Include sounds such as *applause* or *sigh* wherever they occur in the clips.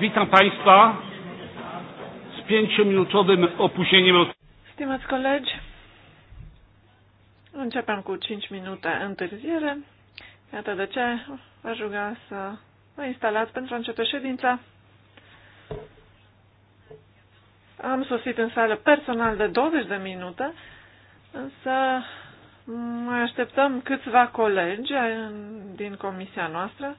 Witam Państwa z pięciominutowym opóźnieniem. Stimați colegi, începem cu 5 minute întârziere. Iată de ce vă ruga să vă instalați pentru a începe ședința. Am sosit în sală personal de 20 de minute, însă mai așteptăm câțiva colegi din comisia noastră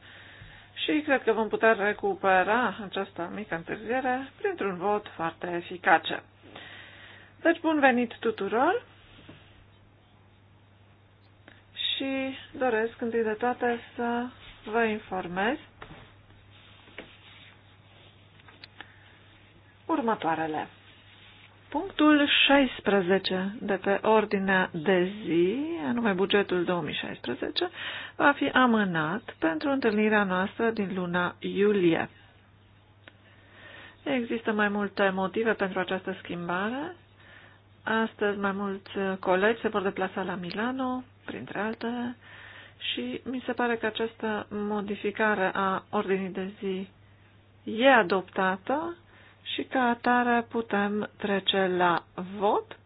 și cred că vom putea recupera această mică întârziere printr-un vot foarte eficace. Deci, bun venit tuturor și doresc întâi de toate să vă informez următoarele. Punctul 16 de pe ordinea de zi, anume bugetul 2016, va fi amânat pentru întâlnirea noastră din luna iulie. Există mai multe motive pentru această schimbare. Astăzi mai mulți colegi se vor deplasa la Milano, printre altele, și mi se pare că această modificare a ordinii de zi e adoptată, și ca atare putem trece la vot.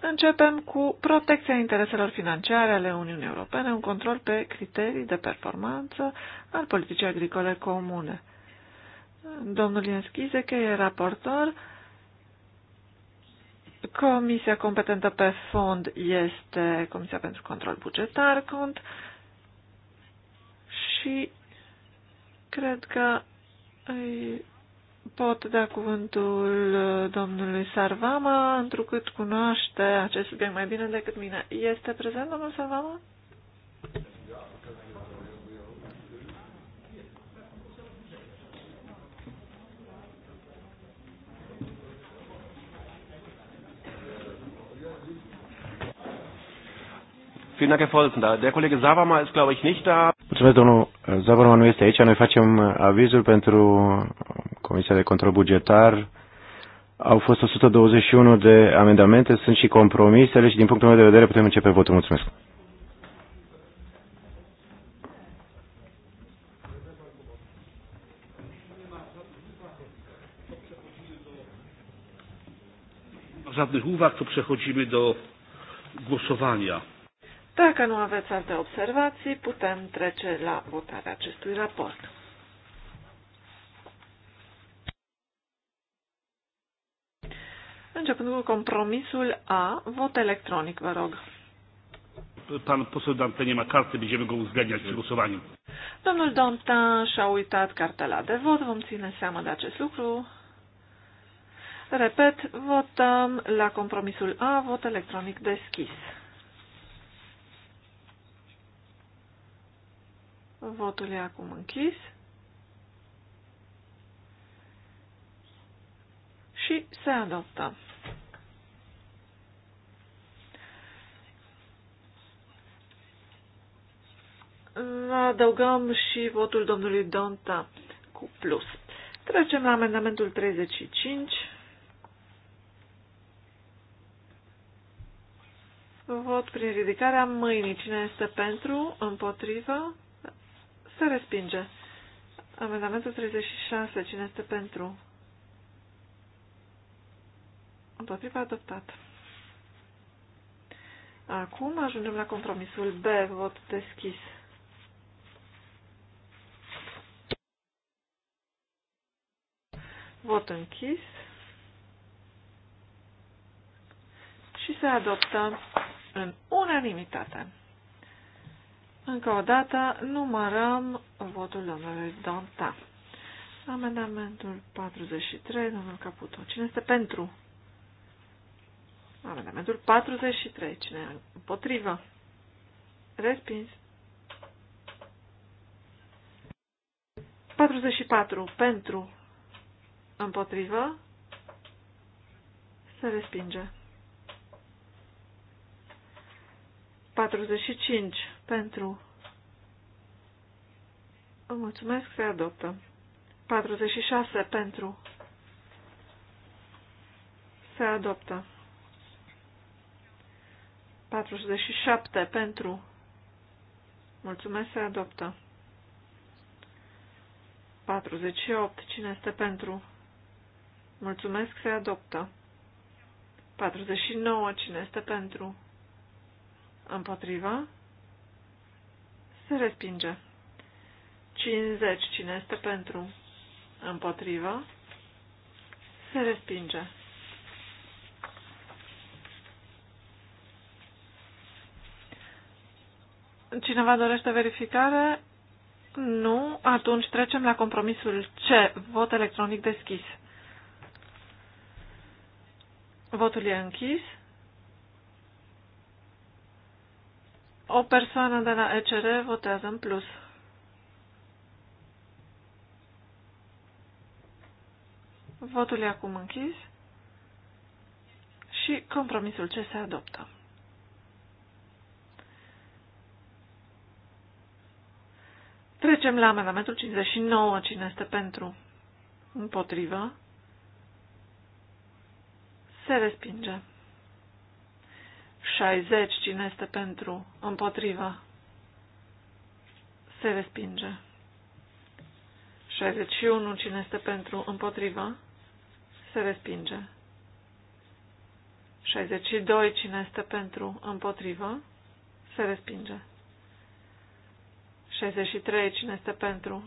Începem cu protecția intereselor financiare ale Uniunii Europene, un control pe criterii de performanță al politicii agricole comune. Domnul Ienschize, că e raportor, Comisia competentă pe fond este Comisia pentru Control Bugetar, cont, și Cred că îi pot da cuvântul uh, domnului Sarvama, întrucât cunoaște acest subiect mai bine decât mine. Este prezent domnul Sarvama? Vielen Dank, Herr Vorsitzender. Der Kollege Savama ist, glaube ich, nicht da. Mulțumesc, domnul Savama nu este aici. Noi facem avizul pentru Comisia de Control Bugetar. Au fost 121 de amendamente, sunt și compromisele și din punctul meu de vedere putem începe votul. Mulțumesc. żadnych uwag, to przechodzimy do głosowania. Dacă nu aveți alte observații, putem trece la votarea acestui raport. Începând cu compromisul A, vot electronic, vă rog. Pan poseł Dante nie ma karty, będziemy go uwzględniać przy głosowaniu. Domnul Dante și-a uitat cartela de vot, vom ține seama de acest lucru. Repet, votăm la compromisul A, vot electronic deschis. Votul e acum închis. Și se adoptă. Adăugăm și votul domnului Donta cu plus. Trecem la amendamentul 35. Vot prin ridicarea mâinii. Cine este pentru? Împotrivă? Se respinge. Amendamentul 36. Cine este pentru? Împotriva adoptat. Acum ajungem la compromisul B, vot deschis. Vot închis. Și se adoptă în unanimitate. Încă o dată, numărăm votul domnului Donta. Amendamentul 43, domnul Caputo. Cine este pentru? Amendamentul 43. Cine e împotrivă? Respins. 44. Pentru. Împotrivă. Se respinge. 45 pentru. Vă mulțumesc, se adoptă. 46 pentru. Se adoptă. 47 pentru. Mulțumesc, se adoptă. 48. Cine este pentru? Mulțumesc, se adoptă. 49. Cine este pentru? Împotriva? Se respinge. 50. Cine este pentru? Împotrivă. Se respinge. Cineva dorește verificare? Nu. Atunci trecem la compromisul C. Vot electronic deschis. Votul e închis. O persoană de la ECR votează în plus. Votul e acum închis și compromisul ce se adoptă. Trecem la amendamentul 59. Cine este pentru? Împotrivă? Se respinge. 60. Cine este pentru? Împotrivă. Se respinge. 61. Cine este pentru? Împotrivă. Se respinge. 62. Cine este pentru? Împotrivă. Se respinge. 63. Cine este pentru?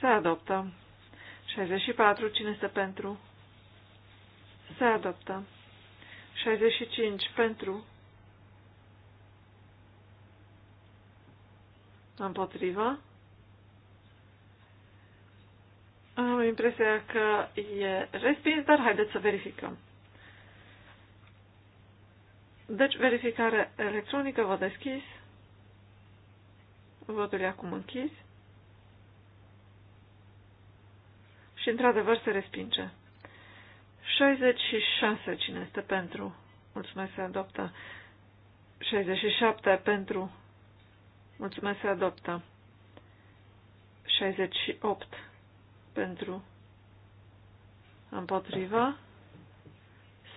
Se adoptă. 64. Cine este pentru? Se adoptă. 65 pentru împotriva. Am impresia că e respins, dar haideți să verificăm. Deci, verificare electronică, vă deschis. Votul e acum închis. Și, într-adevăr, se respinge. 66. Cine este pentru? Mulțumesc, se adoptă. 67. Pentru. Mulțumesc, se adoptă. 68. Pentru. Împotriva.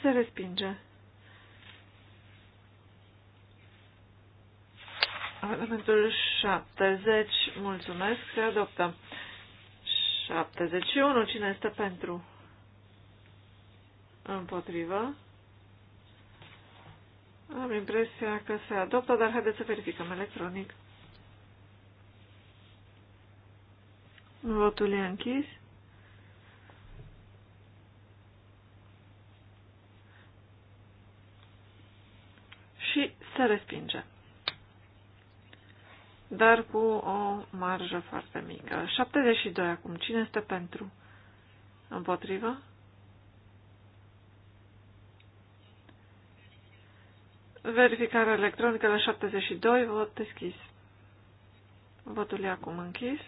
Se respinge. Amendamentul 70. Mulțumesc, se adoptă. 71. Cine este pentru? Împotrivă. Am impresia că se adoptă, dar haideți să verificăm electronic. Votul e închis. Și se respinge. Dar cu o marjă foarte mică. 72 acum. Cine este pentru? Împotrivă? Verificare electronică la 72, vot deschis. Votul e acum închis.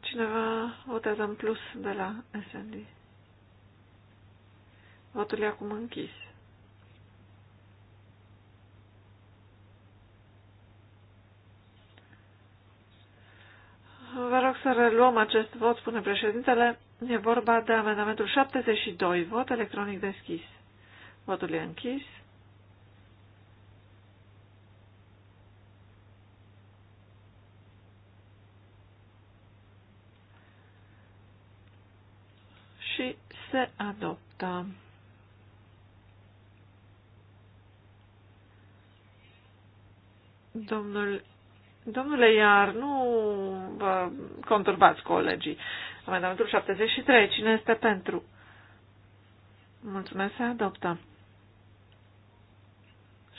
Cineva votează în plus de la SND. Votul e acum închis. Vă rog să reluăm acest vot, spune președintele. E vorba de amendamentul 72, vot electronic deschis. Votul e închis. Și se adoptă. Domnul, domnule Iar, nu vă conturbați colegii. Amendamentul 73. Cine este pentru? Mulțumesc, se adoptă.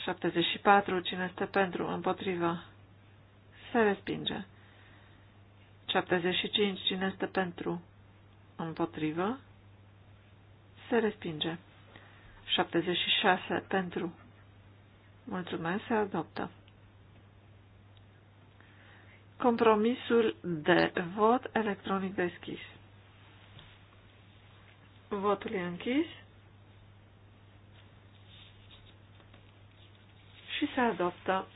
74. Cine este pentru? Împotrivă. Se respinge. 75. Cine este pentru? Împotrivă. Se respinge. 76. Pentru. Mulțumesc, se adoptă. Compromisul de vot electronic deschis. Votul e închis și se adoptă.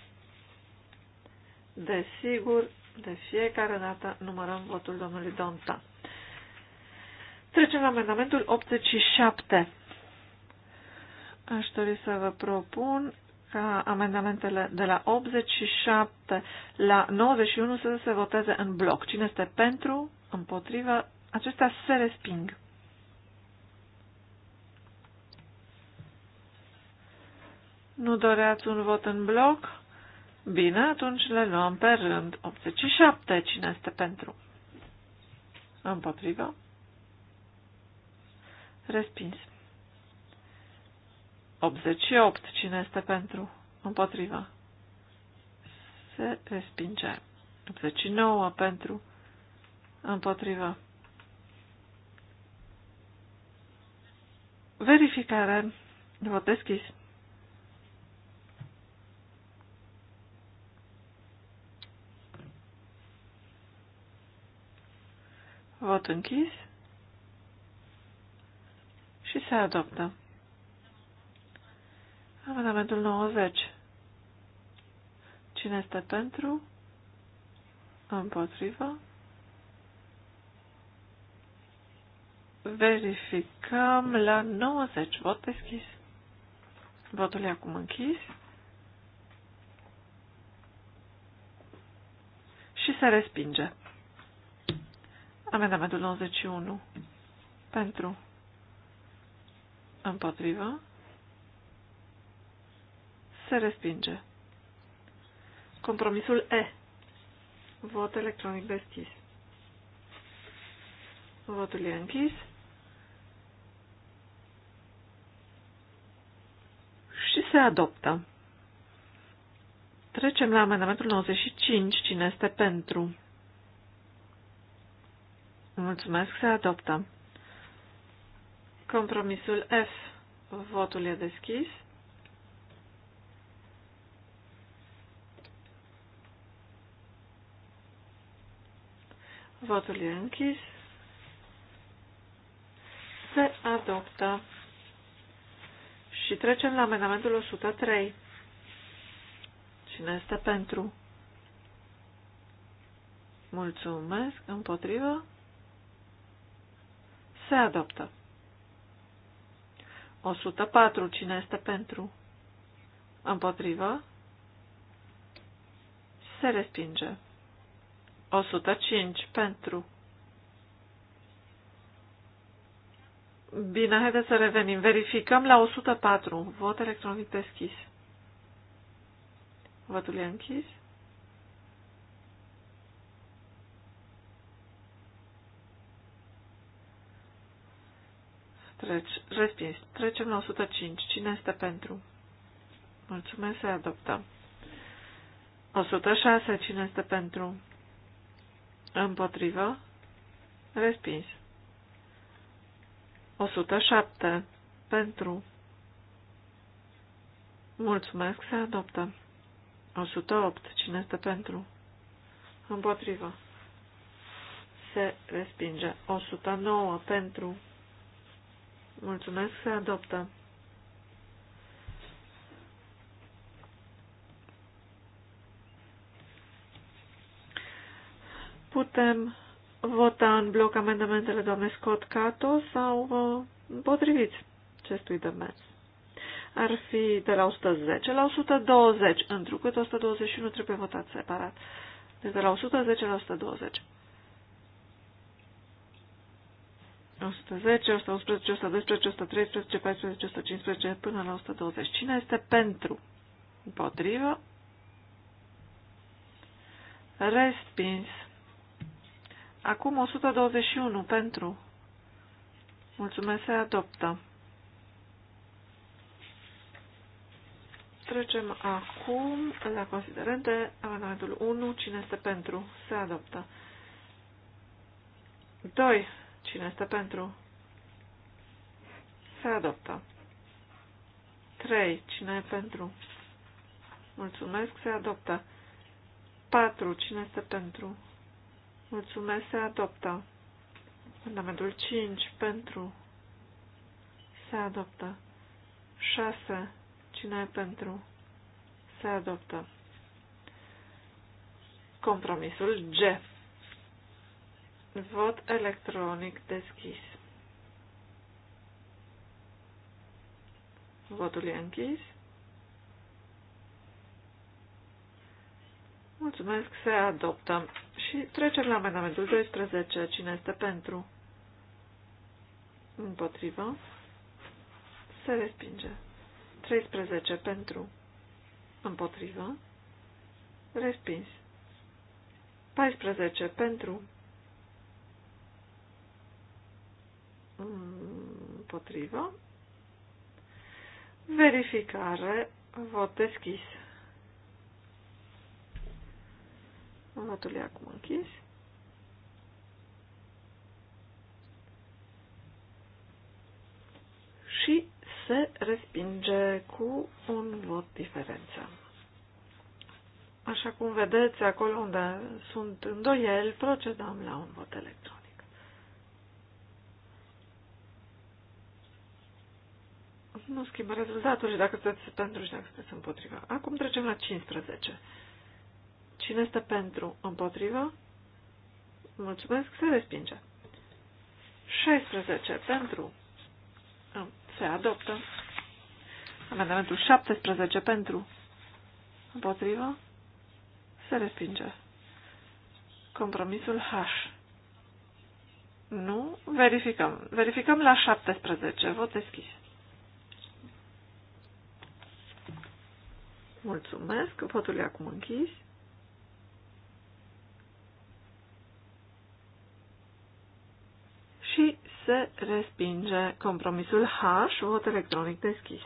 Desigur, de fiecare dată numărăm votul domnului Donta. Trecem la amendamentul 87. Aș dori să vă propun ca amendamentele de la 87 la 91 să se voteze în bloc. Cine este pentru, împotrivă, acestea se resping. Nu doreați un vot în bloc? Bine, atunci le luăm pe rând. 87. Cine este pentru? Împotrivă? Respins. 88. Cine este pentru? Împotriva. Se respinge. 89 pentru. Împotriva. Verificare. Vot deschis. Vot închis. Și se adoptă. Amendamentul 90. Cine este pentru? Împotrivă. Verificăm la 90. Vot deschis. Votul e acum închis. Și se respinge. Amendamentul 91. Pentru. Împotrivă. Se respinge. Compromisul E. Vot electronic deschis. Votul e închis. Și se adoptă. Trecem la amendamentul 95. Cine este pentru? Mulțumesc, se adoptă. Compromisul F. Votul e deschis. Votul e închis. Se adoptă. Și trecem la amendamentul 103. Cine este pentru? Mulțumesc. Împotrivă? Se adoptă. 104. Cine este pentru? Împotrivă? Se respinge. 105 pentru. Bine, haideți să revenim. Verificăm la 104. Vot electronic deschis. Votul e închis. Treci, respins. Trecem la 105. Cine este pentru? Mulțumesc, să adoptăm. 106. Cine este pentru? Împotrivă. Respins. 107. Pentru. Mulțumesc, se adoptă. 108. Cine este pentru? Împotrivă. Se respinge. 109. Pentru. Mulțumesc, se adoptă. Putem vota în bloc amendamentele doamnei Scott Cato sau uh, împotriviți acestui demers. Ar fi de la 110 la 120, întrucât 121 trebuie votat separat. Deci de la 110 la 120. 110, 111, 112, 113, 14, 115 până la 120. Cine este pentru? Împotrivă? Respins. Acum 121 pentru. Mulțumesc, se adoptă. Trecem acum la considerente. Amendamentul 1. Cine este pentru? Se adoptă. 2. Cine este pentru? Se adoptă. 3. Cine e pentru? Mulțumesc, se adoptă. 4. Cine este pentru? Mulțumesc, se adoptă. Amendamentul 5 pentru se adoptă. 6. Cine e pentru? Se adoptă. Compromisul G. Vot electronic deschis. Votul e închis. Mulțumesc, se adoptă. Și trecem la amendamentul 12. Cine este pentru? Împotrivă. Se respinge. 13 pentru. Împotrivă. Respins. 14 pentru. Împotrivă. Verificare. Vot deschis. Votul e acum închis. Și se respinge cu un vot diferență. Așa cum vedeți, acolo unde sunt îndoieli, procedăm la un vot electronic. Nu schimbă rezultatul și dacă sunteți pentru și dacă sunteți împotriva. Acum trecem la 15. Cine este pentru? Împotrivă? Mulțumesc, se respinge. 16 pentru. Se adoptă. Amendamentul 17 pentru. Împotrivă? Se respinge. Compromisul H. Nu? Verificăm. Verificăm la 17. Vot deschis. Mulțumesc. Votul e acum închis. se respinge. Compromisul H, vot electronic deschis.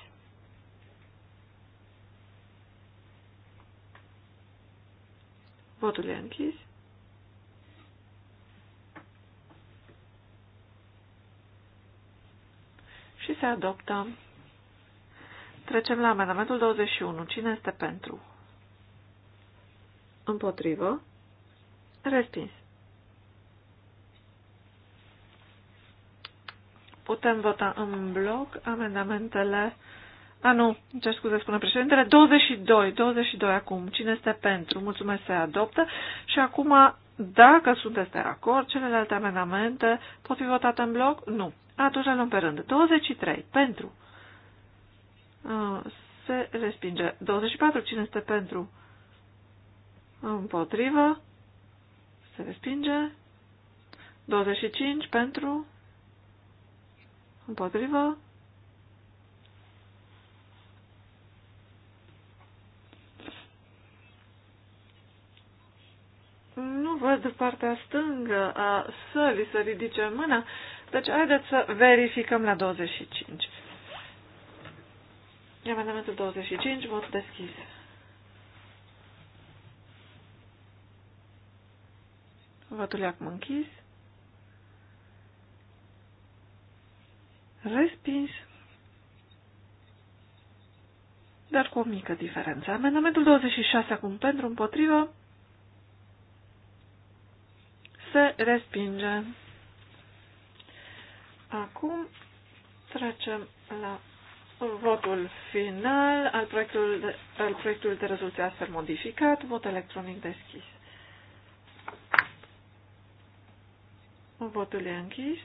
Votul e închis. Și se adoptă. Trecem la amendamentul 21. Cine este pentru? Împotrivă. Respins. Putem vota în bloc amendamentele... A, nu, ce scuze, spune președintele. 22, 22 acum. Cine este pentru? Mulțumesc, se adoptă. Și acum, dacă sunteți de acord, celelalte amendamente pot fi votate în bloc? Nu. Atunci le luăm pe rând. 23, pentru. Se respinge. 24, cine este pentru? Împotrivă. Se respinge. 25, pentru. Împotrivă. Nu văd partea stângă a sălii să ridice mâna, deci haideți să verificăm la 25. Amendamentul 25, vot deschis. Votul e acum închis. Respins. Dar cu o mică diferență. Amendamentul 26 acum pentru împotrivă se respinge. Acum trecem la votul final al proiectului de, al proiectului de rezoluție astfel modificat, vot electronic deschis. Votul e închis.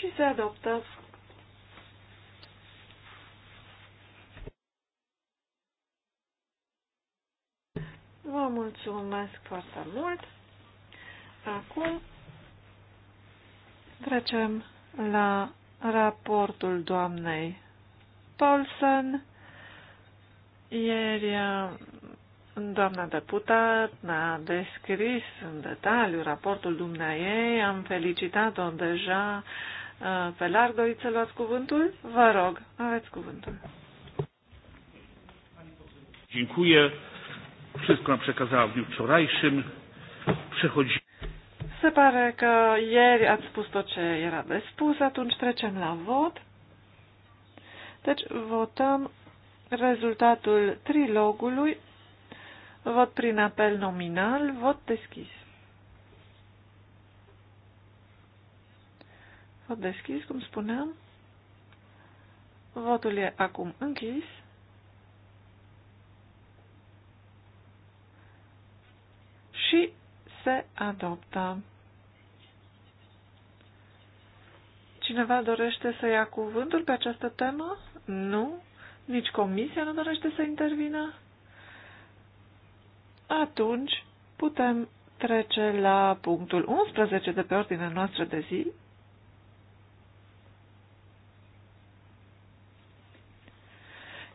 și se adoptă. Vă mulțumesc foarte mult. Acum trecem la raportul doamnei Paulsen. Ieri uh, doamna deputat ne-a descris în detaliu raportul ei. Am felicitat-o deja Uh, pe larg. Doriți să luați cuvântul? Vă rog, aveți cuvântul. Dziękuję. Wszystko nam przekazała w dniu wczorajszym. Przechodzimy. Se pare că ieri ați spus tot ce era de spus, atunci trecem la vot. Deci votăm rezultatul trilogului, vot prin apel nominal, vot deschis. Vot deschis, cum spuneam. Votul e acum închis. Și se adoptă. Cineva dorește să ia cuvântul pe această temă? Nu? Nici comisia nu dorește să intervină? Atunci putem trece la punctul 11 de pe ordinea noastră de zi,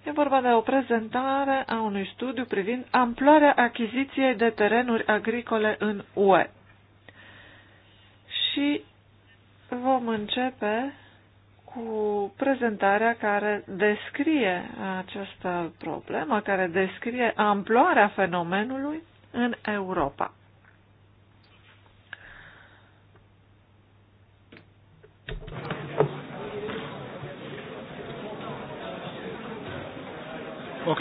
E vorba de o prezentare a unui studiu privind amploarea achiziției de terenuri agricole în UE. Și vom începe cu prezentarea care descrie această problemă, care descrie amploarea fenomenului în Europa. Ok.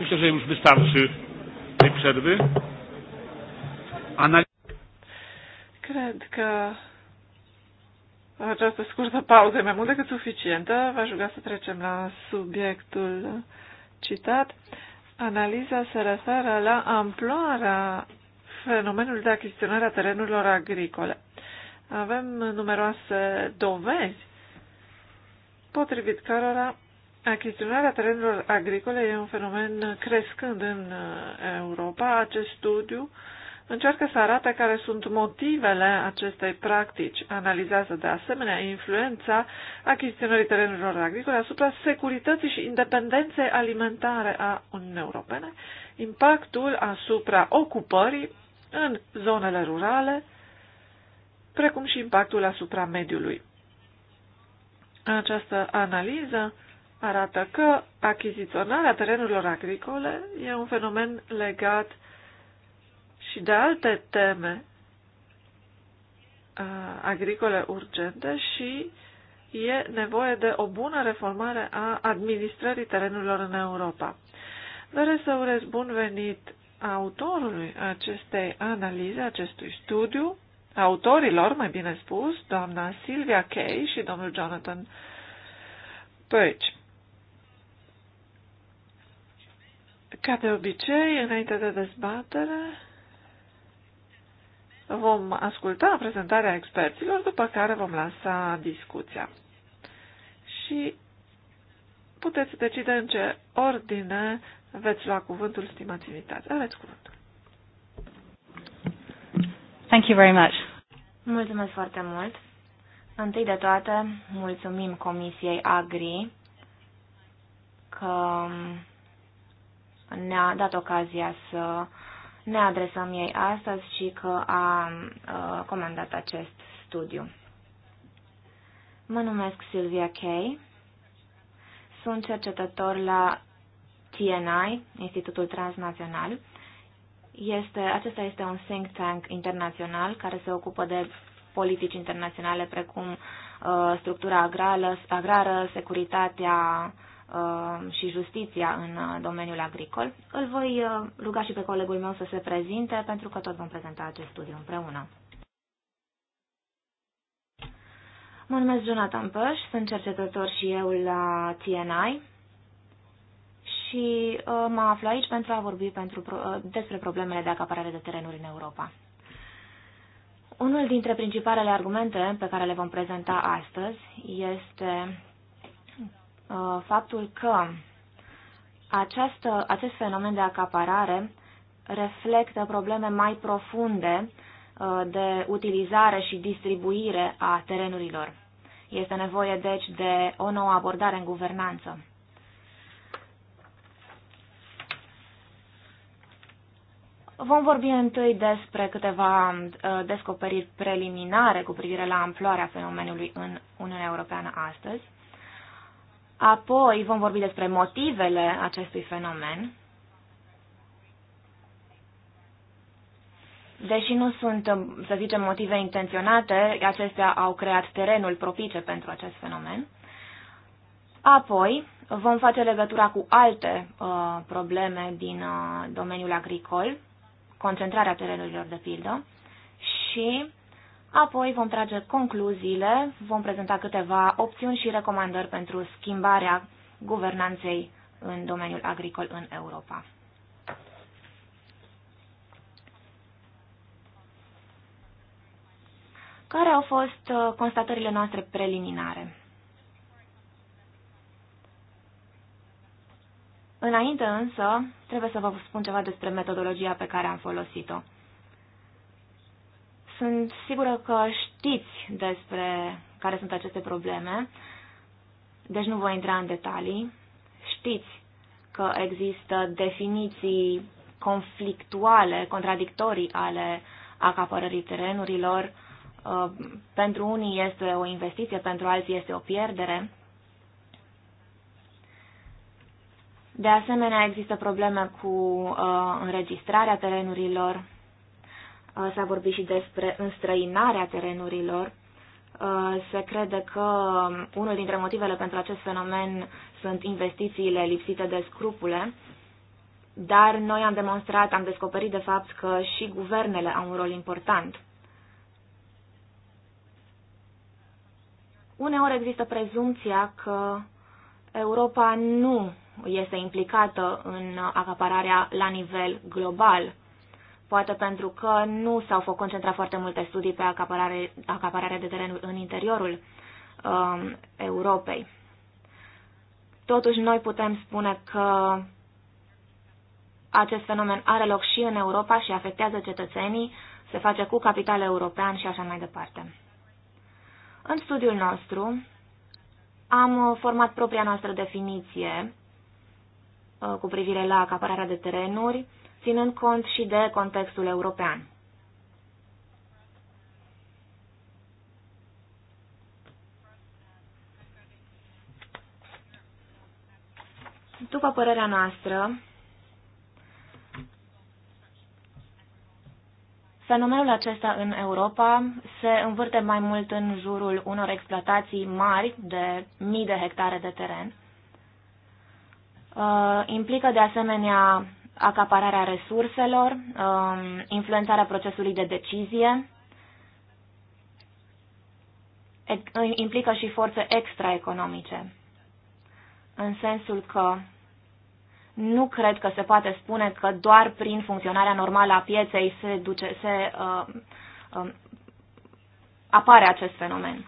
Myślę, że już wystarczy tej przerwy. Analiz... kredka că această scurtă pauză e mai mult decât suficientă. V-aș ruga să trecem la subiectul citat. Uh, Analiza se referă la amploarea fenomenului de achiziționare a terenurilor agricole. Avem numeroase dovezi potrivit cărora achiziționarea terenurilor agricole e un fenomen crescând în uh, Europa. Acest studiu uh, încearcă să arate care sunt motivele acestei practici. Analizează de asemenea influența achiziționării terenurilor agricole asupra securității și independenței alimentare a Uniunii Europene, impactul asupra ocupării în zonele rurale, precum și impactul asupra mediului. Această analiză arată că achiziționarea terenurilor agricole e un fenomen legat și de alte teme uh, agricole urgente și e nevoie de o bună reformare a administrării terenurilor în Europa. Doresc să urez bun venit autorului acestei analize, acestui studiu, autorilor, mai bine spus, doamna Silvia Kay și domnul Jonathan Page. Ca de obicei, înainte de dezbatere, Vom asculta prezentarea experților, după care vom lansa discuția. Și puteți decide în ce ordine veți lua cuvântul, stimați invitați. Aveți cuvântul. Thank you very much. Mulțumesc foarte mult. Întâi de toate, mulțumim Comisiei Agri că ne-a dat ocazia să ne adresăm ei astăzi și că a comandat acest studiu. Mă numesc Silvia Kay, sunt cercetător la TNI, Institutul Transnațional. Este, acesta este un think tank internațional care se ocupă de politici internaționale precum uh, structura agrară, agrară securitatea, Uh, și justiția în uh, domeniul agricol. Îl voi uh, ruga și pe colegul meu să se prezinte, pentru că tot vom prezenta acest studiu împreună. Mă numesc Jonathan Păș, sunt cercetător și eu la TNI și mă aflu aici pentru a vorbi pentru, despre problemele de acaparare de terenuri în Europa. Unul dintre principalele argumente pe care le vom prezenta astăzi este Uh, faptul că această, acest fenomen de acaparare reflectă probleme mai profunde uh, de utilizare și distribuire a terenurilor. Este nevoie, deci, de o nouă abordare în guvernanță. Vom vorbi întâi despre câteva uh, descoperiri preliminare cu privire la amploarea fenomenului în Uniunea Europeană astăzi. Apoi vom vorbi despre motivele acestui fenomen. Deși nu sunt, să zicem, motive intenționate, acestea au creat terenul propice pentru acest fenomen. Apoi vom face legătura cu alte uh, probleme din uh, domeniul agricol, concentrarea terenurilor de pildă, și Apoi vom trage concluziile, vom prezenta câteva opțiuni și recomandări pentru schimbarea guvernanței în domeniul agricol în Europa. Care au fost uh, constatările noastre preliminare? Înainte însă, trebuie să vă spun ceva despre metodologia pe care am folosit-o. Sunt sigură că știți despre care sunt aceste probleme, deci nu voi intra în detalii. Știți că există definiții conflictuale, contradictorii ale acapărării terenurilor. Uh, pentru unii este o investiție, pentru alții este o pierdere. De asemenea, există probleme cu uh, înregistrarea terenurilor. Uh, s-a vorbit și despre înstrăinarea terenurilor. Uh, se crede că um, unul dintre motivele pentru acest fenomen sunt investițiile lipsite de scrupule, dar noi am demonstrat, am descoperit de fapt că și guvernele au un rol important. Uneori există prezumția că Europa nu este implicată în acapararea la nivel global poate pentru că nu s-au făcut concentrat foarte multe studii pe acaparare, acapararea de teren în interiorul uh, Europei. Totuși, noi putem spune că acest fenomen are loc și în Europa și afectează cetățenii, se face cu capital european și așa mai departe. În studiul nostru am format propria noastră definiție uh, cu privire la acapararea de terenuri, ținând cont și de contextul european. După părerea noastră, Fenomenul acesta în Europa se învârte mai mult în jurul unor exploatații mari de mii de hectare de teren. Uh, implică de asemenea acapararea resurselor, um, influențarea procesului de decizie, implică și forțe extraeconomice, în sensul că nu cred că se poate spune că doar prin funcționarea normală a pieței se, duce, se uh, uh, apare acest fenomen.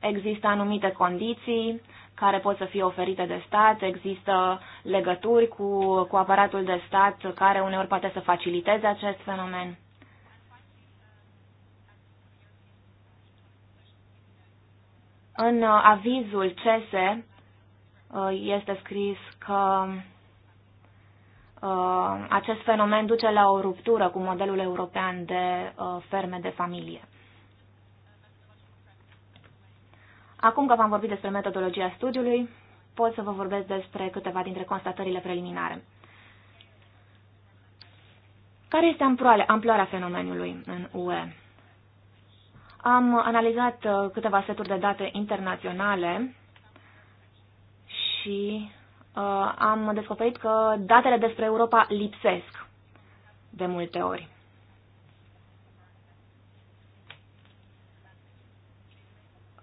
Există anumite condiții, care pot să fie oferite de stat, există legături cu, cu aparatul de stat care uneori poate să faciliteze acest fenomen. În uh, avizul CESE uh, este scris că uh, acest fenomen duce la o ruptură cu modelul european de ferme de familie. Acum că v-am vorbit despre metodologia studiului, pot să vă vorbesc despre câteva dintre constatările preliminare. Care este amploarea fenomenului în UE? Am analizat uh, câteva seturi de date internaționale și uh, am descoperit că datele despre Europa lipsesc de multe ori.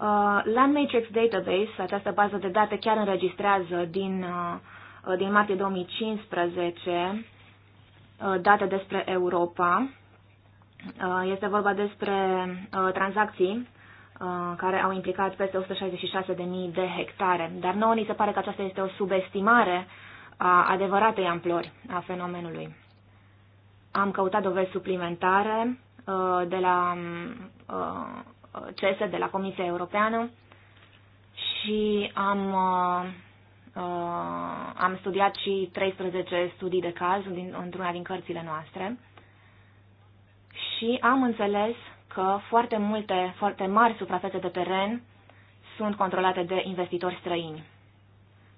Uh, Land Matrix Database, această bază de date chiar înregistrează din, uh, din martie 2015 uh, date despre Europa. Este vorba despre tranzacții care au implicat peste 166.000 de hectare, dar nouă ni se pare că aceasta este o subestimare a adevăratei amplori a fenomenului. Am căutat dovezi suplimentare de la CESE de la Comisia Europeană și am, uh, am studiat și 13 studii de caz din, într-una din cărțile noastre și am înțeles că foarte multe, foarte mari suprafețe de teren sunt controlate de investitori străini.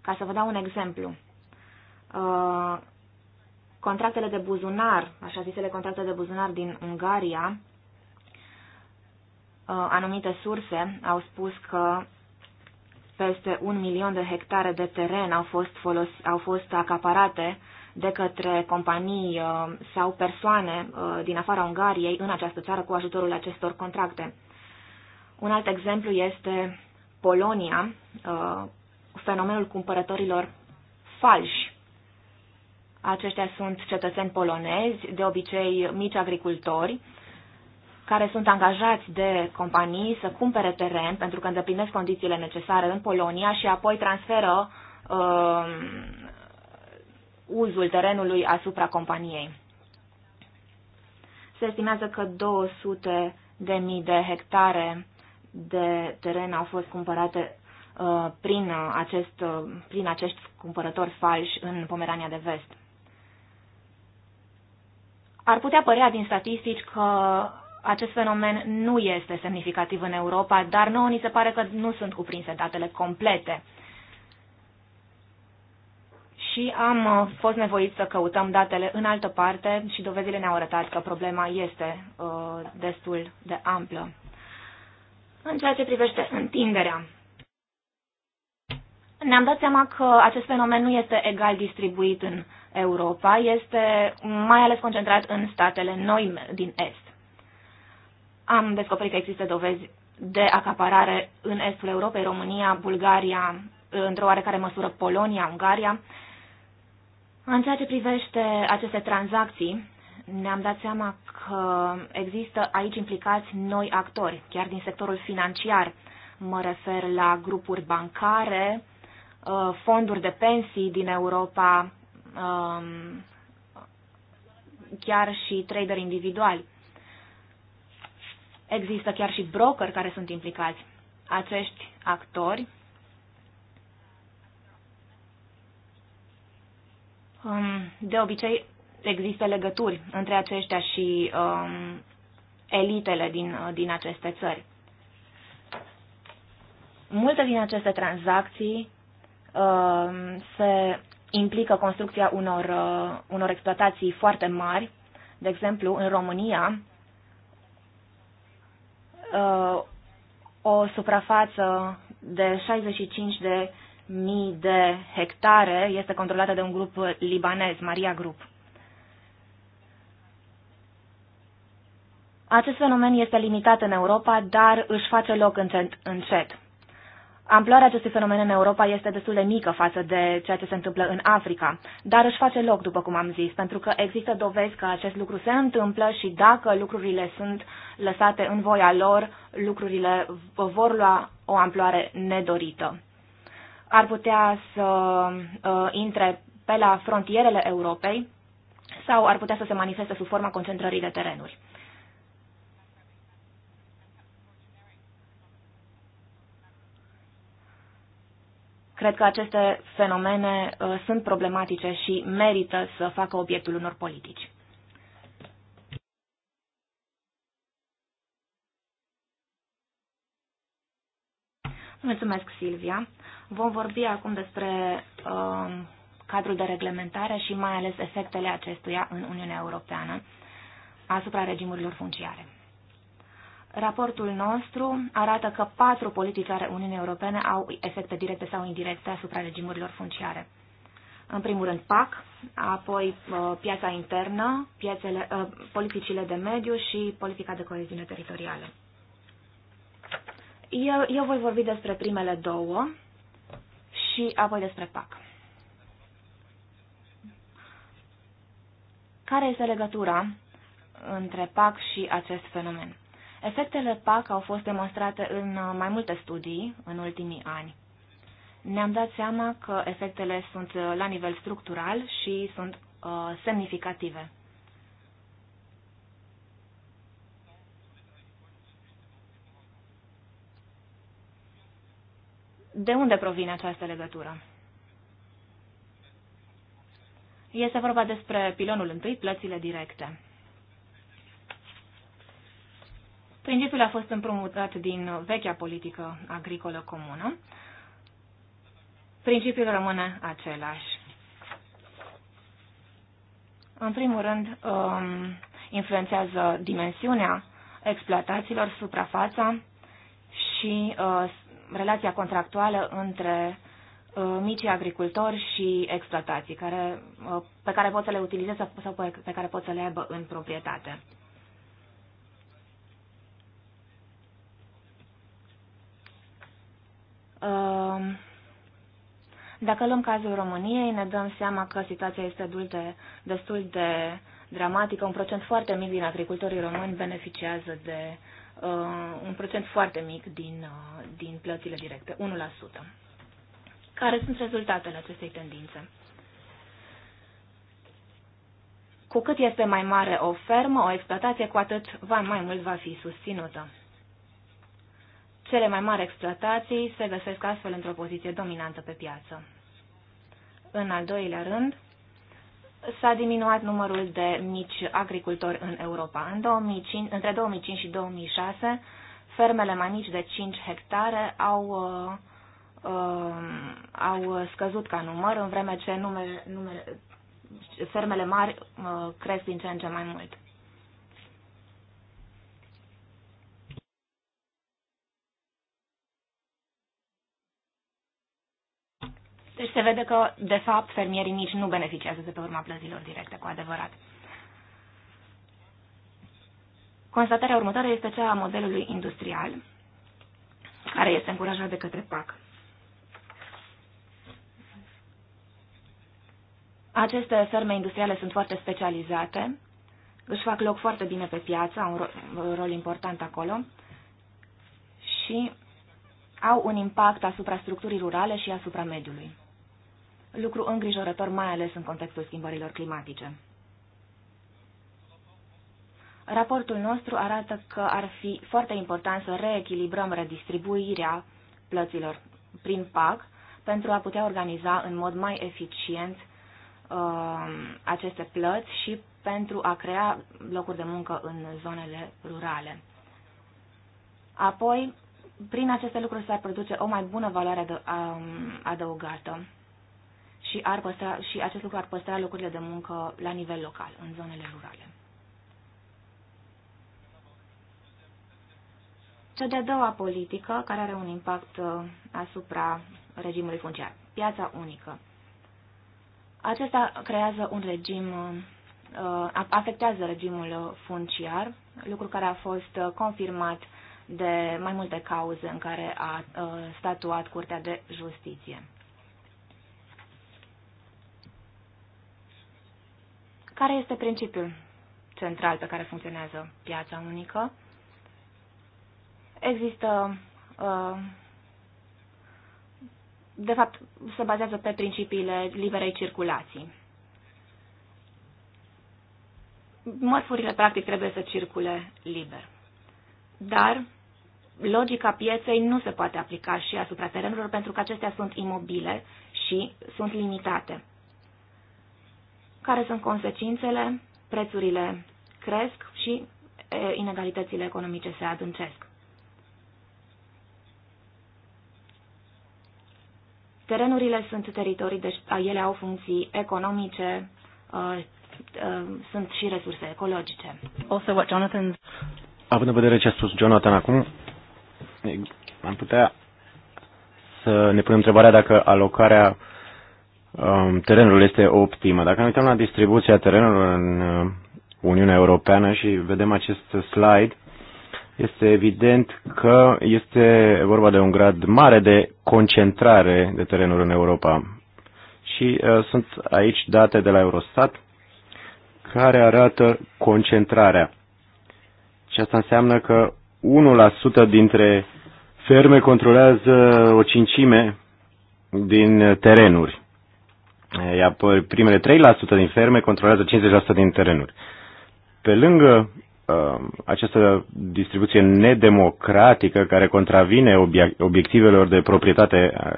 Ca să vă dau un exemplu, uh, contractele de buzunar, așa zisele contracte de buzunar din Ungaria, Uh, anumite surse au spus că peste un milion de hectare de teren au fost, folos, au fost acaparate de către companii uh, sau persoane uh, din afara Ungariei în această țară cu ajutorul acestor contracte. Un alt exemplu este Polonia, fenomenul cumpărătorilor falși. Aceștia sunt cetățeni polonezi, de obicei mici agricultori, care sunt angajați de companii să cumpere teren pentru că îndeplinesc condițiile necesare în Polonia și apoi transferă uh, uzul terenului asupra companiei. Se estimează că 200 de mii de hectare de teren au fost cumpărate uh, prin, uh, acest, uh, prin acești cumpărători falși în Pomerania de Vest. Ar putea părea din statistici că acest fenomen nu este semnificativ în Europa, dar nouă ni se pare că nu sunt cuprinse datele complete. Și am uh, fost nevoiți să căutăm datele în altă parte și dovezile ne-au arătat că problema este uh, destul de amplă. În ceea ce privește întinderea, ne-am dat seama că acest fenomen nu este egal distribuit în Europa, este mai ales concentrat în statele noi din Est am descoperit că există dovezi de acaparare în estul Europei, România, Bulgaria, într-o oarecare măsură Polonia, Ungaria. În ceea ce privește aceste tranzacții, ne-am dat seama că există aici implicați noi actori, chiar din sectorul financiar. Mă refer la grupuri bancare, uh, fonduri de pensii din Europa, um, chiar și trader individuali. Există chiar și brokeri care sunt implicați. Acești actori um, de obicei există legături între aceștia și um, elitele din, uh, din aceste țări. Multe din aceste tranzacții um, se implică construcția unor, uh, unor exploatații foarte mari. De exemplu, în România uh, o suprafață de 65 de mii de hectare este controlată de un grup libanez, Maria Group. Acest fenomen este limitat în Europa, dar își face loc încet. încet. Amploarea acestui fenomen în Europa este destul de mică față de ceea ce se întâmplă în Africa, dar își face loc, după cum am zis, pentru că există dovezi că acest lucru se întâmplă și dacă lucrurile sunt lăsate în voia lor, lucrurile vor lua o amploare nedorită. Ar putea să uh, intre pe la frontierele Europei sau ar putea să se manifeste sub forma concentrării de terenuri. Cred că aceste fenomene uh, sunt problematice și merită să facă obiectul unor politici. Mulțumesc, Silvia. Vom vorbi acum despre uh, cadrul de reglementare și mai ales efectele acestuia în Uniunea Europeană asupra regimurilor funciare. Raportul nostru arată că patru politici ale Uniunii Europene au efecte directe sau indirecte asupra regimurilor funciare. În primul rând PAC, apoi uh, piața internă, piețele, uh, politicile de mediu și politica de coeziune teritorială. Eu, eu voi vorbi despre primele două și apoi despre PAC. Care este legătura între PAC și acest fenomen? Efectele PAC au fost demonstrate în uh, mai multe studii în ultimii ani. Ne-am dat seama că efectele sunt uh, la nivel structural și sunt uh, semnificative. De unde provine această legătură? Este vorba despre pilonul întâi, plățile directe. Principiul a fost împrumutat din vechea politică agricolă comună. Principiul rămâne același. În primul rând, um, influențează dimensiunea exploatațiilor, suprafața și uh, relația contractuală între uh, micii agricultori și exploatații care, uh, pe care pot să le utilizeze sau pe care pot să le aibă în proprietate. Ehm, dacă luăm cazul României, ne dăm seama că situația este de, destul de dramatică. Un procent foarte mic din agricultorii români beneficiază de uh, un procent foarte mic din, uh, din plățile directe, 1%. Care sunt rezultatele acestei tendințe? Cu cât este mai mare o fermă, o exploatație, cu atât va mai mult va fi susținută. Cele mai mari exploatații se găsesc astfel într-o poziție dominantă pe piață. În al doilea rând, s-a diminuat numărul de mici agricultori în Europa. În 2005, între 2005 și 2006, fermele mai mici de 5 hectare au, uh, uh, au scăzut ca număr, în vreme ce numele, numele, fermele mari uh, cresc din ce în ce mai mult. Deci se vede că, de fapt, fermierii nici nu beneficiază de pe urma plăzilor directe, cu adevărat. Constatarea următoare este cea a modelului industrial, care este încurajat de către PAC. Aceste ferme industriale sunt foarte specializate, își fac loc foarte bine pe piață, au un rol, un rol important acolo și au un impact asupra structurii rurale și asupra mediului lucru îngrijorător, mai ales în contextul schimbărilor climatice. Raportul nostru arată că ar fi foarte important să reechilibrăm redistribuirea plăților prin PAC pentru a putea organiza în mod mai eficient uh, aceste plăți și pentru a crea locuri de muncă în zonele rurale. Apoi, prin aceste lucruri s-ar produce o mai bună valoare um, adăugată și, ar păstra, și acest lucru ar păstra locurile de muncă la nivel local, în zonele rurale. Cea de-a doua politică, care are un impact uh, asupra regimului funciar, piața unică. Acesta creează un regim, uh, uh, afectează regimul funciar, lucru care a fost confirmat de mai multe cauze în care a statuat Curtea de Justiție. Care este principiul central pe care funcționează piața unică? Există, uh, de fapt, se bazează pe principiile liberei circulații. Mărfurile, practic, trebuie să circule liber. Dar logica pieței nu se poate aplica și asupra terenurilor pentru că acestea sunt imobile și sunt limitate care sunt consecințele, prețurile cresc și inegalitățile economice se adâncesc. Terenurile sunt teritorii, deci ele au funcții economice, sunt și resurse ecologice. Also what Jonathan... Având în vedere ce a spus Jonathan acum, am putea să ne punem întrebarea dacă alocarea Um, terenul este optimă. Dacă ne uităm la distribuția terenurilor în uh, Uniunea Europeană și vedem acest slide, este evident că este vorba de un grad mare de concentrare de terenuri în Europa. Și uh, sunt aici date de la Eurostat care arată concentrarea. Și asta înseamnă că 1% dintre ferme controlează o cincime din terenuri. Iar primele 3% din ferme controlează 50% din terenuri. Pe lângă uh, această distribuție nedemocratică care contravine obiectivelor de proprietate uh,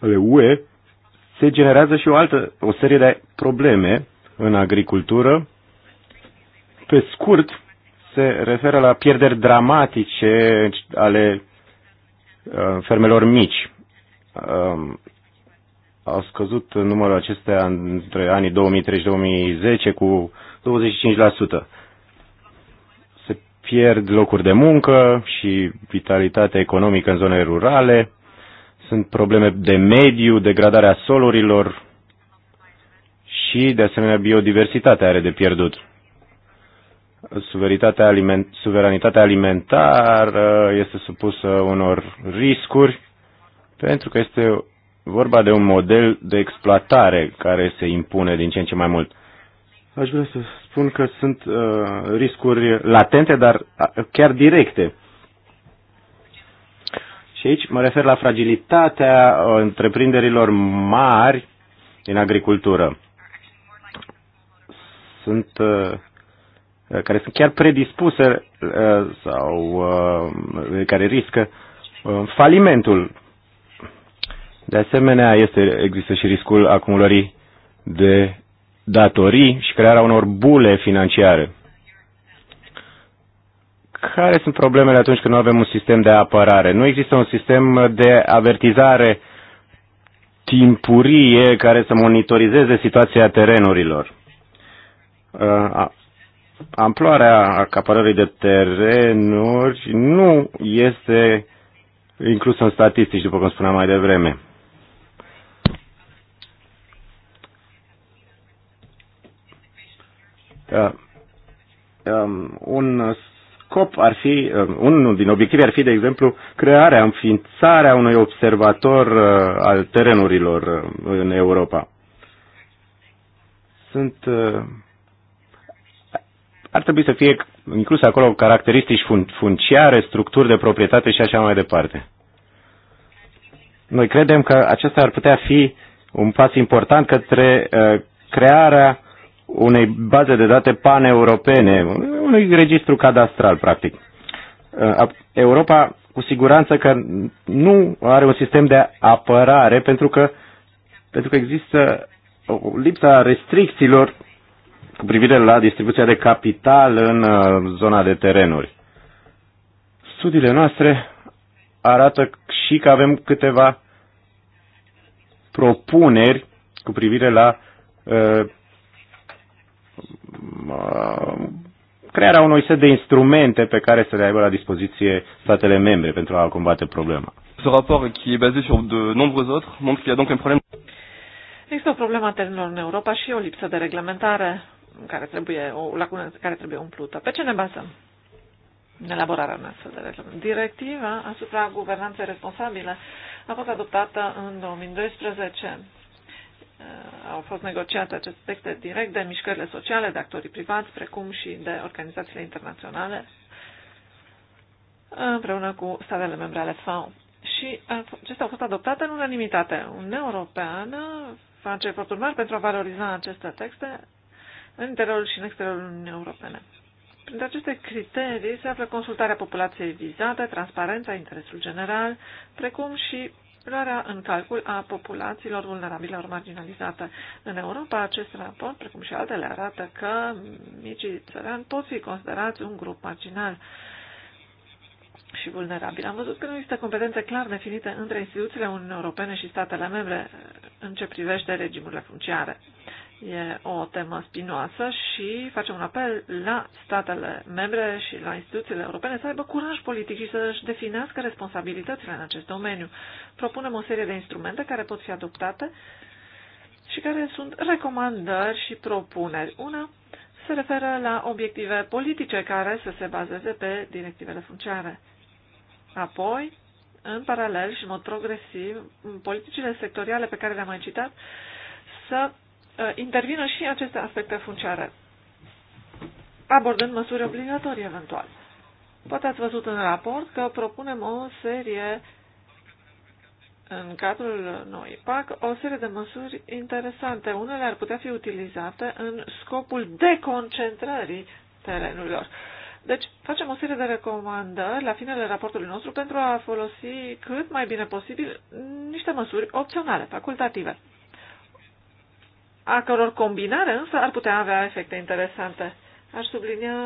ale UE, se generează și o altă, o serie de probleme în agricultură. Pe scurt, se referă la pierderi dramatice ale uh, fermelor mici a scăzut numărul acestea între anii 2030-2010 cu 25%. Se pierd locuri de muncă și vitalitatea economică în zone rurale, sunt probleme de mediu, degradarea solurilor și, de asemenea, biodiversitatea are de pierdut. Suveritatea aliment, suveranitatea alimentară este supusă unor riscuri pentru că este vorba de un model de exploatare care se impune din ce în ce mai mult. Aș vrea să spun că sunt uh, riscuri latente, dar chiar directe. Și aici mă refer la fragilitatea uh, întreprinderilor mari din agricultură. Sunt uh, care sunt chiar predispuse uh, sau uh, care riscă uh, falimentul de asemenea, este, există și riscul acumulării de datorii și crearea unor bule financiare. Care sunt problemele atunci când nu avem un sistem de apărare? Nu există un sistem de avertizare timpurie care să monitorizeze situația terenurilor. Uh, amploarea acapărării de terenuri nu este inclusă în statistici, după cum spuneam mai devreme. Uh, um, un scop ar fi, uh, unul din obiective ar fi, de exemplu, crearea, înființarea unui observator uh, al terenurilor în Europa. Sunt ar trebui să fie inclus acolo caracteristici fun- funciare, structuri de proprietate și așa mai departe. Noi credem că acesta ar putea fi un pas important către uh, crearea unei baze de date paneuropene, unui registru cadastral, practic. Uh, Europa, cu siguranță că nu are un sistem de apărare, pentru că, pentru că există o lipsa restricțiilor cu privire la distribuția de capital în uh, zona de terenuri. Studiile noastre arată și că avem câteva propuneri cu privire la uh, Uh, crearea unui set de instrumente pe care să le aibă la dispoziție statele membre pentru a combate problema. Ce raport qui est basé sur de nombreux autres montre qu'il y a donc un problème. Există o problemă a terenurilor în Europa și o lipsă de reglementare care trebuie, o lacună care trebuie umplută. Pe ce ne bazăm? În elaborarea noastră de reglementare. Directiva asupra guvernanței responsabile a fost adoptată în 2012 au fost negociate aceste texte direct de mișcările sociale, de actorii privați, precum și de organizațiile internaționale, împreună cu statele membre ale FAO. Și acestea au fost adoptate în unanimitate. Uniunea Europeană face efortul mari pentru a valoriza aceste texte în interiorul și în exteriorul Uniunii Europene. Printre aceste criterii se află consultarea populației vizate, transparența, interesul general, precum și luarea în calcul a populațiilor vulnerabile marginalizate. În Europa, acest raport, precum și altele, arată că micii țărani pot fi considerați un grup marginal și vulnerabil. Am văzut că nu există competențe clar definite între instituțiile Uniunii Europene și statele membre în ce privește regimurile funciare. E o temă spinoasă și facem un apel la statele membre și la instituțiile europene să aibă curaj politic și să-și definească responsabilitățile în acest domeniu. Propunem o serie de instrumente care pot fi adoptate și care sunt recomandări și propuneri. Una se referă la obiective politice care să se bazeze pe directivele funciare. Apoi, în paralel și în mod progresiv, politicile sectoriale pe care le-am mai citat să Uh, intervină și aceste aspecte funciare, abordând măsuri obligatorii eventual. Poate ați văzut în raport că propunem o serie, în cadrul noi PAC, o serie de măsuri interesante. Unele ar putea fi utilizate în scopul deconcentrării terenurilor. Deci, facem o serie de recomandări la finele raportului nostru pentru a folosi cât mai bine posibil niște măsuri opționale, facultative a căror combinare însă ar putea avea efecte interesante. Aș sublinia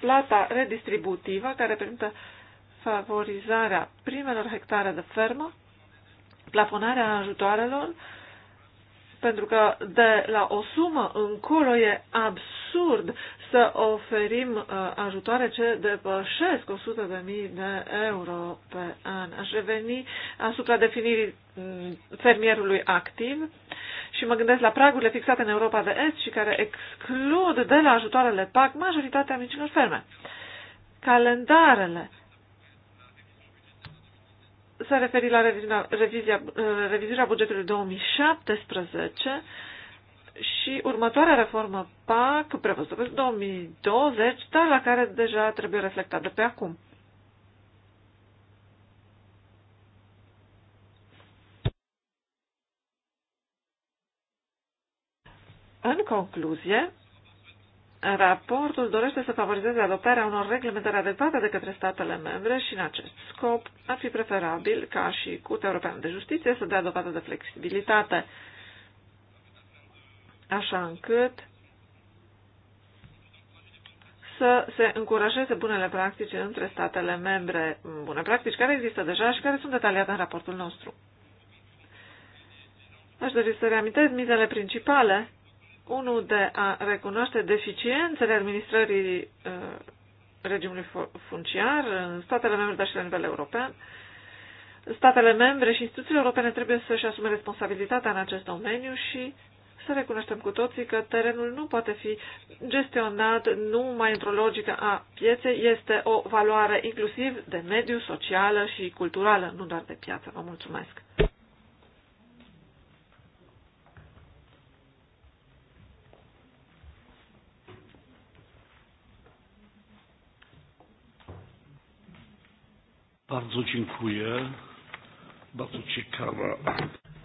plata redistributivă care permite favorizarea primelor hectare de fermă, plafonarea ajutoarelor, pentru că de la o sumă încolo e absurd să oferim uh, ajutoare ce depășesc 100.000 de euro pe an. Aș reveni asupra definirii mm, fermierului activ. Uh, și mă gândesc la pragurile fixate în Europa de Est și care exclud de la ajutoarele PAC majoritatea micilor ferme. Calendarele s-a referit la revizia, revizia, revizirea bugetului 2017 și următoarea reformă PAC prevăzută pentru 2020, dar la care deja trebuie reflectată pe acum. În concluzie, Raportul dorește să favorizeze adoptarea unor reglementări adecvate de către statele membre și, în acest scop, ar fi preferabil ca și Curtea Europeană de Justiție să dea dovadă de flexibilitate, așa încât să se încurajeze bunele practici între statele membre, bune practici care există deja și care sunt detaliate în raportul nostru. Aș dori să reamintesc mizele principale unul de a recunoaște deficiențele administrării uh, regimului funciar în statele membre, dar și la nivel european. Statele membre și instituțiile europene trebuie să-și asume responsabilitatea în acest domeniu și să recunoaștem cu toții că terenul nu poate fi gestionat numai într-o logică a pieței, este o valoare inclusiv de mediu, socială și culturală, nu doar de piață. Vă mulțumesc! Bardzo dziękuję. Bardzo ciekawa.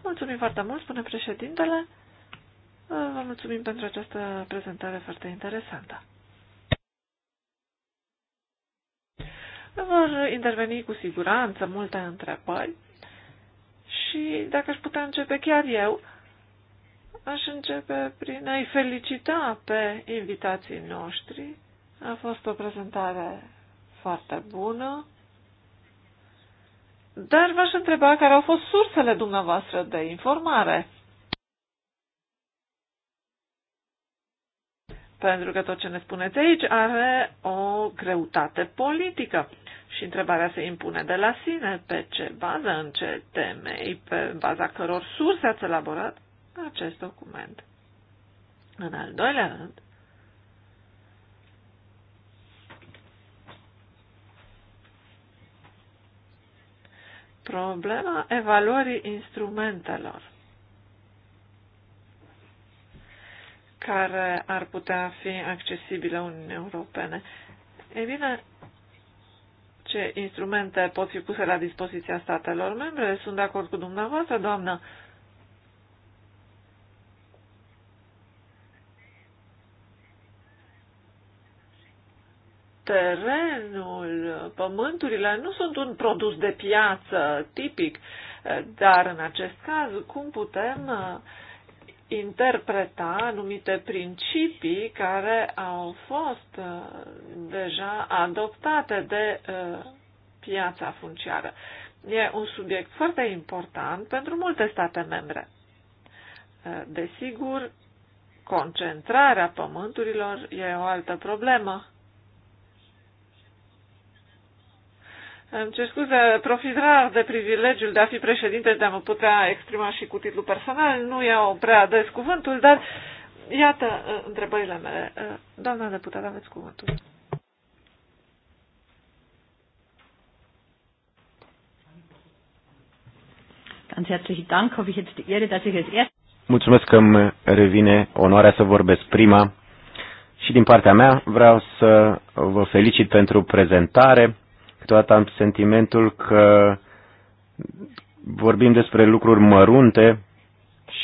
Mulțumim foarte mult, spune președintele. Vă mulțumim pentru această prezentare foarte interesantă. Vor interveni cu siguranță multe întrebări și dacă aș putea începe chiar eu, aș începe prin a-i felicita pe invitații noștri. A fost o prezentare foarte bună dar v-aș întreba care au fost sursele dumneavoastră de informare. Pentru că tot ce ne spuneți aici are o greutate politică și întrebarea se impune de la sine pe ce bază, în ce temei, pe baza căror surse ați elaborat acest document. În al doilea rând, problema evaluării instrumentelor care ar putea fi accesibile Uniunii Europene. Ei bine, ce instrumente pot fi puse la dispoziția statelor membre? Sunt de acord cu dumneavoastră, doamnă. terenul, pământurile nu sunt un produs de piață tipic, dar în acest caz cum putem uh, interpreta anumite principii care au fost uh, deja adoptate de uh, piața funciară. E un subiect foarte important pentru multe state membre. Desigur, concentrarea pământurilor e o altă problemă. Îmi cer scuze, profit rar de privilegiul de a fi președinte, de a mă putea exprima și cu titlu personal. Nu iau prea des cuvântul, dar iată uh, întrebările mele. Uh, doamna deputată, aveți cuvântul. Mulțumesc că îmi revine onoarea să vorbesc prima. Și din partea mea vreau să vă felicit pentru prezentare. Câteodată am sentimentul că vorbim despre lucruri mărunte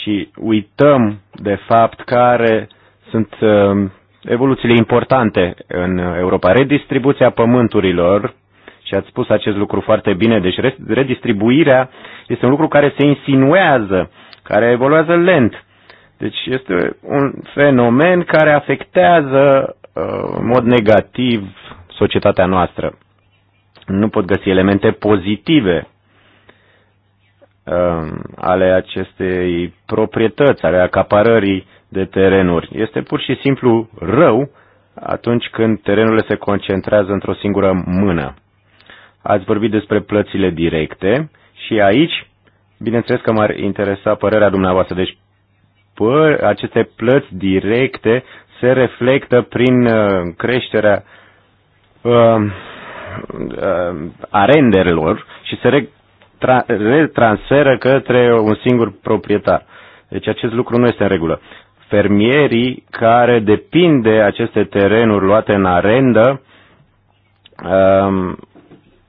și uităm, de fapt, care sunt uh, evoluțiile importante în Europa. Redistribuția pământurilor, și ați spus acest lucru foarte bine, deci redistribuirea este un lucru care se insinuează, care evoluează lent. Deci este un fenomen care afectează uh, în mod negativ societatea noastră nu pot găsi elemente pozitive um, ale acestei proprietăți, ale acaparării de terenuri. Este pur și simplu rău atunci când terenurile se concentrează într-o singură mână. Ați vorbit despre plățile directe și aici, bineînțeles că m-ar interesa părerea dumneavoastră. Deci, aceste plăți directe se reflectă prin uh, creșterea uh, Uh, renderelor și se retransferă către un singur proprietar. Deci acest lucru nu este în regulă. Fermierii care depind de aceste terenuri luate în arendă um,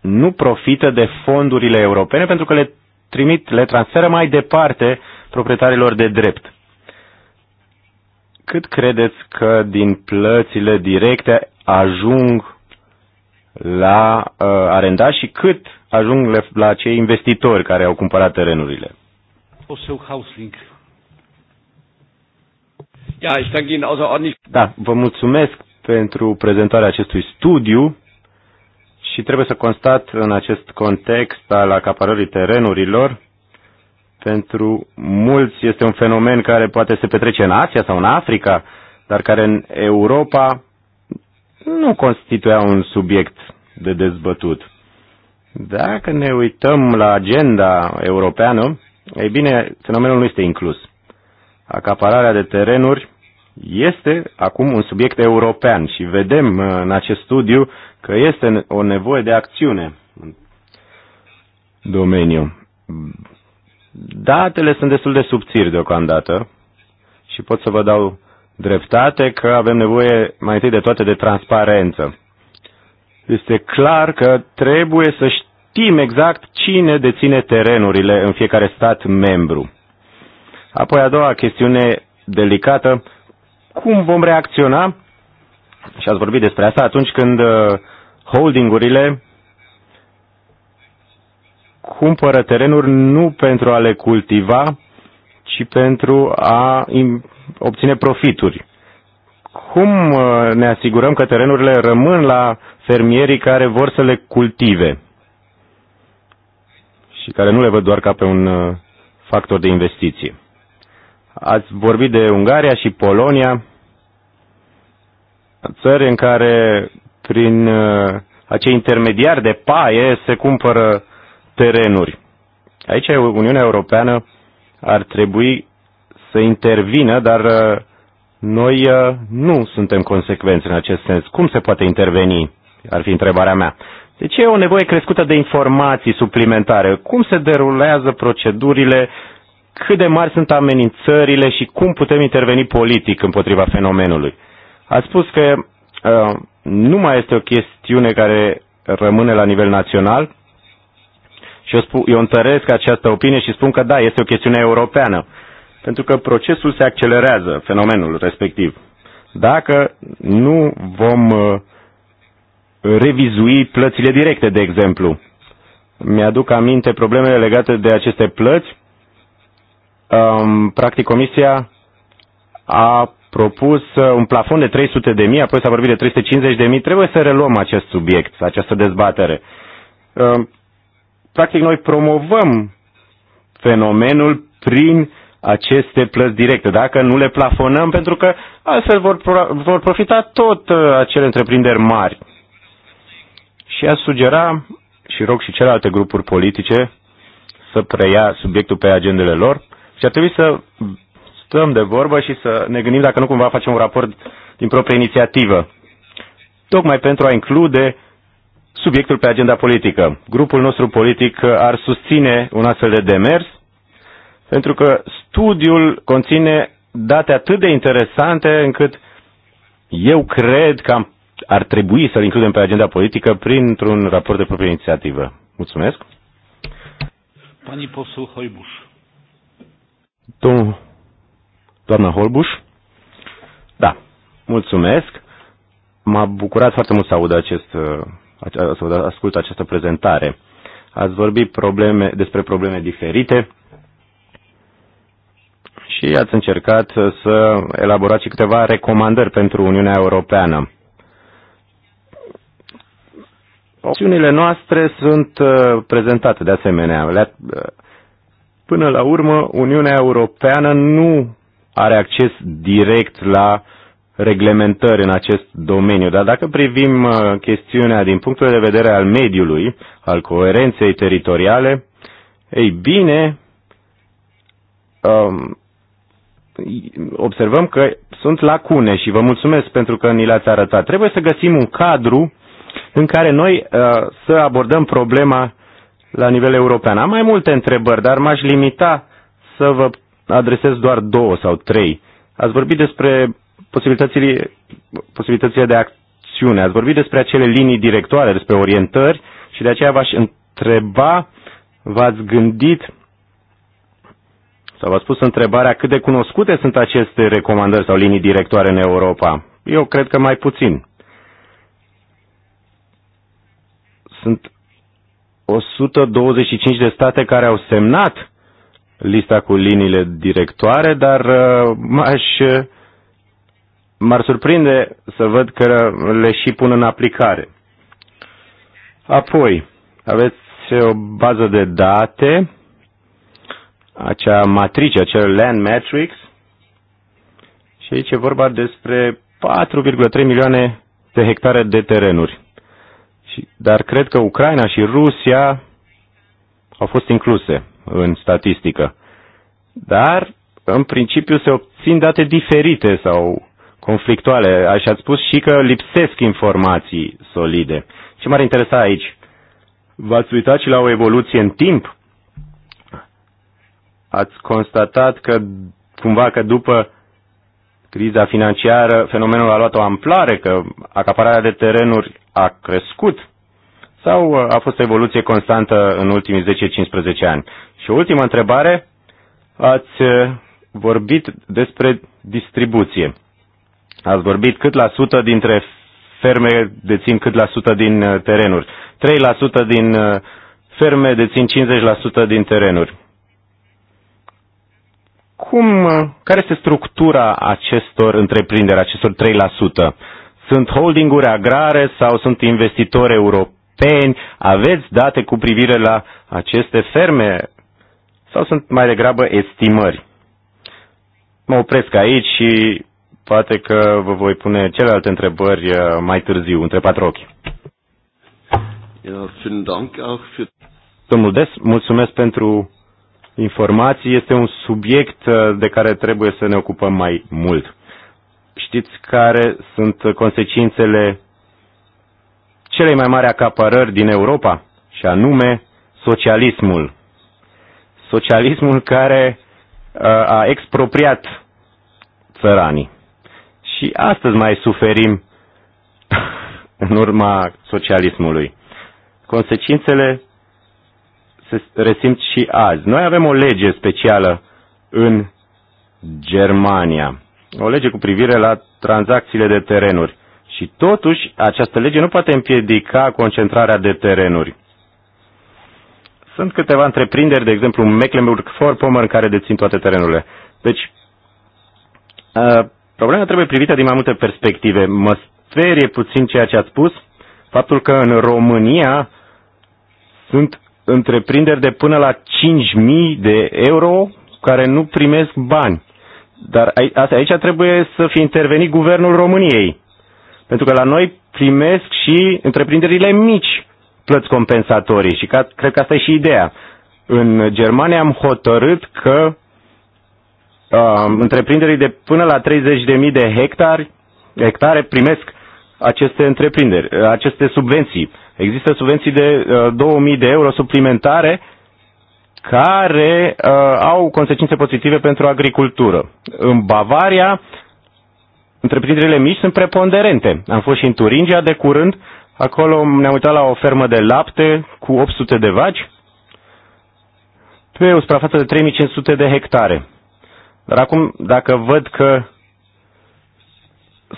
nu profită de fondurile europene pentru că le trimit, le transferă mai departe proprietarilor de drept. Cât credeți că din plățile directe ajung la uh, arenda și cât ajung la cei investitori care au cumpărat terenurile. Da, vă mulțumesc pentru prezentarea acestui studiu și trebuie să constat în acest context al acaparării terenurilor, pentru mulți este un fenomen care poate se petrece în Asia sau în Africa, dar care în Europa nu constituia un subiect de dezbătut. Dacă ne uităm la agenda europeană, ei bine, fenomenul nu este inclus. Acapararea de terenuri este acum un subiect european și vedem uh, în acest studiu că este o nevoie de acțiune în domeniu. Datele sunt destul de subțiri deocamdată și pot să vă dau dreptate că avem nevoie mai întâi de toate de transparență. Este clar că trebuie să știm exact cine deține terenurile în fiecare stat membru. Apoi a doua chestiune delicată, cum vom reacționa, și ați vorbit despre asta, atunci când uh, holdingurile cumpără terenuri nu pentru a le cultiva, ci pentru a obține profituri. Cum uh, ne asigurăm că terenurile rămân la fermierii care vor să le cultive și care nu le văd doar ca pe un uh, factor de investiție? Ați vorbit de Ungaria și Polonia, țări în care prin uh, acei intermediari de paie se cumpără terenuri. Aici Uniunea Europeană ar trebui să intervină, dar uh, noi uh, nu suntem consecvenți în acest sens. Cum se poate interveni? Ar fi întrebarea mea. Deci e o nevoie crescută de informații suplimentare. Cum se derulează procedurile? Cât de mari sunt amenințările și cum putem interveni politic împotriva fenomenului? A spus că uh, nu mai este o chestiune care rămâne la nivel național și eu, spun, eu întăresc această opinie și spun că da, este o chestiune europeană pentru că procesul se accelerează, fenomenul respectiv. Dacă nu vom uh, revizui plățile directe, de exemplu, mi-aduc aminte problemele legate de aceste plăți, um, practic Comisia a propus uh, un plafon de 300 de mii, apoi s-a vorbit de 350 de mii. Trebuie să reluăm acest subiect, această dezbatere. Um, practic noi promovăm fenomenul prin aceste plăți directe, dacă nu le plafonăm, pentru că altfel vor, vor profita tot uh, acele întreprinderi mari. Și a sugera, și rog și celelalte grupuri politice să preia subiectul pe agendele lor și ar trebui să stăm de vorbă și să ne gândim dacă nu cumva facem un raport din proprie inițiativă, tocmai pentru a include subiectul pe agenda politică. Grupul nostru politic ar susține un astfel de demers, pentru că studiul conține date atât de interesante încât eu cred că ar trebui să-l includem pe agenda politică printr-un raport de proprie inițiativă. Mulțumesc. Pani posul Hoibuș. Domnul, doamna Holbuș. Da, mulțumesc. M-a bucurat foarte mult să aud acest, să ascult această prezentare. Ați vorbit probleme, despre probleme diferite și ați încercat uh, să elaborați și câteva recomandări pentru Uniunea Europeană. Opțiunile noastre sunt uh, prezentate de asemenea. Uh, până la urmă, Uniunea Europeană nu are acces direct la reglementări în acest domeniu, dar dacă privim chestiunea din punctul de vedere al mediului, al coerenței teritoriale, ei bine, um, observăm că sunt lacune și vă mulțumesc pentru că ni le-ați arătat. Trebuie să găsim un cadru în care noi uh, să abordăm problema la nivel european. Am mai multe întrebări, dar m-aș limita să vă adresez doar două sau trei. Ați vorbit despre posibilitățile, posibilitățile de acțiune, ați vorbit despre acele linii directoare, despre orientări și de aceea v-aș întreba, v-ați gândit sau v-a spus întrebarea cât de cunoscute sunt aceste recomandări sau linii directoare în Europa. Eu cred că mai puțin. Sunt 125 de state care au semnat lista cu liniile directoare, dar uh, m-aș, uh, m-ar surprinde să văd că le și pun în aplicare. Apoi, aveți o bază de date acea matrice, acel land matrix. Și aici e vorba despre 4,3 milioane de hectare de terenuri. Și, dar cred că Ucraina și Rusia au fost incluse în statistică. Dar, în principiu, se obțin date diferite sau conflictuale. Așa ați spus și că lipsesc informații solide. Ce m-ar interesa aici? V-ați uitat și la o evoluție în timp? ați constatat că cumva că după criza financiară fenomenul a luat o amplare, că acapararea de terenuri a crescut sau uh, a fost o evoluție constantă în ultimii 10-15 ani? Și ultima întrebare, ați uh, vorbit despre distribuție. Ați vorbit cât la sută dintre ferme dețin cât la sută din uh, terenuri. 3% din ferme dețin 50% din terenuri. Cum, care este structura acestor întreprinderi, acestor 3%? Sunt holdinguri agrare sau sunt investitori europeni? Aveți date cu privire la aceste ferme sau sunt mai degrabă estimări? Mă opresc aici și poate că vă voi pune celelalte întrebări uh, mai târziu, între patru ochi. Domnul Des, mulțumesc pentru informații este un subiect uh, de care trebuie să ne ocupăm mai mult. Știți care sunt consecințele celei mai mari acapărări din Europa? Și anume socialismul. Socialismul care uh, a expropriat țăranii. Și astăzi mai suferim *laughs* în urma socialismului. Consecințele se resimt și azi. Noi avem o lege specială în Germania, o lege cu privire la tranzacțiile de terenuri. Și totuși, această lege nu poate împiedica concentrarea de terenuri. Sunt câteva întreprinderi, de exemplu Mecklenburg-Vorpommern, care dețin toate terenurile. Deci, ă, problema trebuie privită din mai multe perspective. Mă sperie puțin ceea ce ați spus, faptul că în România sunt întreprinderi de până la 5.000 de euro care nu primesc bani. Dar aici trebuie să fie intervenit guvernul României. Pentru că la noi primesc și întreprinderile mici plăți compensatorii și ca, cred că asta e și ideea. În Germania am hotărât că uh, întreprinderii de până la 30.000 de hectare, hectare primesc aceste întreprinderi, aceste subvenții. Există subvenții de uh, 2000 de euro suplimentare care uh, au consecințe pozitive pentru agricultură. În Bavaria, întreprinderile mici sunt preponderente. Am fost și în Turingia de curând, acolo ne-am uitat la o fermă de lapte cu 800 de vaci pe o suprafață de 3500 de hectare. Dar acum, dacă văd că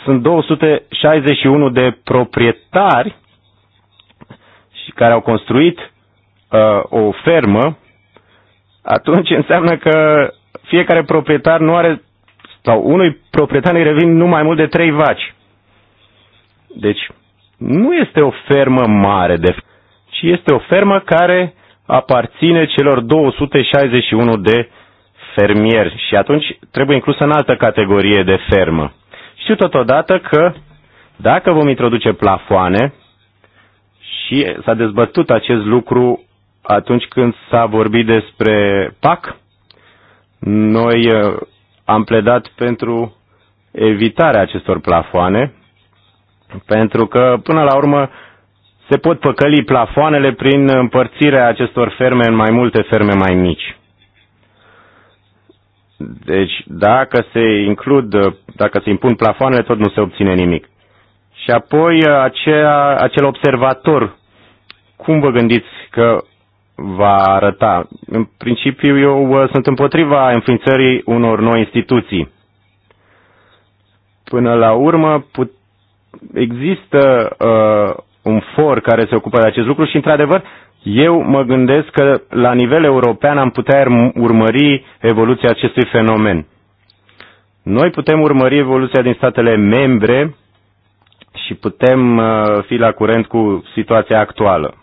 sunt 261 de proprietari care au construit uh, o fermă, atunci înseamnă că fiecare proprietar nu are, sau unui proprietar îi revin nu mai mult de trei vaci. Deci, nu este o fermă mare, de, ci este o fermă care aparține celor 261 de fermieri și atunci trebuie inclusă în altă categorie de fermă. Știu totodată că dacă vom introduce plafoane, și s-a dezbătut acest lucru atunci când s-a vorbit despre PAC. Noi uh, am pledat pentru evitarea acestor plafoane, pentru că, până la urmă, se pot păcăli plafoanele prin împărțirea acestor ferme în mai multe ferme mai mici. Deci, dacă se includ, dacă se impun plafoanele, tot nu se obține nimic. Și apoi uh, acea, acel observator cum vă gândiți că va arăta? În principiu, eu uh, sunt împotriva înființării unor noi instituții. Până la urmă, put- există uh, un for care se ocupă de acest lucru și, într-adevăr, eu mă gândesc că la nivel european am putea urmări evoluția acestui fenomen. Noi putem urmări evoluția din statele membre și putem uh, fi la curent cu situația actuală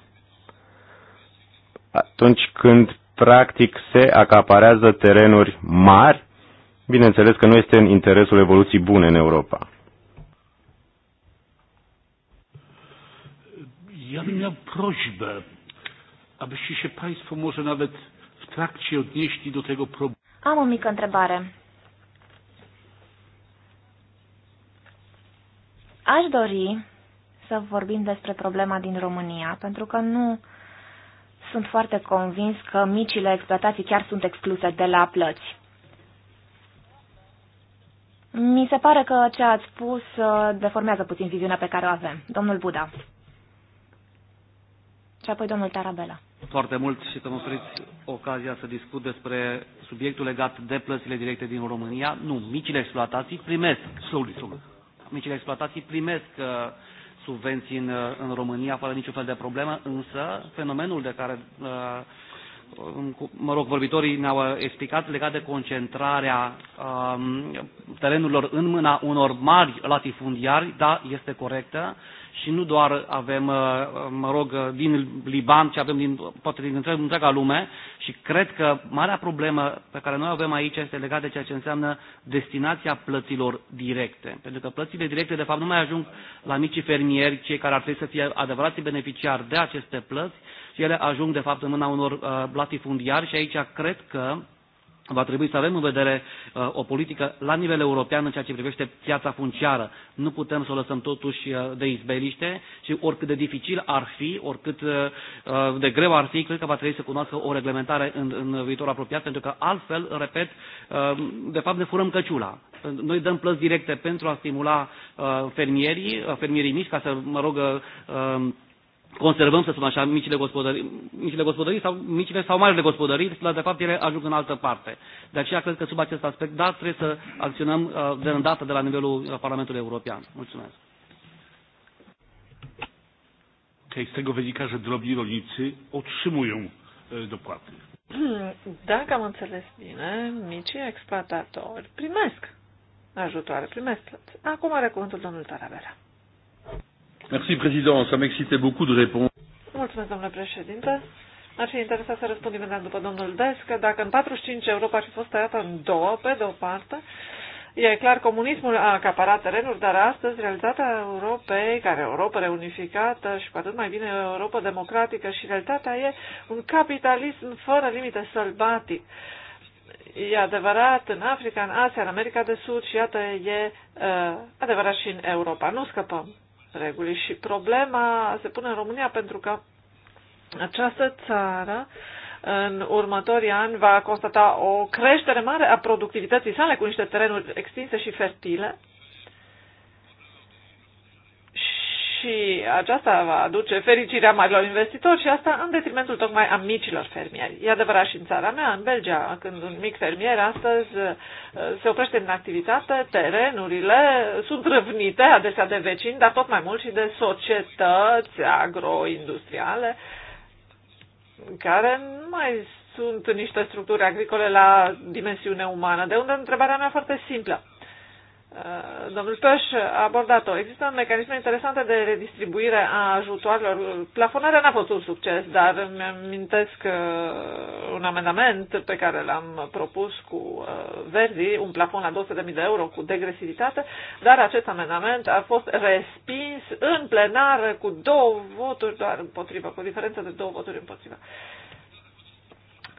atunci când practic se acaparează terenuri mari, bineînțeles că nu este în interesul evoluției bune în Europa. Ja bym miał prośbę, abyście się Państwo może nawet w trakcie odnieśli do tego problemu. Am o mică întrebare. Aș dori să vorbim despre problema din România, pentru că nu sunt foarte convins că micile exploatații chiar sunt excluse de la plăți. Mi se pare că ce ați spus uh, deformează puțin viziunea pe care o avem. Domnul Buda. Și apoi domnul Tarabela. Foarte mult și să mă oferiți ocazia să discut despre subiectul legat de plățile directe din România. Nu, micile exploatații primesc, slowly, slowly. micile exploatații primesc uh, subvenții în, în România fără niciun fel de problemă, însă fenomenul de care, uh, mă rog, vorbitorii ne-au explicat legat de concentrarea um, terenurilor în mâna unor mari latifundiari, da, este corectă, și nu doar avem, uh, mă rog, uh, din Liban, ci avem din, poate din întreaga lume și cred că marea problemă pe care noi o avem aici este legată de ceea ce înseamnă destinația plăților directe. Pentru că plățile directe, de fapt, nu mai ajung la micii fermieri, cei care ar trebui să fie adevărații beneficiari de aceste plăți, și ele ajung, de fapt, în mâna unor uh, latifundiari și aici cred că va trebui să avem în vedere uh, o politică la nivel european în ceea ce privește piața funciară. Nu putem să o lăsăm totuși uh, de izbeliște și oricât de dificil ar fi, oricât uh, uh, de greu ar fi, cred că va trebui să cunoască o reglementare în, în viitor apropiat, pentru că altfel, repet, uh, de fapt ne furăm căciula. Noi dăm plăți directe pentru a stimula uh, fermierii, fermierii mici, ca să, mă rog, conservăm, să spunem așa, micile gospodării, micile gospodării sau micile sau marile gospodării, dar de fapt ele ajung în altă parte. De aceea cred că sub acest aspect, da, trebuie să acționăm uh, de îndată de la nivelul uh, Parlamentului European. Mulțumesc. Okay, z tego wynika, że drobni rolnicy otrzymują dopłaty. *clears throat* Dacă am înțeles bine, micii exploatatori primesc ajutoare, primesc plăți. Acum are cuvântul domnul Tarabela. Merci, président. Ça m'excitait beaucoup de répondre. Mulțumesc, domnule președinte. Ar fi interesat să răspund imediat după domnul Des că dacă în 45 Europa ar fi fost tăiată în două, pe de o parte, e clar, comunismul a acaparat terenuri, dar astăzi realitatea Europei, care e Europa reunificată și cu atât mai bine Europa democratică și realitatea e un capitalism fără limite sălbatic. E adevărat în Africa, în Asia, în America de Sud și iată e uh, adevărat și în Europa. Nu scăpăm regulii. Și problema se pune în România pentru că această țară în următorii ani va constata o creștere mare a productivității sale cu niște terenuri extinse și fertile Și aceasta va aduce fericirea marilor investitori și asta în detrimentul tocmai a micilor fermieri. E adevărat și în țara mea, în Belgia, când un mic fermier astăzi uh, se oprește în activitate, terenurile sunt răvnite adesea de vecini, dar tot mai mult și de societăți agroindustriale care nu mai sunt niște structuri agricole la dimensiune umană. De unde întrebarea mea foarte simplă Uh, domnul Păș a abordat-o. Există un mecanism interesant de redistribuire a ajutoarelor. Plafonarea n-a fost un succes, dar îmi amintesc uh, un amendament pe care l-am propus cu uh, Verdi, un plafon la 200.000 de euro cu degresivitate, dar acest amendament a fost respins în plenar cu două voturi doar împotriva, cu diferență de două voturi împotriva.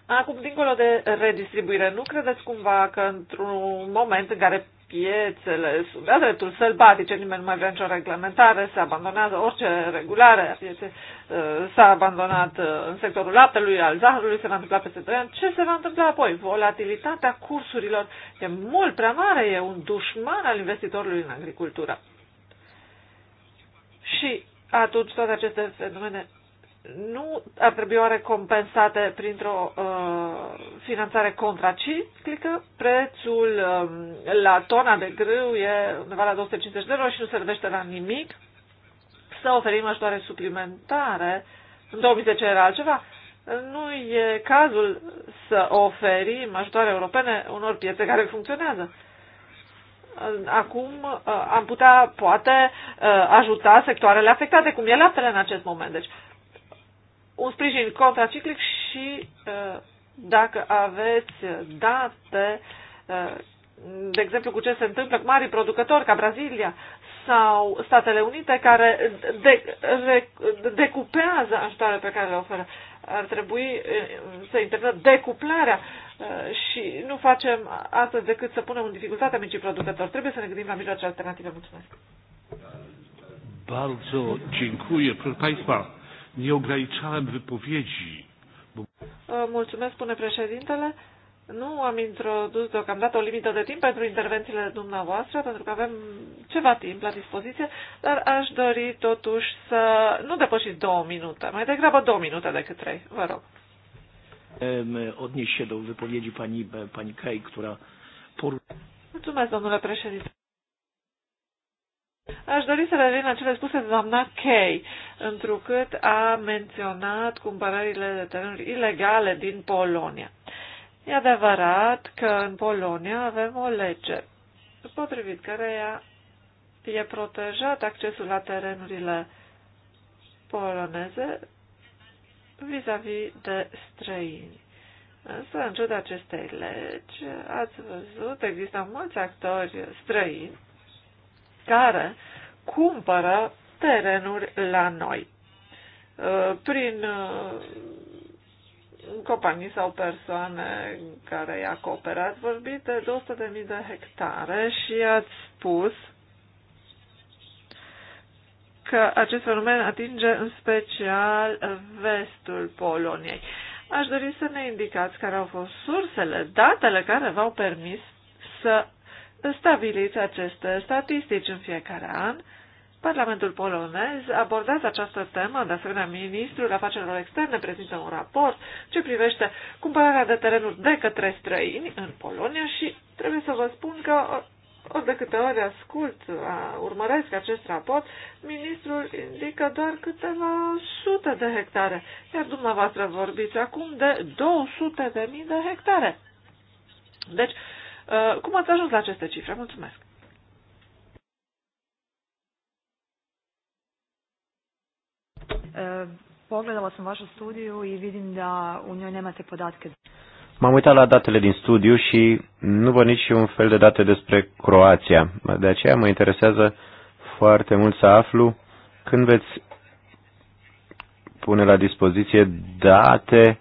Acum, dincolo de redistribuire, nu credeți cumva că într-un moment în care piețele sunt dreptul sălbatice, nimeni nu mai vrea nicio reglementare, se abandonează orice regulare, uh, s-a abandonat uh, în sectorul laptelui, al zahărului, se va întâmpla peste 2 ani. Ce se va întâmpla apoi? Volatilitatea cursurilor e mult prea mare, e un dușman al investitorului în agricultură. Și atunci toate aceste fenomene nu ar trebui oare compensate printr-o uh, finanțare contra, ci prețul uh, la tona de grâu e undeva la 250 de euro și nu servește la nimic să oferim ajutoare suplimentare. În 2010 era altceva. Nu e cazul să oferim ajutoare europene unor piețe care funcționează acum uh, am putea, poate, uh, ajuta sectoarele afectate, cum e laptele în acest moment. Deci, un sprijin contraciclic și uh, dacă aveți date, uh, de exemplu, cu ce se întâmplă cu mari producători ca Brazilia sau Statele Unite care de, de, decupează pe care le oferă. Ar trebui uh, să intervină decuplarea și nu facem astăzi decât să punem în dificultate micii producători. Trebuie să ne gândim la mijloace alternative. Mulțumesc. Bardzo dziękuję. Proszę Państwa, Nie ograniczałem wypowiedzi. Bo... Mulțumesc, pune președintele. Nu am introdus deocamdată o limită de timp pentru intervențiile dumneavoastră, pentru că avem ceva timp la dispoziție, dar aș dori totuși să nu depășiți două minute, mai degrabă două minute decât trei. Vă rog. Odnieść się do wypowiedzi pani, pani Kej, która... Mulțumesc, domnule președinte. Aș dori să revin la cele spuse de doamna Kay, întrucât a menționat cumpărările de terenuri ilegale din Polonia. E adevărat că în Polonia avem o lege potrivit căreia e protejat accesul la terenurile poloneze vis-a-vis -vis de străini. Însă, în ciuda acestei legi, ați văzut, există mulți actori străini care cumpără terenuri la noi uh, prin uh, companii sau persoane care i-a cooperat. vorbit de 200.000 de hectare și ați spus că acest fenomen atinge în special vestul Poloniei. Aș dori să ne indicați care au fost sursele, datele care v-au permis să stabiliți aceste statistici în fiecare an. Parlamentul polonez abordează această temă, de asemenea, ministrul afacerilor externe prezintă un raport ce privește cumpărarea de terenuri de către străini în Polonia și trebuie să vă spun că ori de câte ori ascult, urmăresc acest raport, ministrul indică doar câteva sute de hectare, iar dumneavoastră vorbiți acum de 200 de mii de hectare. Deci, Uh, cum ați ajuns la aceste cifre? Mulțumesc! Da M-am uitat la datele din studiu și nu văd nici un fel de date despre Croația. De aceea mă interesează foarte mult să aflu când veți pune la dispoziție date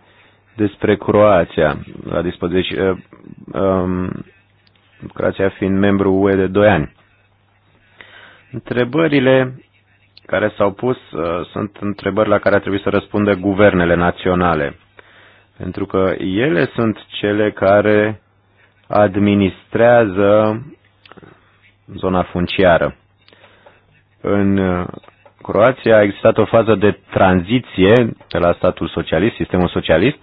despre Croația. La dispoziție, uh, um, Croația fiind membru UE de 2 ani. Întrebările care s-au pus uh, sunt întrebări la care ar trebui să răspundă guvernele naționale, pentru că ele sunt cele care administrează zona funciară. În uh, Croația a existat o fază de tranziție de la statul socialist, sistemul socialist,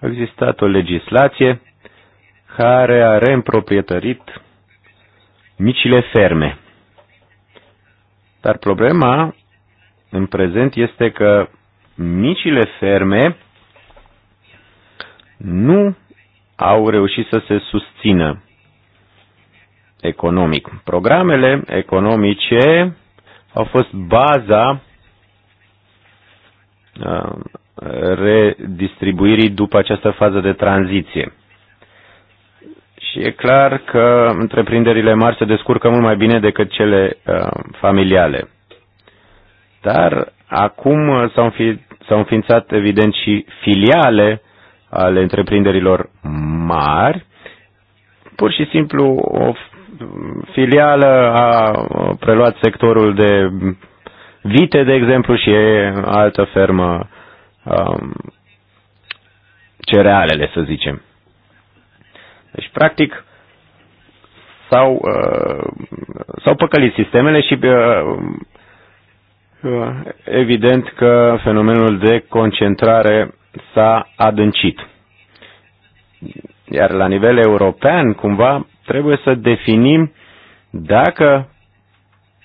a existat o legislație care a reîmproprietărit micile ferme. Dar problema în prezent este că micile ferme nu au reușit să se susțină economic. Programele economice au fost baza uh, redistribuirii după această fază de tranziție. Și e clar că întreprinderile mari se descurcă mult mai bine decât cele uh, familiale. Dar acum uh, s-au, înfi, înființat evident și filiale ale întreprinderilor mari, pur și simplu o filială a preluat sectorul de vite, de exemplu, și e altă fermă um, cerealele, să zicem. Deci, practic, s-au, uh, s-au păcălit sistemele și uh, uh, evident că fenomenul de concentrare s-a adâncit. Iar la nivel european, cumva, trebuie să definim dacă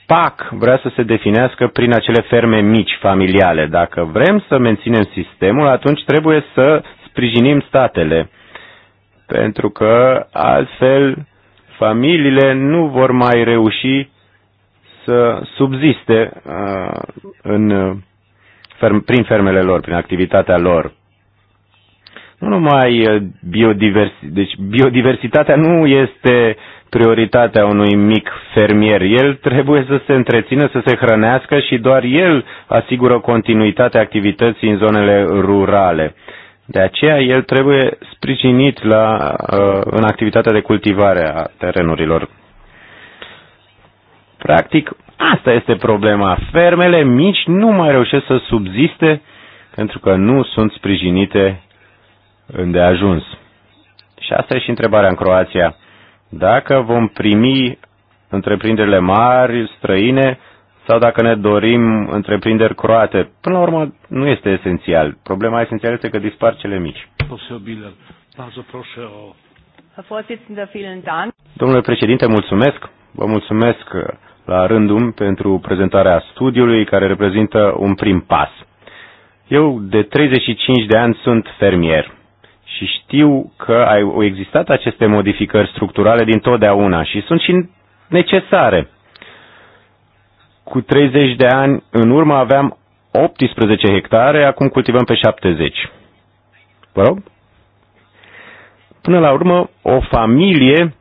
PAC vrea să se definească prin acele ferme mici, familiale. Dacă vrem să menținem sistemul, atunci trebuie să sprijinim statele pentru că altfel familiile nu vor mai reuși să subziste uh, în, uh, prin fermele lor, prin activitatea lor. Nu numai uh, biodiversitatea, deci biodiversitatea nu este prioritatea unui mic fermier. El trebuie să se întrețină, să se hrănească și doar el asigură continuitatea activității în zonele rurale. De aceea el trebuie sprijinit la, uh, în activitatea de cultivare a terenurilor. Practic, asta este problema. Fermele mici nu mai reușesc să subziste pentru că nu sunt sprijinite îndeajuns. Și asta e și întrebarea în Croația. Dacă vom primi întreprinderile mari, străine, sau dacă ne dorim întreprinderi croate. Până la urmă, nu este esențial. Problema esențială este că dispar cele mici. Domnule președinte, mulțumesc. Vă mulțumesc la rândul pentru prezentarea studiului care reprezintă un prim pas. Eu de 35 de ani sunt fermier și știu că au existat aceste modificări structurale din totdeauna și sunt și necesare. Cu 30 de ani în urmă aveam 18 hectare, acum cultivăm pe 70. Vă rog? Până la urmă, o familie...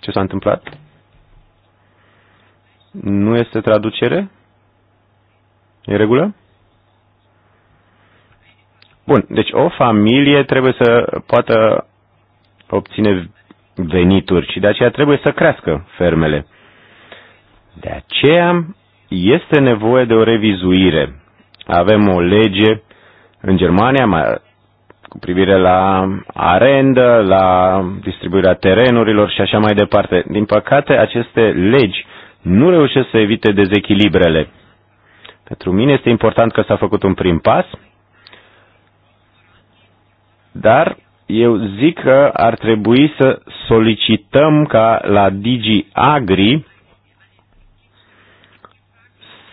Ce s-a întâmplat? Nu este traducere? E regulă? Bun, deci o familie trebuie să poată obține venituri și de aceea trebuie să crească fermele. De aceea este nevoie de o revizuire. Avem o lege în Germania mai, cu privire la arendă, la distribuirea terenurilor și așa mai departe. Din păcate, aceste legi nu reușesc să evite dezechilibrele. Pentru mine este important că s-a făcut un prim pas, dar eu zic că ar trebui să solicităm ca la Digi Agri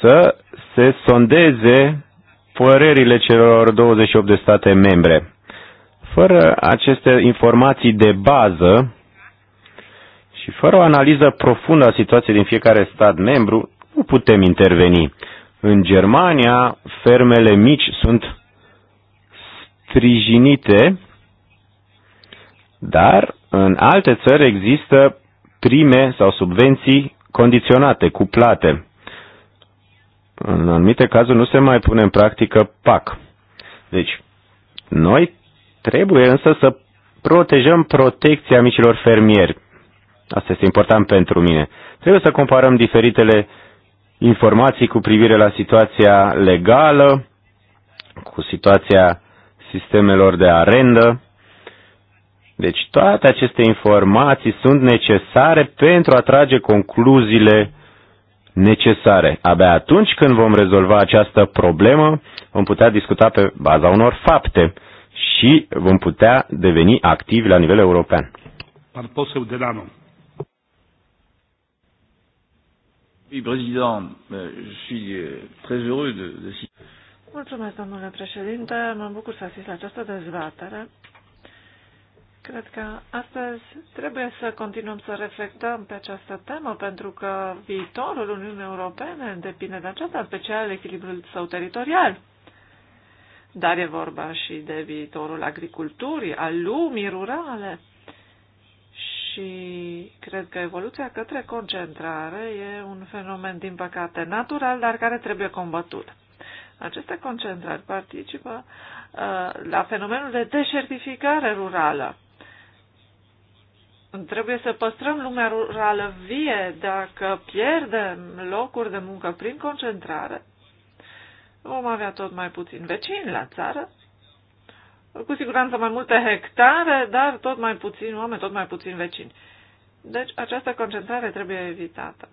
să se sondeze părerile celor 28 de state membre. Fără aceste informații de bază și fără o analiză profundă a situației din fiecare stat membru, nu putem interveni. În Germania, fermele mici sunt sprijinite, dar în alte țări există prime sau subvenții condiționate, cuplate în anumite cazuri nu se mai pune în practică PAC. Deci, noi trebuie însă să protejăm protecția micilor fermieri. Asta este important pentru mine. Trebuie să comparăm diferitele informații cu privire la situația legală, cu situația sistemelor de arendă. Deci toate aceste informații sunt necesare pentru a trage concluziile necesare. Abia atunci când vom rezolva această problemă, vom putea discuta pe baza unor fapte și vom putea deveni activi la nivel european. Pan de Delano. Oui, président, euh, je suis euh, très heureux de, de... Mulțumesc, domnule președinte. Mă bucur să asist la această dezbatere Cred că astăzi trebuie să continuăm să reflectăm pe această temă, pentru că viitorul Uniunii Europene depinde de aceasta, în special echilibrul său teritorial. Dar e vorba și de viitorul agriculturii, al lumii rurale. Și cred că evoluția către concentrare e un fenomen, din păcate, natural, dar care trebuie combătut. Aceste concentrări participă uh, la fenomenul de deșertificare rurală Trebuie să păstrăm lumea rurală vie dacă pierdem locuri de muncă prin concentrare. Vom avea tot mai puțin vecini la țară, cu siguranță mai multe hectare, dar tot mai puțin oameni, tot mai puțin vecini. Deci această concentrare trebuie evitată.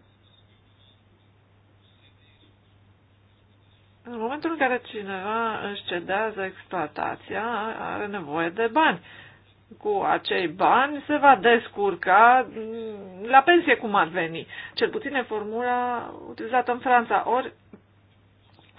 În momentul în care cineva își cedează exploatația, are nevoie de bani cu acei bani se va descurca la pensie cum ar veni. Cel puțin e formula utilizată în Franța. Ori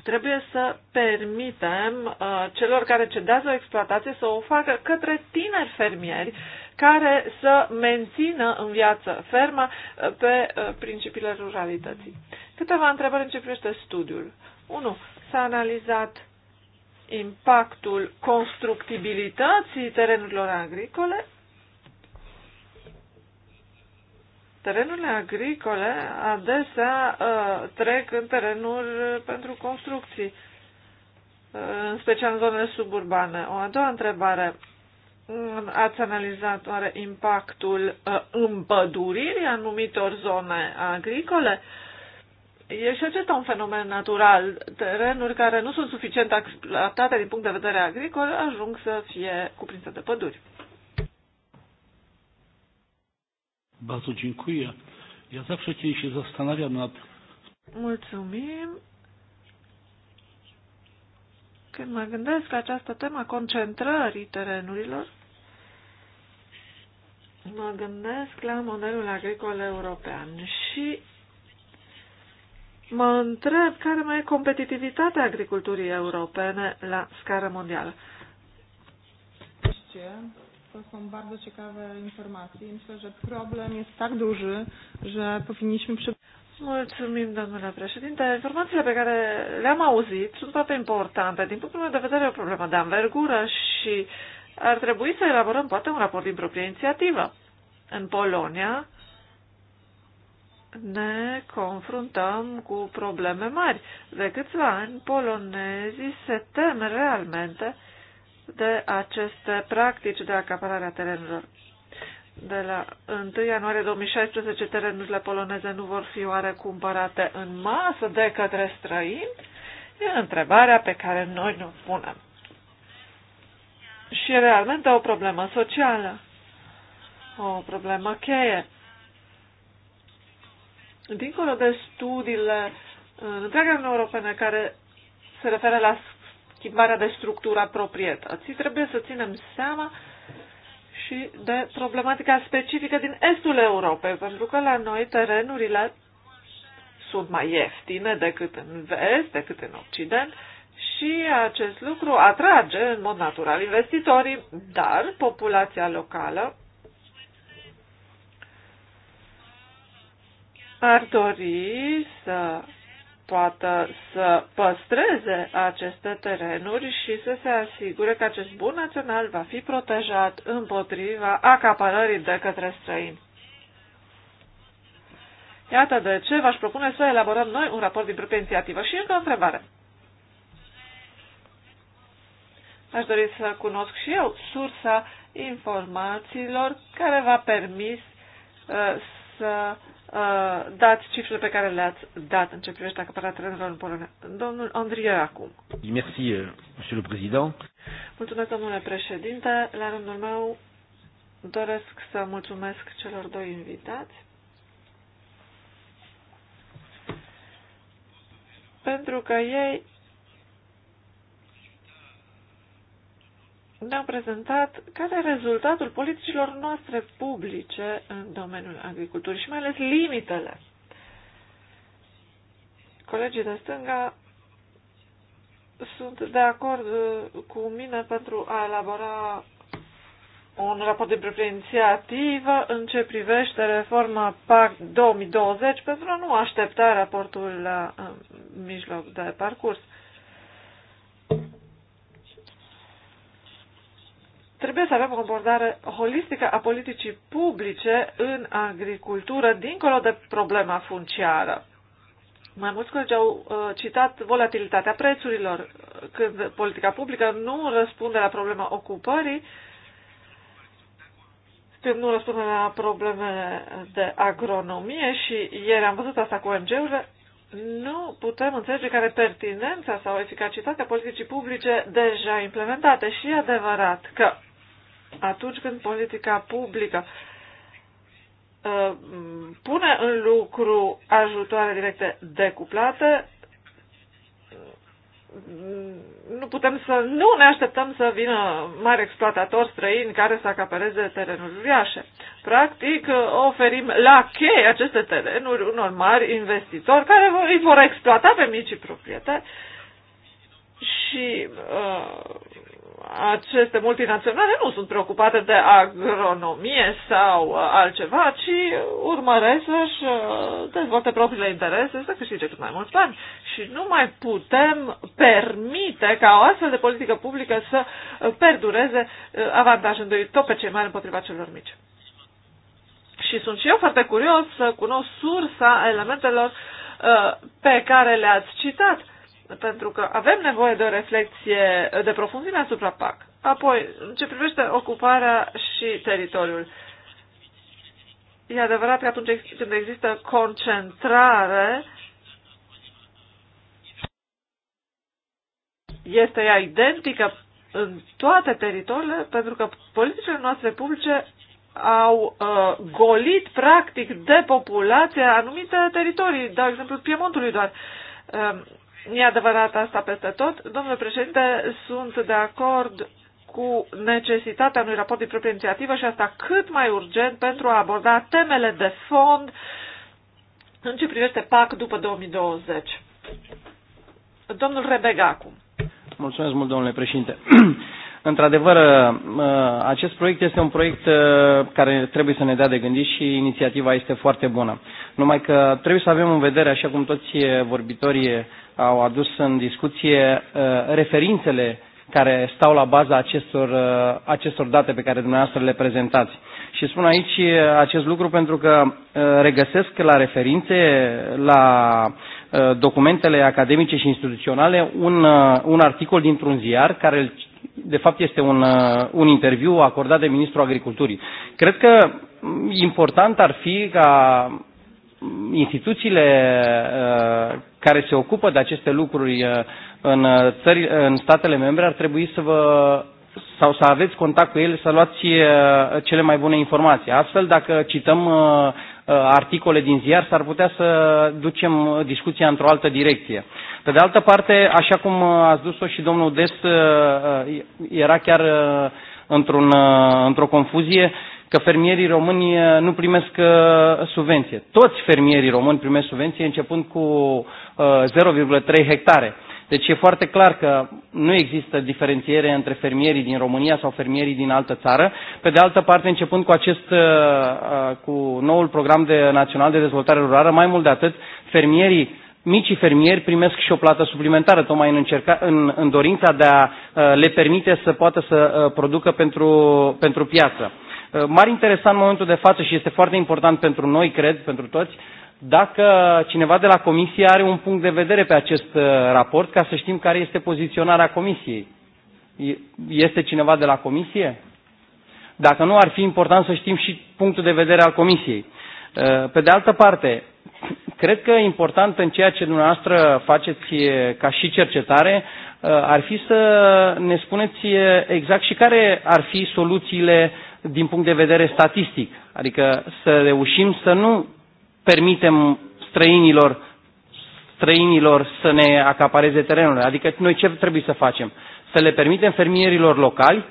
trebuie să permitem uh, celor care cedează o exploatație să o facă către tineri fermieri care să mențină în viață ferma uh, pe uh, principiile ruralității. Câteva întrebări în ce privește studiul. 1. S-a analizat impactul constructibilității terenurilor agricole. Terenurile agricole adesea uh, trec în terenuri pentru construcții, uh, în special în zonele suburbane. O a doua întrebare. Ați analizat oare impactul uh, împăduririi anumitor zone agricole? Uh, E și acesta un fenomen natural. Terenuri care nu sunt suficient exploatate din punct de vedere agricol ajung să fie cuprinse de păduri. Bardzo dziękuję. Ja zawsze kiedy się zastanawiam nad... Mulțumim. Când mă gândesc la această temă concentrării terenurilor, mă gândesc la modelul agricol european și mă întreb care mai e competitivitatea agriculturii europene la scară mondială. To są bardzo ciekawe informacje. Myślę, że problem jest tak duży, że powinniśmy przy... Mulțumim, domnule președinte. Informațiile pe care le-am auzit sunt foarte importante. Din punctul meu de vedere, e o problemă de anvergură și ar trebui să elaborăm poate un raport din proprie inițiativă. În Polonia, ne confruntăm cu probleme mari. De câțiva ani, polonezii se tem realmente de aceste practici de acaparare a terenurilor. De la 1 ianuarie 2016, terenurile poloneze nu vor fi oare cumpărate în masă de către străini? E întrebarea pe care noi nu punem. Și e realmente o problemă socială, o problemă cheie dincolo de studiile în întreaga Uniune Europeană care se referă la schimbarea de structura proprietății, trebuie să ținem seama și de problematica specifică din estul Europei, pentru că la noi terenurile sunt mai ieftine decât în vest, decât în Occident și acest lucru atrage în mod natural investitorii, dar populația locală ar dori să poată să păstreze aceste terenuri și să se asigure că acest bun național va fi protejat împotriva acapărării de către străini. Iată de ce v-aș propune să elaborăm noi un raport din propria inițiativă. Și încă o întrebare. Aș dori să cunosc și eu sursa informațiilor care v-a permis uh, să uh, dați cifrele pe care le-ați dat în ce privește acapararea terenurilor în Polonia. Domnul Andrie, acum. Merci, euh, monsieur le président. Mulțumesc, domnule președinte. La rândul meu doresc să mulțumesc celor doi invitați. Pentru că ei ne-au prezentat care e rezultatul politicilor noastre publice în domeniul agriculturii și mai ales limitele. Colegii de stânga sunt de acord uh, cu mine pentru a elabora un raport de proprie inițiativă în ce privește reforma PAC 2020 pentru a nu aștepta raportul la uh, mijloc de parcurs. Trebuie să avem o abordare holistică a politicii publice în agricultură, dincolo de problema funciară. Mai mulți colegi au uh, citat volatilitatea prețurilor, când politica publică nu răspunde la problema ocupării, când nu răspunde la probleme de agronomie și ieri am văzut asta cu OMG-urile, nu putem înțelege care pertinența sau eficacitatea politicii publice deja implementate. Și e adevărat că atunci când politica publică uh, pune în lucru ajutoare directe decuplate, uh, nu putem să nu ne așteptăm să vină mari exploatatori străini care să acapereze terenuri uriașe. Practic, uh, oferim la chei aceste terenuri unor mari investitori care îi vor exploata pe micii proprietari și uh, aceste multinaționale nu sunt preocupate de agronomie sau altceva, ci urmăresc să-și uh, dezvolte propriile interese, să câștige cât mai mulți bani. Și nu mai putem permite ca o astfel de politică publică să perdureze uh, avantajându-i tot pe cei mari împotriva celor mici. Și sunt și eu foarte curios să cunosc sursa elementelor uh, pe care le-ați citat pentru că avem nevoie de o reflexie de profunzime asupra PAC. Apoi, în ce privește ocuparea și teritoriul, e adevărat că atunci când există concentrare, este ea identică în toate teritoriile, pentru că politicile noastre publice au uh, golit practic de populație anumite teritorii, de exemplu Piemontului doar. Uh, E adevărat asta peste tot. Domnule președinte, sunt de acord cu necesitatea unui raport din proprie inițiativă și asta cât mai urgent pentru a aborda temele de fond în ce privește PAC după 2020. Domnul Rebega acum. Mulțumesc mult, domnule președinte. *clears throat* Într-adevăr, uh, acest proiect este un proiect uh, care trebuie să ne dea de gândit și inițiativa este foarte bună. Numai că trebuie să avem în vedere, așa cum toți vorbitorii au adus în discuție uh, referințele care stau la baza acestor, uh, acestor date pe care dumneavoastră le prezentați. Și spun aici uh, acest lucru pentru că regăsesc la referințe, la documentele academice și instituționale, un, un articol dintr-un ziar care de fapt este un, un interviu acordat de Ministrul Agriculturii. Cred că important ar fi ca instituțiile care se ocupă de aceste lucruri uh, în, uh, țări, uh, în statele membre ar trebui să vă sau să aveți contact cu ele, să luați cele mai bune informații. Astfel, dacă cităm articole din ziar, s-ar putea să ducem discuția într-o altă direcție. Pe de altă parte, așa cum ați dus-o și domnul Des, era chiar într într-o confuzie, că fermierii români eh, nu primesc eh, subvenție. Toți fermierii români primesc subvenție începând cu 0,3 eh, hectare. Deci e foarte clar că nu există diferențiere între fermierii din România sau fermierii din altă țară. Pe de altă parte, începând cu, acest, cu noul program de, național de dezvoltare rurală, mai mult de atât, fermierii micii fermieri primesc și o plată suplimentară, tocmai în, încerca, în, în dorința de a le permite să poată să producă pentru, pentru piață. Uh, m-ar interesa în momentul de față și este foarte important pentru noi, cred, pentru toți, dacă cineva de la Comisie are un punct de vedere pe acest uh, raport, ca să știm care este poziționarea Comisiei. Este cineva de la Comisie? Dacă nu, ar fi important să știm și punctul de vedere al Comisiei. Uh, pe de altă parte, *clears throat* cred că important în ceea ce dumneavoastră faceți ca și cercetare ar fi să ne spuneți exact și care ar fi soluțiile uh, din punct de vedere statistic, adică să reușim să nu permitem străinilor străinilor să ne acapareze terenul. Adică noi ce trebuie să facem? Să le permitem fermierilor locali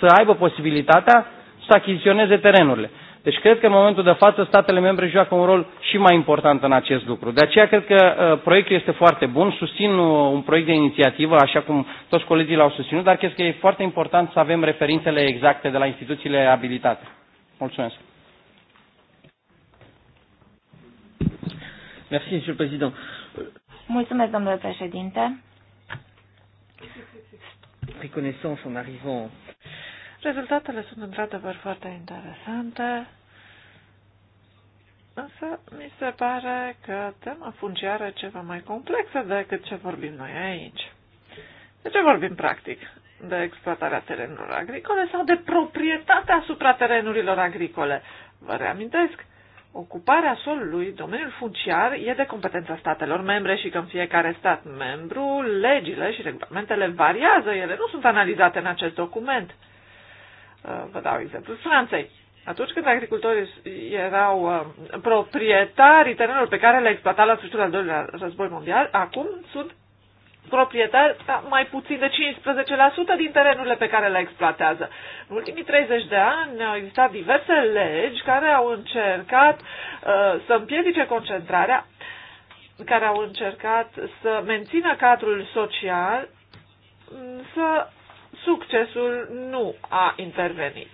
să aibă posibilitatea să achiziționeze terenurile. Deci cred că în momentul de față statele membre joacă un rol și mai important în acest lucru. De aceea cred că uh, proiectul este foarte bun, susțin uh, un proiect de inițiativă, așa cum toți colegii l-au susținut, dar cred că e foarte important să avem referințele exacte de la instituțiile abilitate. Mulțumesc. Merci, Mulțumesc, domnule președinte. Reconnaissance en arrivant Rezultatele sunt într-adevăr foarte interesante. Însă, mi se pare că tema funciară e ceva mai complexă decât ce vorbim noi aici. De ce vorbim practic? De exploatarea terenurilor agricole sau de proprietatea asupra terenurilor agricole? Vă reamintesc, ocuparea solului, domeniul funciar, e de competența statelor membre și că în fiecare stat membru legile și regulamentele variază, ele nu sunt analizate în acest document. Vă dau exemplu Franței atunci când agricultorii erau uh, proprietarii terenurilor pe care le exploata la sfârșitul al doilea război mondial, acum sunt proprietari mai puțin de 15% din terenurile pe care le exploatează. În ultimii 30 de ani au existat diverse legi care au încercat uh, să împiedice concentrarea, care au încercat să mențină cadrul social, să succesul nu a intervenit.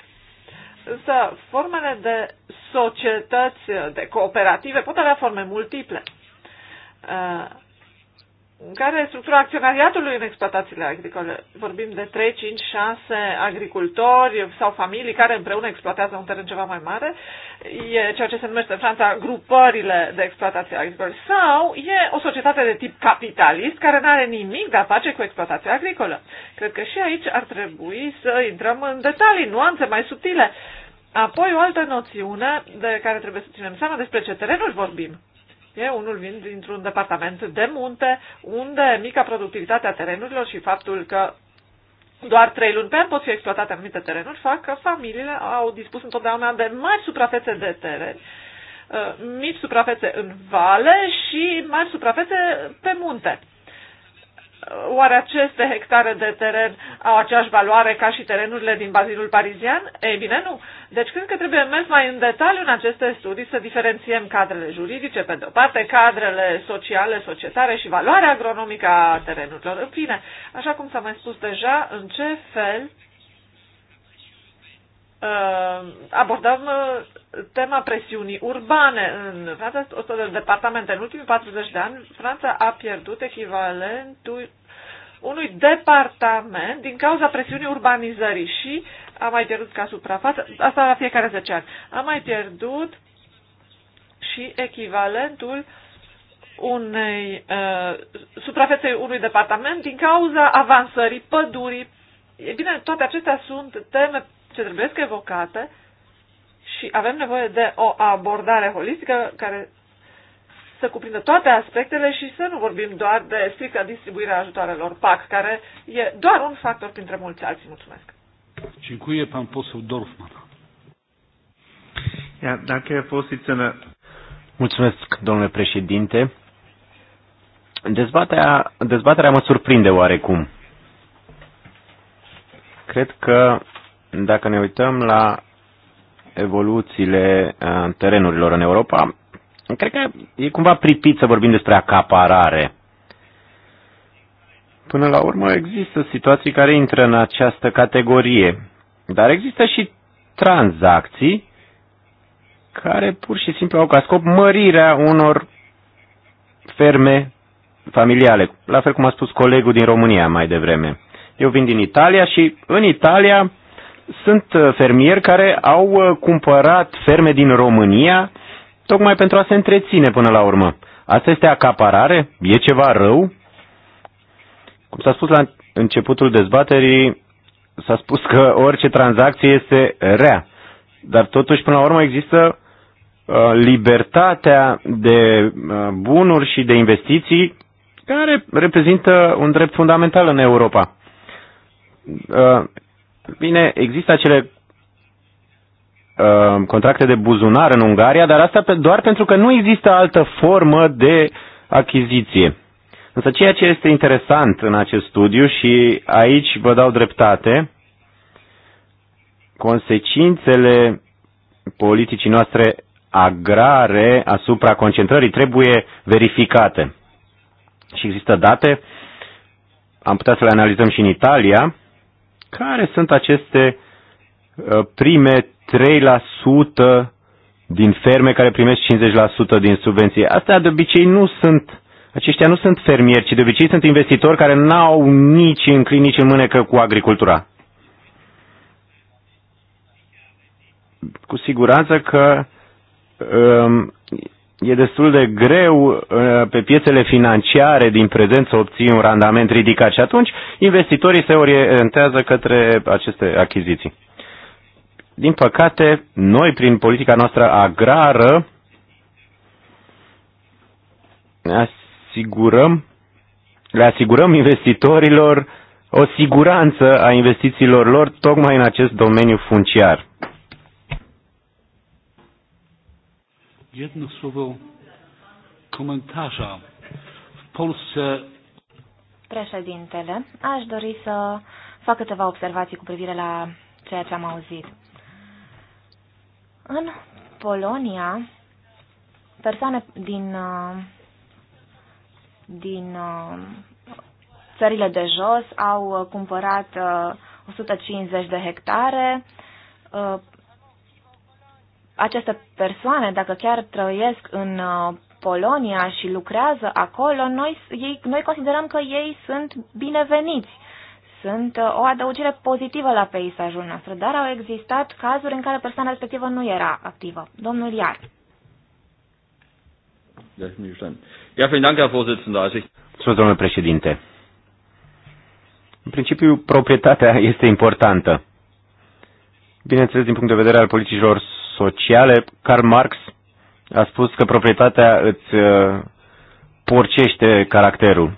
Însă formele de societăți, de cooperative, pot avea forme multiple. Uh, care e structura acționariatului în exploatațiile agricole. Vorbim de 3, 5, 6 agricultori sau familii care împreună exploatează un teren ceva mai mare. E ceea ce se numește în Franța grupările de exploatație agricole. Sau e o societate de tip capitalist care nu are nimic de a face cu exploatația agricolă. Cred că și aici ar trebui să intrăm în detalii, nuanțe mai subtile. Apoi o altă noțiune de care trebuie să ținem seama despre ce terenuri vorbim eu unul vin dintr-un departament de munte, unde mica productivitatea terenurilor și faptul că doar trei luni pe an pot fi exploatate anumite terenuri, fac că familiile au dispus întotdeauna de mari suprafețe de teren, uh, mici suprafețe în vale și mari suprafețe pe munte. Oare aceste hectare de teren au aceeași valoare ca și terenurile din bazinul parizian? Ei bine, nu. Deci cred că trebuie mers mai în detaliu în aceste studii să diferențiem cadrele juridice, pe de-o parte, cadrele sociale, societare și valoarea agronomică a terenurilor. În fine, așa cum s-a mai spus deja, în ce fel Uh, abordăm uh, tema presiunii urbane în Franța, 100 de departamente. În ultimii 40 de ani, Franța a pierdut echivalentul unui departament din cauza presiunii urbanizării și a mai pierdut ca suprafață, asta la fiecare 10 ani, a mai pierdut și echivalentul unei uh, suprafețe unui departament din cauza avansării pădurii. E bine, toate acestea sunt teme ce trebuie să evocate și avem nevoie de o abordare holistică care să cuprindă toate aspectele și să nu vorbim doar de stricta distribuirea ajutoarelor PAC, care e doar un factor printre mulți alții. Mulțumesc. Dziękuję pan poseł Dorfman. Ja, danke, Herr Vorsitzender. Mulțumesc, domnule președinte. Dezbaterea, dezbaterea mă surprinde oarecum. Cred că dacă ne uităm la evoluțiile uh, terenurilor în Europa, cred că e cumva pripit să vorbim despre acaparare. Până la urmă există situații care intră în această categorie, dar există și tranzacții care pur și simplu au ca scop mărirea unor ferme familiale, la fel cum a spus colegul din România mai devreme. Eu vin din Italia și în Italia sunt uh, fermieri care au uh, cumpărat ferme din România tocmai pentru a se întreține până la urmă. Asta este acaparare? E ceva rău? Cum s-a spus la începutul dezbaterii, s-a spus că orice tranzacție este rea. Dar totuși, până la urmă, există uh, libertatea de bunuri și de investiții care reprezintă un drept fundamental în Europa. Bine, există acele uh, contracte de buzunar în Ungaria, dar asta doar pentru că nu există altă formă de achiziție. Însă ceea ce este interesant în acest studiu și aici vă dau dreptate, consecințele politicii noastre agrare asupra concentrării trebuie verificate. Și există date, am putea să le analizăm și în Italia, care sunt aceste uh, prime 3% din ferme care primesc 50% din subvenție? Astea de obicei nu sunt, aceștia nu sunt fermieri, ci de obicei sunt investitori care n-au nici înclin, nici în mânecă cu agricultura. Cu siguranță că um, e destul de greu uh, pe piețele financiare din prezent să obții un randament ridicat și atunci investitorii se orientează către aceste achiziții. Din păcate, noi prin politica noastră agrară ne asigurăm, le asigurăm investitorilor o siguranță a investițiilor lor tocmai în acest domeniu funciar. jedno słowo komentarza. W Polsce. Președintele, aș dori să fac câteva observații cu privire la ceea ce am auzit. În Polonia, persoane din, uh, din uh, țările de jos au uh, cumpărat 150 de hectare aceste persoană, dacă chiar trăiesc în uh, Polonia și lucrează acolo, noi, ei, noi considerăm că ei sunt bineveniți. Sunt uh, o adăugire pozitivă la peisajul nostru, dar au existat cazuri în care persoana respectivă nu era activă. Domnul Iar. Mulțumesc, domnule președinte. În principiu, proprietatea este importantă. Bineînțeles, din punct de vedere al politicilor sociale. Karl Marx a spus că proprietatea îți uh, porcește caracterul.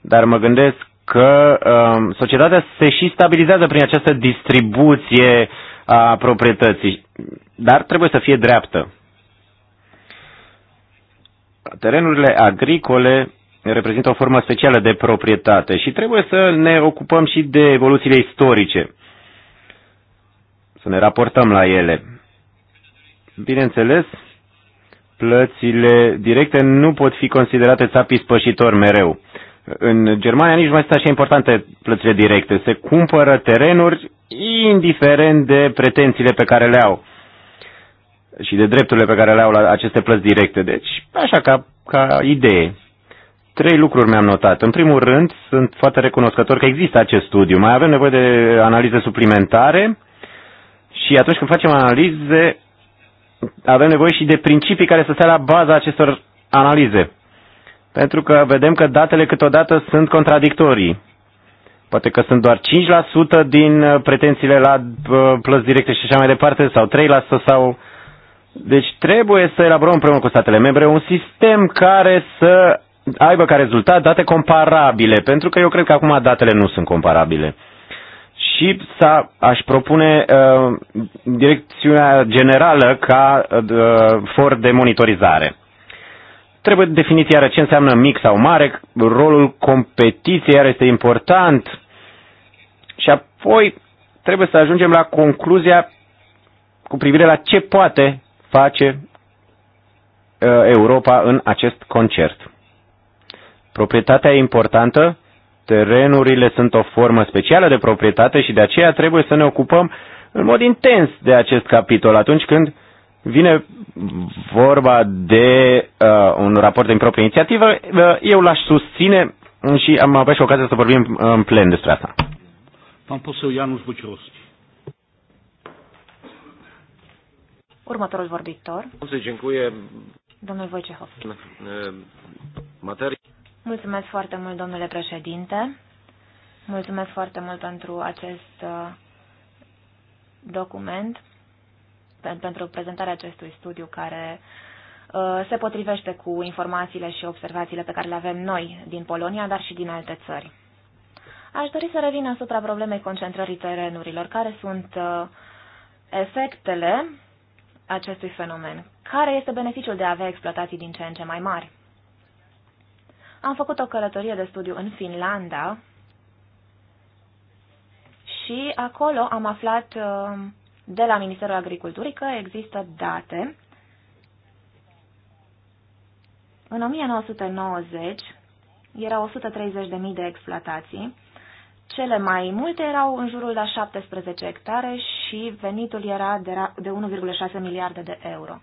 Dar mă gândesc că um, societatea se și stabilizează prin această distribuție a proprietății, dar trebuie să fie dreaptă. Terenurile agricole reprezintă o formă specială de proprietate și trebuie să ne ocupăm și de evoluțiile istorice, să ne raportăm la ele. Bineînțeles, plățile directe nu pot fi considerate țapii spășitori mereu. În Germania nici mai sunt așa importante plățile directe. Se cumpără terenuri indiferent de pretențiile pe care le au și de drepturile pe care le au la aceste plăți directe. Deci, așa ca, ca idee. Trei lucruri mi-am notat. În primul rând, sunt foarte recunoscător că există acest studiu. Mai avem nevoie de analize suplimentare și atunci când facem analize, avem nevoie și de principii care să stea la baza acestor analize. Pentru că vedem că datele câteodată sunt contradictorii. Poate că sunt doar 5% din uh, pretențiile la uh, plăți directe și așa mai departe, sau 3% sau... Deci trebuie să elaborăm împreună cu statele membre un sistem care să aibă ca rezultat date comparabile, pentru că eu cred că acum datele nu sunt comparabile și să aș propune uh, direcțiunea generală ca uh, for de monitorizare. Trebuie definit iară ce înseamnă mic sau mare, rolul competiției iar este important și apoi trebuie să ajungem la concluzia cu privire la ce poate face uh, Europa în acest concert. Proprietatea e importantă, Terenurile sunt o formă specială de proprietate și de aceea trebuie să ne ocupăm în mod intens de acest capitol atunci când vine vorba de uh, un raport din proprie inițiativă, uh, eu l-aș susține și am avea și ocazia să vorbim în plen despre asta. Pan eu Ianus Buciorowski. Următorul vorbitor. Domnul Wojciechowski. Materii. Mulțumesc foarte mult, domnule președinte. Mulțumesc foarte mult pentru acest uh, document, pentru prezentarea acestui studiu care uh, se potrivește cu informațiile și observațiile pe care le avem noi din Polonia, dar și din alte țări. Aș dori să revin asupra problemei concentrării terenurilor. Care sunt uh, efectele acestui fenomen? Care este beneficiul de a avea exploatații din ce în ce mai mari? Am făcut o călătorie de studiu în Finlanda și acolo am aflat uh, de la Ministerul Agriculturii că există date. În 1990 erau 130.000 de exploatații. Cele mai multe erau în jurul la 17 hectare și venitul era de 1,6 miliarde de euro.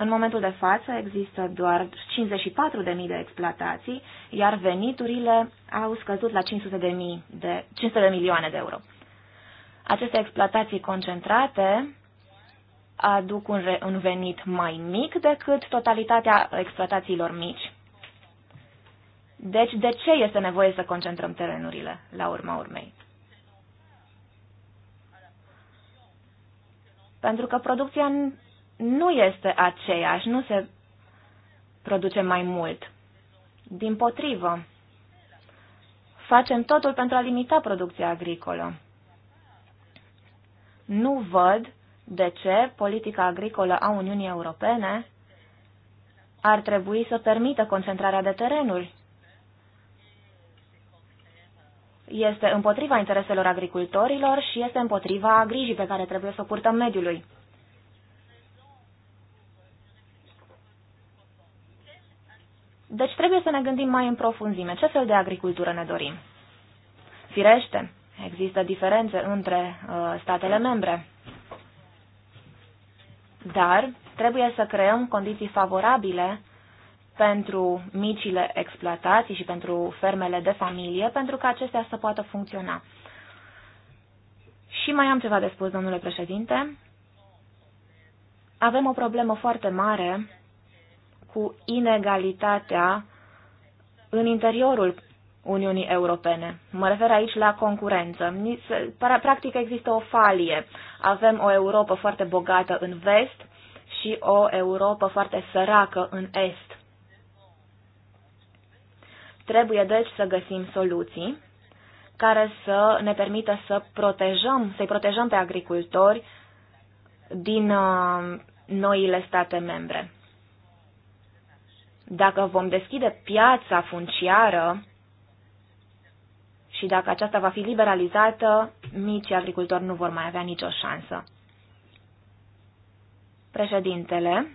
În momentul de față există doar 54.000 de exploatații, iar veniturile au scăzut la 500 de, mii de, 500 de milioane de euro. Aceste exploatații concentrate aduc un, re, un venit mai mic decât totalitatea exploatațiilor mici. Deci, de ce este nevoie să concentrăm terenurile, la urma urmei? Pentru că producția nu este aceeași, nu se produce mai mult. Din potrivă, facem totul pentru a limita producția agricolă. Nu văd de ce politica agricolă a Uniunii Europene ar trebui să permită concentrarea de terenuri. Este împotriva intereselor agricultorilor și este împotriva grijii pe care trebuie să o purtăm mediului. Deci trebuie să ne gândim mai în profunzime ce fel de agricultură ne dorim. Firește, există diferențe între uh, statele membre, dar trebuie să creăm condiții favorabile pentru micile exploatații și pentru fermele de familie, pentru că acestea să poată funcționa. Și mai am ceva de spus, domnule președinte. Avem o problemă foarte mare cu inegalitatea în interiorul Uniunii Europene. Mă refer aici la concurență. Practic există o falie. Avem o Europa foarte bogată în vest și o Europa foarte săracă în est. Trebuie deci să găsim soluții care să ne permită să protejăm, să-i protejăm pe agricultori din uh, noile state membre. Dacă vom deschide piața funciară și dacă aceasta va fi liberalizată, micii agricultori nu vor mai avea nicio șansă. Președintele,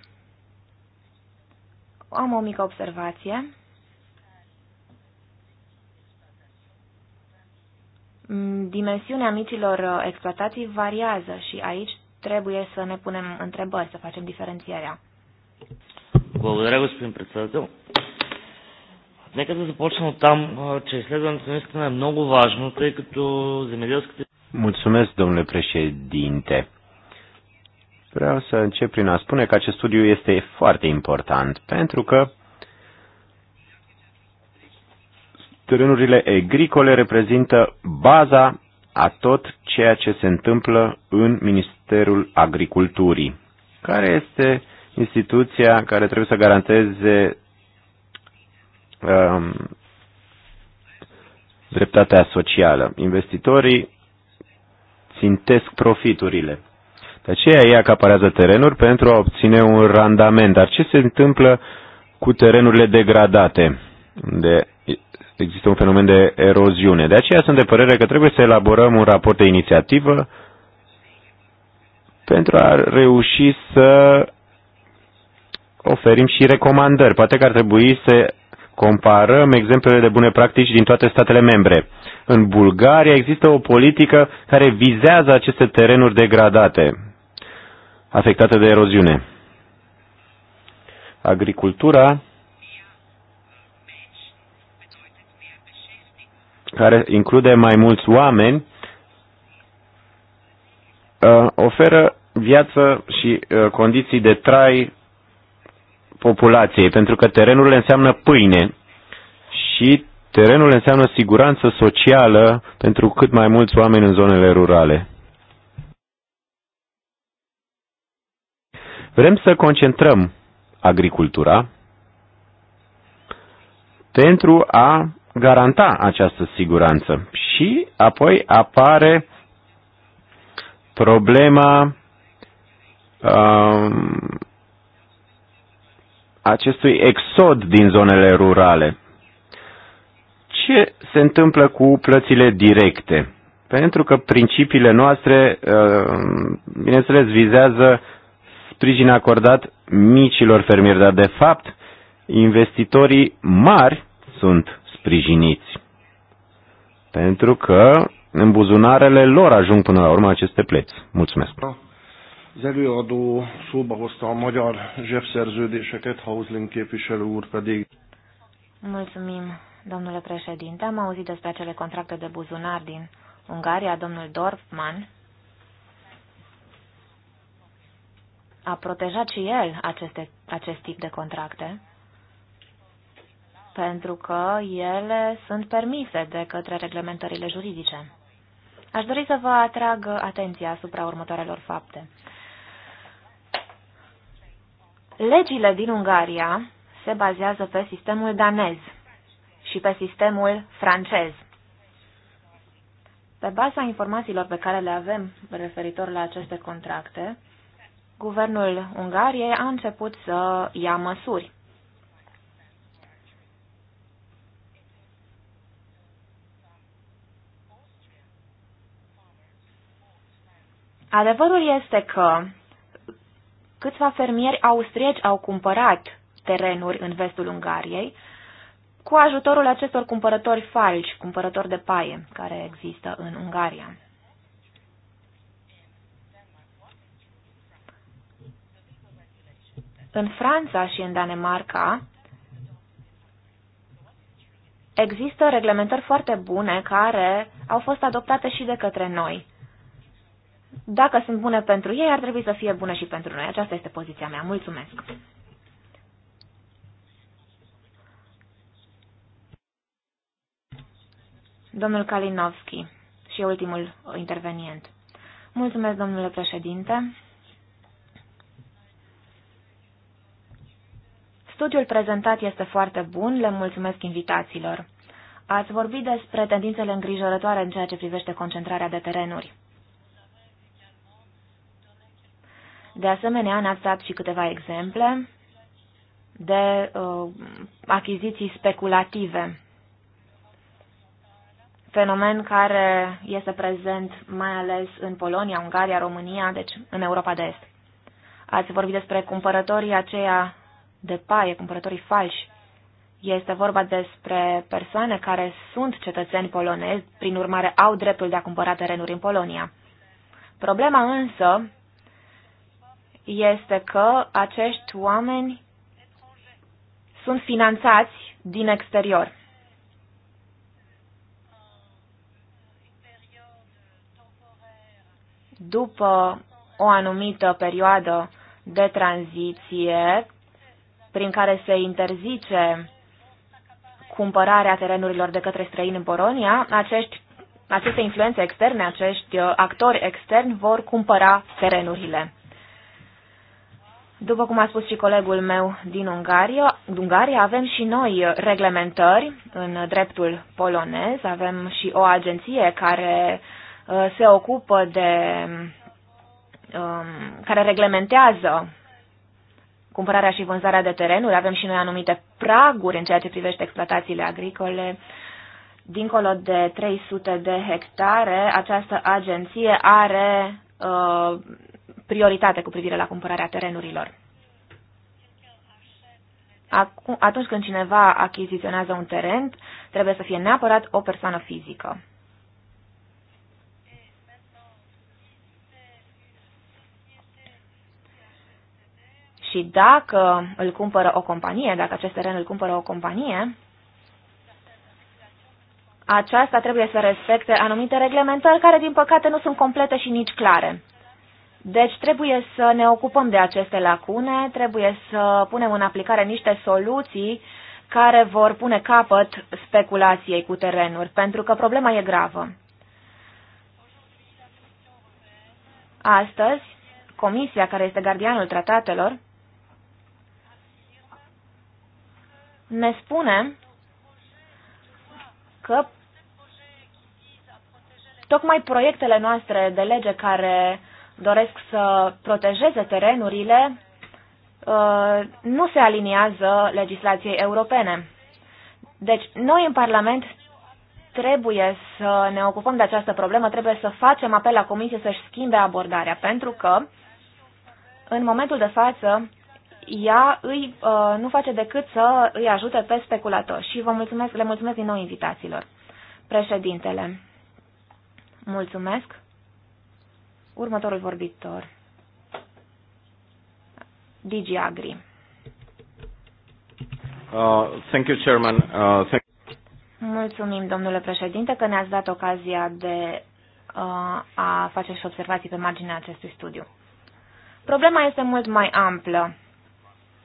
am o mică observație. Dimensiunea micilor exploatații variază și aici trebuie să ne punem întrebări, să facem diferențierea. Благодаря, господин председател. Нека да започна от там, че изследването наистина е много важно, тъй като земеделските... Mulțumesc, domnule președinte. Vreau să încep prin a spune că acest studiu este foarte important, pentru că terenurile agricole reprezintă baza a tot ceea ce se întâmplă în Ministerul Agriculturii, care este instituția care trebuie să garanteze um, dreptatea socială. Investitorii țintesc profiturile. De aceea ei acaparează terenuri pentru a obține un randament. Dar ce se întâmplă cu terenurile degradate, unde există un fenomen de eroziune? De aceea sunt de părere că trebuie să elaborăm un raport de inițiativă pentru a reuși să oferim și recomandări. Poate că ar trebui să comparăm exemplele de bune practici din toate statele membre. În Bulgaria există o politică care vizează aceste terenuri degradate, afectate de eroziune. Agricultura care include mai mulți oameni, uh, oferă viață și uh, condiții de trai populației, pentru că terenurile înseamnă pâine și terenul înseamnă siguranță socială pentru cât mai mulți oameni în zonele rurale. Vrem să concentrăm agricultura pentru a garanta această siguranță. Și apoi apare problema um, acestui exod din zonele rurale. Ce se întâmplă cu plățile directe? Pentru că principiile noastre, uh, bineînțeles, vizează sprijin acordat micilor fermieri, dar de fapt investitorii mari sunt sprijiniți. Pentru că în buzunarele lor ajung până la urmă aceste plăți. Mulțumesc. Oh. Az előadó szóba hozta a magyar zsebszerződéseket, Hauslin képviselő úr pedig. Mulțumim, domnule președinte. Am auzit despre acele contracte de buzunar din Ungaria. Domnul Dorfman a protejat și el aceste, acest tip de contracte, pentru că ele sunt permise de către reglementările juridice. Aș dori să vă atrag atenția asupra următoarelor fapte. Legile din Ungaria se bazează pe sistemul danez și pe sistemul francez. Pe baza informațiilor pe care le avem referitor la aceste contracte, guvernul Ungariei a început să ia măsuri. Adevărul este că Câțiva fermieri austrieci au cumpărat terenuri în vestul Ungariei cu ajutorul acestor cumpărători falci, cumpărători de paie, care există în Ungaria. În Franța și în Danemarca există reglementări foarte bune care au fost adoptate și de către noi. Dacă sunt bune pentru ei, ar trebui să fie bune și pentru noi. Aceasta este poziția mea. Mulțumesc! Domnul Kalinowski și ultimul intervenient. Mulțumesc, domnule președinte. Studiul prezentat este foarte bun, le mulțumesc invitațiilor. Ați vorbit despre tendințele îngrijorătoare în ceea ce privește concentrarea de terenuri. De asemenea, ne-ați dat și câteva exemple de uh, achiziții speculative, fenomen care este prezent mai ales în Polonia, Ungaria, România, deci în Europa de Est. Ați vorbit despre cumpărătorii aceia de paie, cumpărătorii falși. Este vorba despre persoane care sunt cetățeni polonezi, prin urmare au dreptul de a cumpăra terenuri în Polonia. Problema însă este că acești oameni sunt finanțați din exterior. După o anumită perioadă de tranziție prin care se interzice cumpărarea terenurilor de către străini în Polonia, acești, aceste influențe externe, acești uh, actori externi vor cumpăra terenurile. După cum a spus și colegul meu din Ungaria, Ungaria avem și noi reglementări în dreptul polonez, avem și o agenție care uh, se ocupă de um, care reglementează cumpărarea și vânzarea de terenuri, avem și noi anumite praguri în ceea ce privește exploatațiile agricole. Dincolo de 300 de hectare, această agenție are uh, prioritate cu privire la cumpărarea terenurilor. atunci când cineva achiziționează un teren, trebuie să fie neapărat o persoană fizică. Și dacă îl cumpără o companie, dacă acest teren îl cumpără o companie, aceasta trebuie să respecte anumite reglementări care, din păcate, nu sunt complete și nici clare. Deci trebuie să ne ocupăm de aceste lacune, trebuie să punem în aplicare niște soluții care vor pune capăt speculației cu terenuri, pentru că problema e gravă. Astăzi, Comisia, care este gardianul tratatelor, ne spune că tocmai proiectele noastre de lege care doresc să protejeze terenurile uh, nu se aliniază legislației europene. Deci, noi în Parlament trebuie să ne ocupăm de această problemă, trebuie să facem apel la Comisie să-și schimbe abordarea, pentru că în momentul de față ea îi, uh, nu face decât să îi ajute pe speculatori. Și vă mulțumesc, le mulțumesc din nou invitațiilor. Președintele, mulțumesc. Următorul vorbitor. Digi Agri. Uh, thank you, Chairman. Uh, thank Mulțumim, domnule președinte, că ne-ați dat ocazia de uh, a face și observații pe marginea acestui studiu. Problema este mult mai amplă.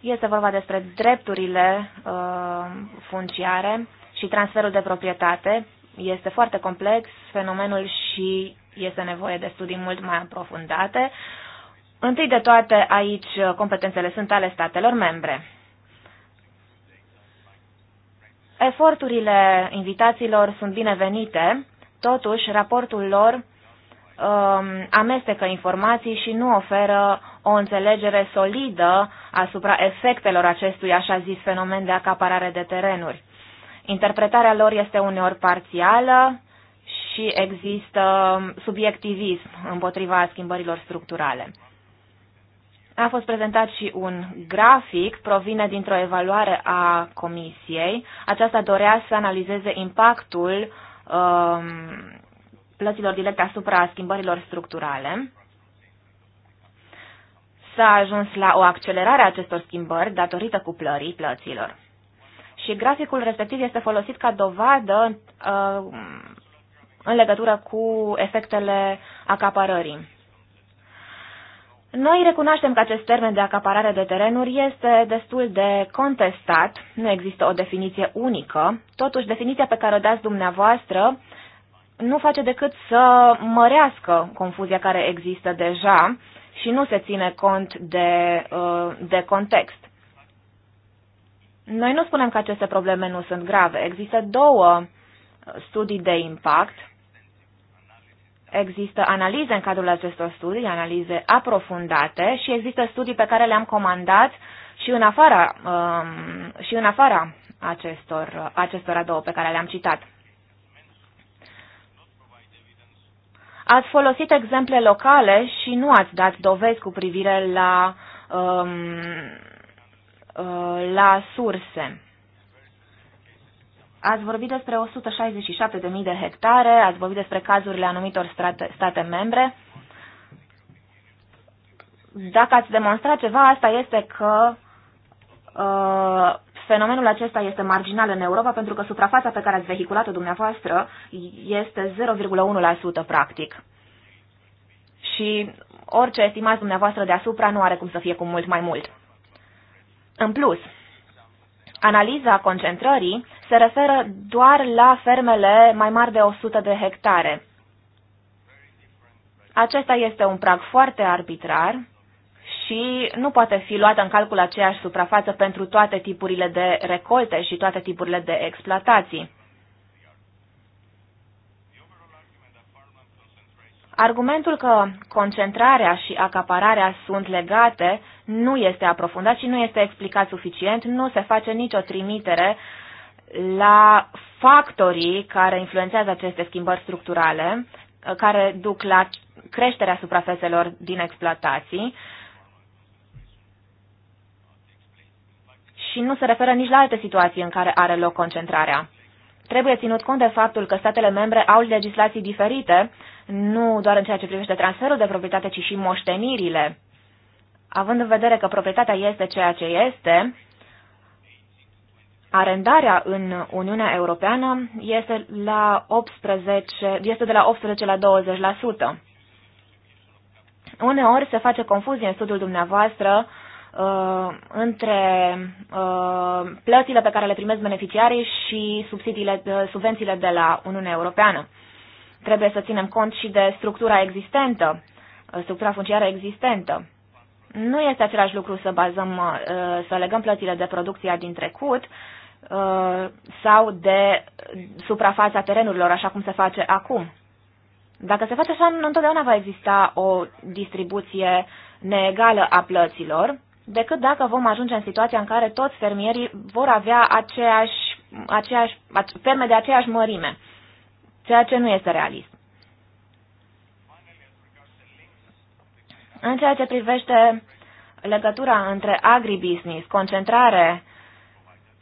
Este vorba despre drepturile uh, funciare și transferul de proprietate. Este foarte complex fenomenul și este nevoie de studii mult mai aprofundate. Întâi de toate, aici competențele sunt ale statelor membre. Eforturile invitațiilor sunt binevenite, totuși raportul lor um, amestecă informații și nu oferă o înțelegere solidă asupra efectelor acestui așa zis fenomen de acaparare de terenuri. Interpretarea lor este uneori parțială, și există subiectivism împotriva schimbărilor structurale. A fost prezentat și un grafic, provine dintr-o evaluare a comisiei. Aceasta dorea să analizeze impactul um, plăților directe asupra schimbărilor structurale. S-a ajuns la o accelerare a acestor schimbări datorită cuplării plăților. Și graficul respectiv este folosit ca dovadă uh, în legătură cu efectele acaparării. Noi recunoaștem că acest termen de acaparare de terenuri este destul de contestat, nu există o definiție unică, totuși definiția pe care o dați dumneavoastră nu face decât să mărească confuzia care există deja și nu se ține cont de, uh, de context. Noi nu spunem că aceste probleme nu sunt grave. Există două studii de impact Există analize în cadrul acestor studii, analize aprofundate și există studii pe care le-am comandat și în afara, um, și în afara acestor, acestora două pe care le-am citat. Ați folosit exemple locale și nu ați dat dovezi cu privire la, um, uh, la surse. Ați vorbit despre 167.000 de hectare, ați vorbit despre cazurile anumitor strate, state membre. Dacă ați demonstrat ceva, asta este că uh, fenomenul acesta este marginal în Europa pentru că suprafața pe care ați vehiculat-o dumneavoastră este 0,1% practic. Și orice estimați dumneavoastră deasupra nu are cum să fie cu mult mai mult. În plus, analiza concentrării se referă doar la fermele mai mari de 100 de hectare. Acesta este un prag foarte arbitrar și nu poate fi luată în calcul aceeași suprafață pentru toate tipurile de recolte și toate tipurile de exploatații. Argumentul că concentrarea și acapararea sunt legate nu este aprofundat și nu este explicat suficient, nu se face nicio trimitere uh, la factorii care influențează aceste schimbări structurale, care duc la creșterea suprafețelor din exploatații și nu se referă nici la alte situații în care are loc concentrarea. Trebuie ținut cont de faptul că statele membre au legislații diferite, nu doar în ceea ce privește transferul de proprietate, ci și moștenirile. Având în vedere că proprietatea este ceea ce este, arendarea în Uniunea Europeană este, la 18, este de la 18 la 20%. Uneori se face confuzie în studiul dumneavoastră uh, între uh, plățile pe care le primesc beneficiarii și subsidiile, uh, subvențiile de la Uniunea Europeană. Trebuie să ținem cont și de structura existentă, uh, structura funciară existentă. Nu este același lucru să bazăm, uh, să legăm plățile de producția din trecut Uh, sau de suprafața terenurilor, așa cum se face acum. Dacă se face așa, întotdeauna va exista o distribuție neegală a plăților, decât dacă vom ajunge în situația în care toți fermierii vor avea aceeași, aceeași, ferme de aceeași mărime, ceea ce nu este realist. În ceea ce privește legătura între agribusiness, concentrare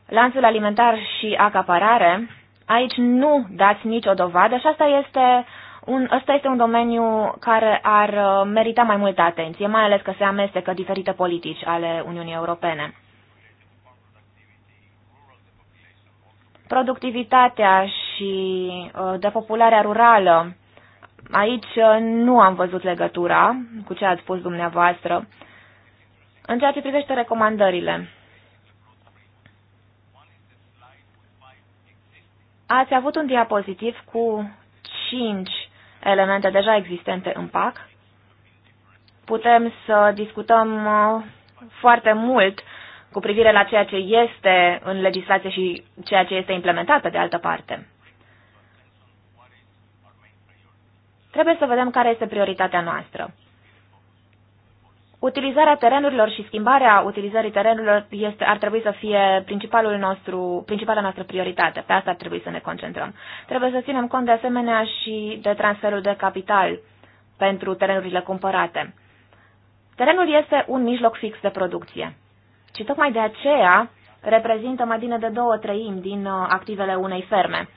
lanțul alimentar și acaparare, aici nu dați nicio dovadă și asta este un, ăsta este un domeniu care ar uh, merita mai multă atenție, mai ales că se amestecă diferite politici ale Uniunii Europene. Productivitatea și uh, depopularea rurală, aici uh, nu am văzut legătura cu ce ați spus dumneavoastră. În ceea ce privește recomandările, Ați avut un diapozitiv cu cinci elemente deja existente în PAC. Putem să discutăm uh, foarte mult cu privire la ceea ce este în legislație și ceea ce este implementat pe de altă parte. Trebuie să vedem care este prioritatea noastră. Utilizarea terenurilor și schimbarea utilizării terenurilor este, ar trebui să fie principalul nostru, principala noastră prioritate. Pe asta ar trebui să ne concentrăm. Trebuie să ținem cont de asemenea și de transferul de capital pentru terenurile cumpărate. Terenul este un mijloc fix de producție și tocmai de aceea reprezintă mai bine de două treimi din uh, activele unei ferme.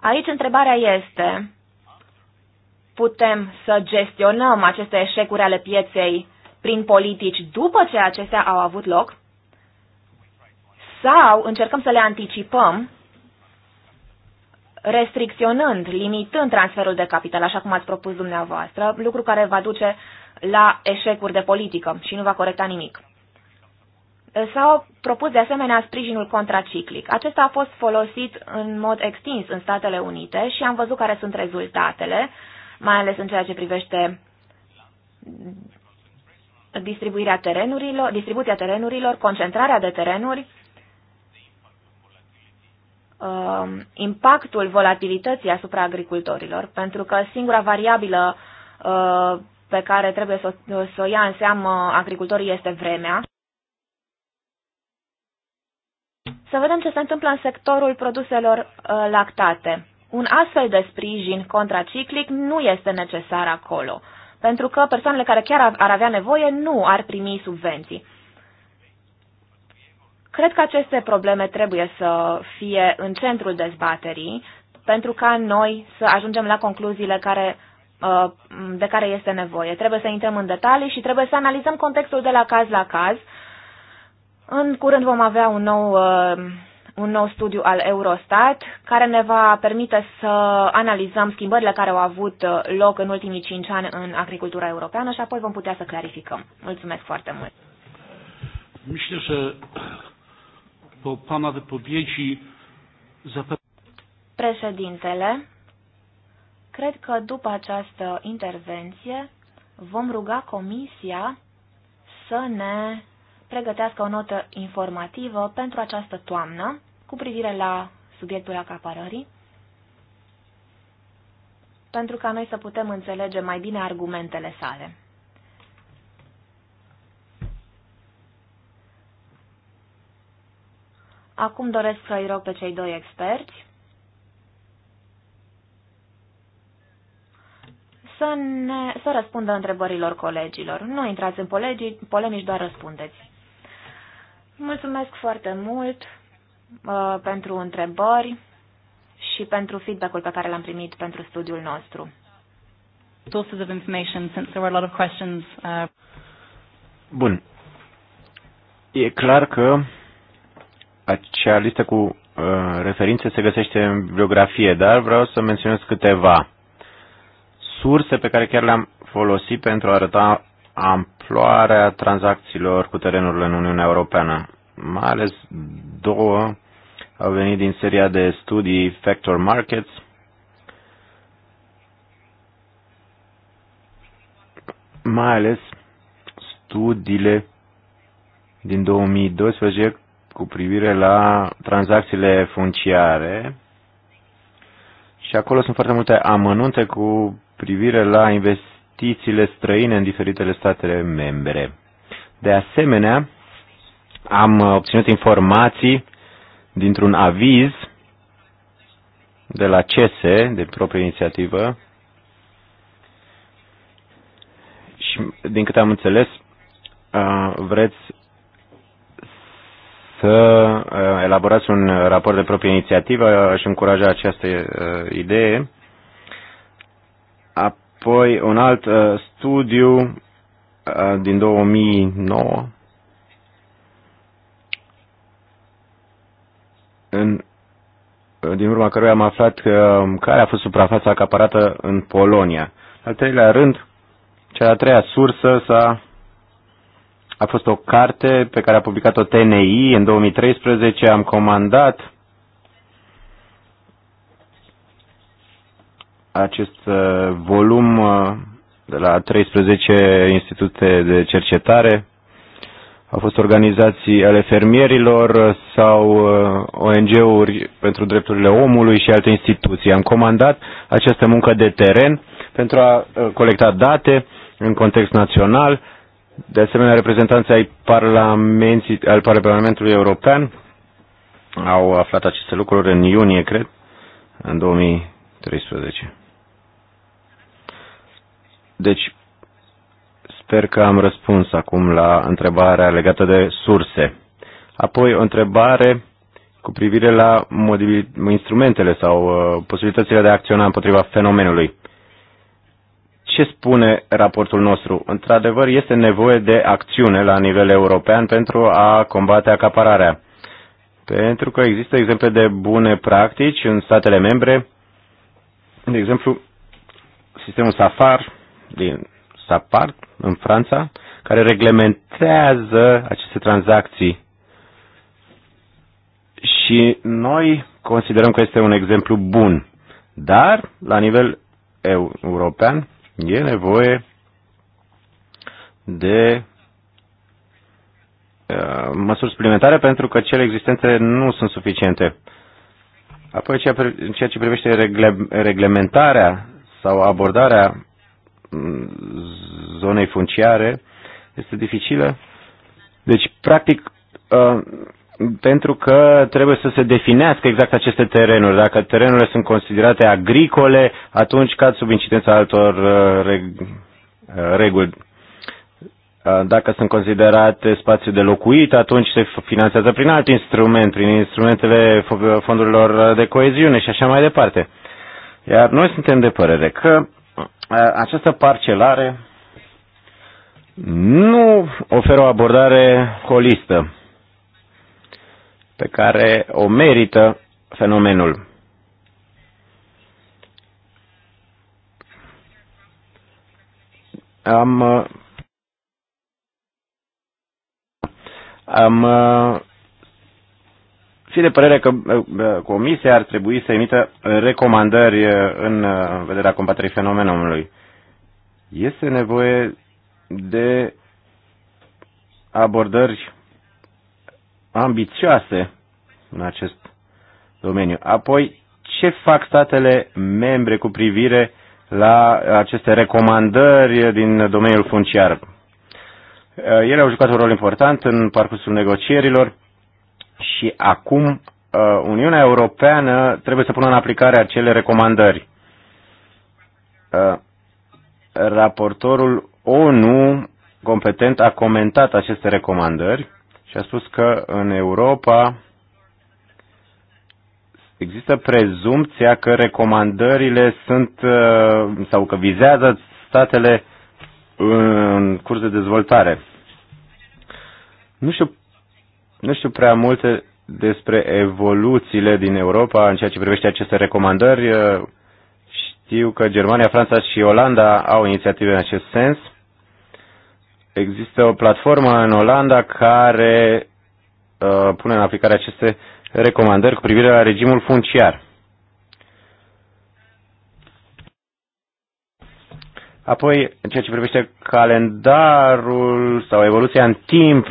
Aici întrebarea este, putem să gestionăm aceste eșecuri ale pieței prin politici după ce acestea au avut loc? Sau încercăm să le anticipăm restricționând, limitând transferul de capital, așa cum ați propus dumneavoastră, lucru care va duce la eșecuri de politică și nu va corecta nimic. S-au propus de asemenea sprijinul contraciclic. Acesta a fost folosit în mod extins în Statele Unite și am văzut care sunt rezultatele mai ales în ceea ce privește distribuirea terenurilor, distribuția terenurilor, concentrarea de terenuri, um, impactul volatilității asupra agricultorilor, pentru că singura variabilă uh, pe care trebuie să, să o ia în seamă agricultorii este vremea. Să vedem ce se întâmplă în sectorul produselor uh, lactate un astfel de sprijin contraciclic nu este necesar acolo, pentru că persoanele care chiar ar avea nevoie nu ar primi subvenții. Cred că aceste probleme trebuie să fie în centrul dezbaterii pentru ca noi să ajungem la concluziile care, uh, de care este nevoie. Trebuie să intrăm în detalii și trebuie să analizăm contextul de la caz la caz. În curând vom avea un nou uh, un nou studiu al Eurostat care ne va permite să analizăm schimbările care au avut uh, loc în ultimii cinci ani în agricultura europeană și apoi vom putea să clarificăm. Mulțumesc foarte mult. Myślę, że po pana wypowiedzi Președintele, cred că după această intervenție vom ruga Comisia să ne pregătească o notă informativă pentru această toamnă cu privire la subiectul acaparării, pentru ca noi să putem înțelege mai bine argumentele sale. Acum doresc să-i rog pe cei doi experți să, ne, să răspundă întrebărilor colegilor. Nu intrați în polegi, polemici, doar răspundeți. Mulțumesc foarte mult uh, pentru întrebări și pentru feedback-ul pe care l-am primit pentru studiul nostru. Sources of information, since there were a lot of questions. Uh... Bun. E clar că acea listă cu uh, referințe se găsește în bibliografie, dar vreau să menționez câteva surse pe care chiar le-am folosit pentru a arăta am amploarea tranzacțiilor cu terenurile în Uniunea Europeană. Mai ales două au venit din seria de studii Factor Markets, mai ales studiile din 2012 cu privire la tranzacțiile funciare și acolo sunt foarte multe amănunte cu privire la investiții investițiile străine în diferitele statele membre. De asemenea, am obținut informații dintr-un aviz de la CESE, de proprie inițiativă, și din câte am înțeles, vreți să elaborați un raport de proprie inițiativă și încuraja această idee. A Apoi un alt uh, studiu uh, din 2009 în, uh, din urma căruia am aflat că, um, care a fost suprafața acaparată în Polonia. Al treilea rând, cea a treia sursă s-a, a fost o carte pe care a publicat-o TNI în 2013. Am comandat acest uh, volum uh, de la 13 institute de cercetare, au fost organizații ale fermierilor uh, sau ONG-uri pentru drepturile omului și alte instituții. Am comandat această muncă de teren pentru a colecta date în context național, de asemenea reprezentanții ai al Parlamentului European au aflat aceste lucruri în iunie, cred, în 2013. Deci, sper că am răspuns acum la întrebarea legată de surse. Apoi, o întrebare cu privire la instrumentele sau uh, posibilitățile de a acționa împotriva fenomenului. Ce spune raportul nostru? Într-adevăr, este nevoie de acțiune la nivel european pentru a combate acapararea. Pentru că există exemple de bune practici în statele membre, de exemplu, sistemul SAFAR, din Sapart, în Franța, care reglementează aceste tranzacții. Și noi considerăm că este un exemplu bun. Dar, la nivel eu, european, e nevoie de uh, măsuri suplimentare pentru că cele existente nu sunt suficiente. Apoi, ceea ce privește regle, reglementarea sau abordarea zonei funciare este dificilă. Deci, practic, ă, pentru că trebuie să se definească exact aceste terenuri. Dacă terenurile sunt considerate agricole, atunci cad sub incidența altor ă, ă, reguli. Dacă sunt considerate spațiu de locuit, atunci se finanțează prin alt instrument, prin instrumentele fondurilor de coeziune și așa mai departe. Iar noi suntem de părere că această parcelare nu oferă o abordare holistă pe care o merită fenomenul. Am, am și de părere că uh, uh, Comisia ar trebui să emită recomandări uh, în vederea combaterii fenomenului. Este nevoie de abordări ambițioase în acest domeniu. Apoi, ce fac statele membre cu privire la aceste recomandări din domeniul funciar? Ele au jucat un rol important în parcursul negocierilor și acum uh, Uniunea Europeană trebuie să pună în aplicare acele recomandări. Uh, raportorul ONU competent a comentat aceste recomandări și a spus că în Europa există prezumția că recomandările sunt uh, sau că vizează statele în curs de dezvoltare. Nu știu nu știu prea multe despre evoluțiile din Europa în ceea ce privește aceste recomandări. Știu că Germania, Franța și Olanda au inițiative în acest sens. Există o platformă în Olanda care uh, pune în aplicare aceste recomandări cu privire la regimul funciar. Apoi, în ceea ce privește calendarul sau evoluția în timp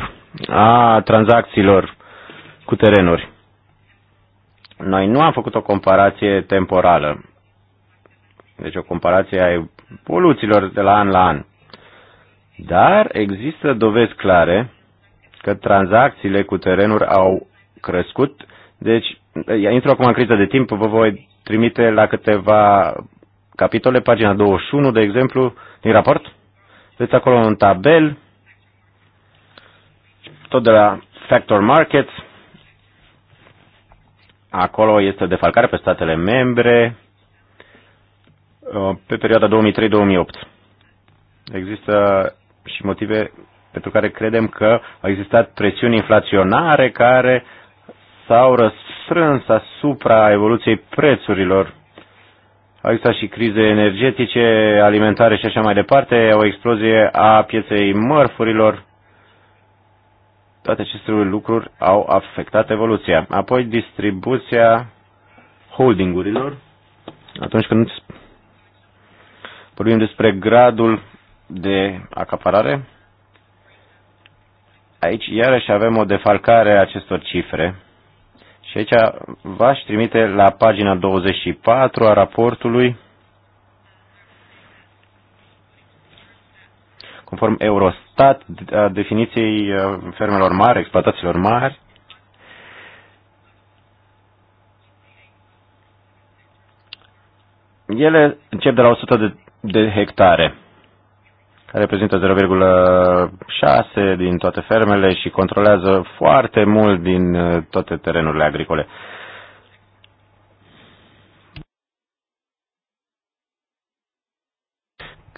a tranzacțiilor cu terenuri. Noi nu am făcut o comparație temporală, deci o comparație a evoluțiilor de la an la an. Dar există dovezi clare că tranzacțiile cu terenuri au crescut. Deci, intru acum în criză de timp, vă voi trimite la câteva capitole, pagina 21, de exemplu, din raport. Veți acolo un tabel tot de la Factor Markets. Acolo este o defalcare pe statele membre uh, pe perioada 2003-2008. Există și motive pentru care credem că au existat presiuni inflaționare care s-au răsfrâns asupra evoluției prețurilor. Au existat și crize energetice, alimentare și așa mai departe, o explozie a pieței mărfurilor toate aceste lucruri au afectat evoluția. Apoi distribuția holdingurilor. Atunci când vorbim despre gradul de acaparare, aici iarăși avem o defalcare a acestor cifre. Și aici v-aș trimite la pagina 24 a raportului conform Eurostat, a definiției fermelor mari, exploatațiilor mari, ele încep de la 100 de, de hectare, care reprezintă 0,6 din toate fermele și controlează foarte mult din uh, toate terenurile agricole.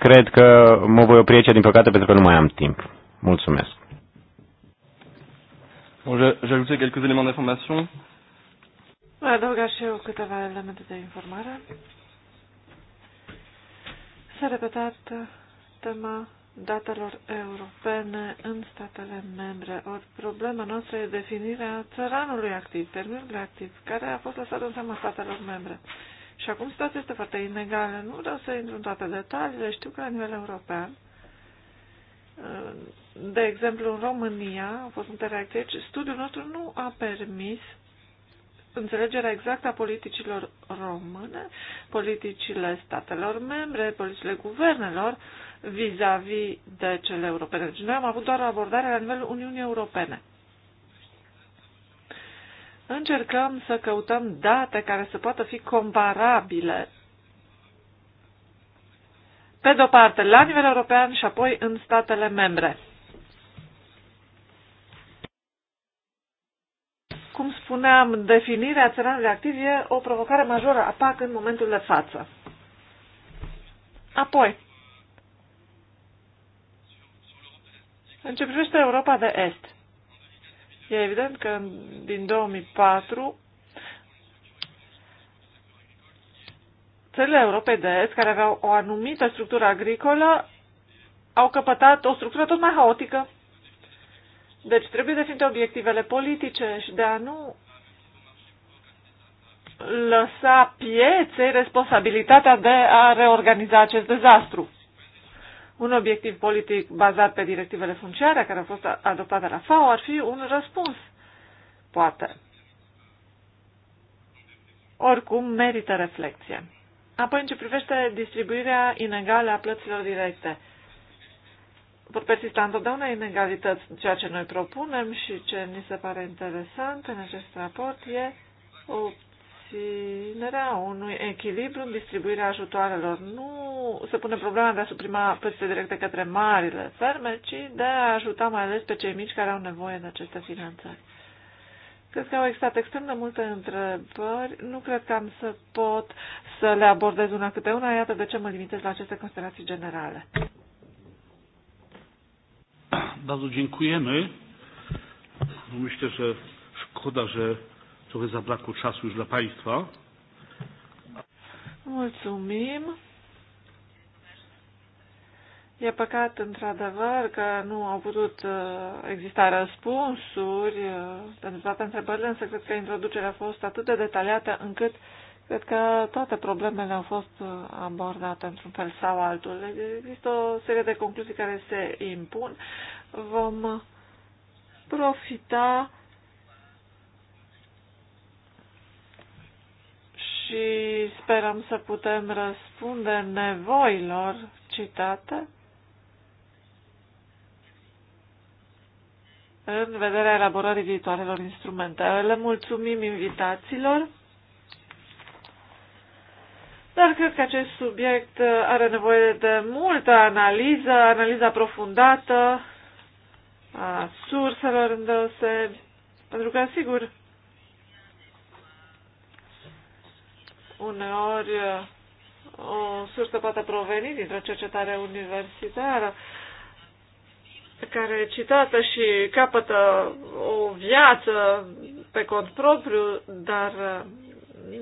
cred că mă voi opri aici, din păcate, pentru că nu mai am timp. Mulțumesc. Bon, j'ajoutais quelques éléments d'information. și eu câteva elemente de informare. S-a repetat tema datelor europene în statele membre. O problemă noastră e definirea țăranului activ, termenului activ, care a fost lăsat în seama statelor membre. Și acum situația este foarte inegală. Nu vreau să intru în toate detaliile. Știu că la nivel european, de exemplu, în România au fost aici. Studiul nostru nu a permis înțelegerea exactă a politicilor române, politicile statelor membre, politicile guvernelor vis-a-vis -vis de cele europene. Deci noi am avut doar abordare la nivelul Uniunii Europene încercăm să căutăm date care să poată fi comparabile pe de-o parte la nivel european și apoi în statele membre. Cum spuneam, definirea țăranului activ e o provocare majoră a PAC în momentul de față. Apoi, în ce privește Europa de Est, E evident că din 2004 țările Europei de Est, care aveau o anumită structură agricolă, au căpătat o structură tot mai haotică. Deci trebuie definite obiectivele politice și de a nu lăsa pieței responsabilitatea de a reorganiza acest dezastru. Un obiectiv politic bazat pe directivele funciare care au fost adoptate la FAO ar fi un răspuns, poate. Oricum, merită reflexie. Apoi, în ce privește distribuirea inegală a plăților directe, vor persista întotdeauna inegalități. Ceea ce noi propunem și ce ni se pare interesant în acest raport e o menținerea unui echilibru în distribuirea ajutoarelor. Nu se pune problema de a suprima plățile directe către marile ferme, ci de a ajuta mai ales pe cei mici care au nevoie de aceste finanțări. Cred că au existat extrem de multe întrebări. Nu cred că am să pot să le abordez una câte una. Iată de ce mă limitez la aceste considerații generale. Bardzo dziękujemy. Myślę, że szkoda, że Trochę zabrakło czasu już dla Państwa. Mulțumim. E păcat, într-adevăr, că nu au putut uh, exista răspunsuri uh, pentru toate întrebările, însă cred că introducerea a fost atât de detaliată încât cred că toate problemele au fost uh, abordate într-un fel sau altul. Există o serie de concluzii care se impun. Vom profita și sperăm să putem răspunde nevoilor citate în vederea elaborării viitoarelor instrumente. Le mulțumim invitațiilor, dar cred că acest subiect are nevoie de multă analiză, analiză aprofundată a surselor îndeosebi, pentru că, sigur, Uneori uh, o sursă poate proveni dintr-o cercetare universitară care e citată și capătă o viață pe cont propriu, dar uh,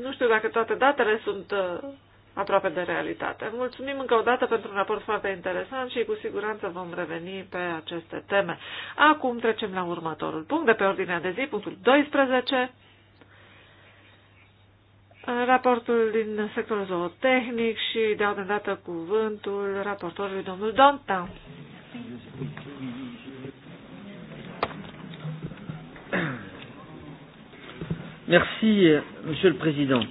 nu știu dacă toate datele sunt uh, aproape de realitate. Mulțumim încă o dată pentru un raport foarte interesant și cu siguranță vom reveni pe aceste teme. Acum trecem la următorul punct de pe ordinea de zi, punctul 12 raportul din sectorul zootehnic și dau de dată cuvântul raportorului domnul Donta. Merci, Monsieur le Président.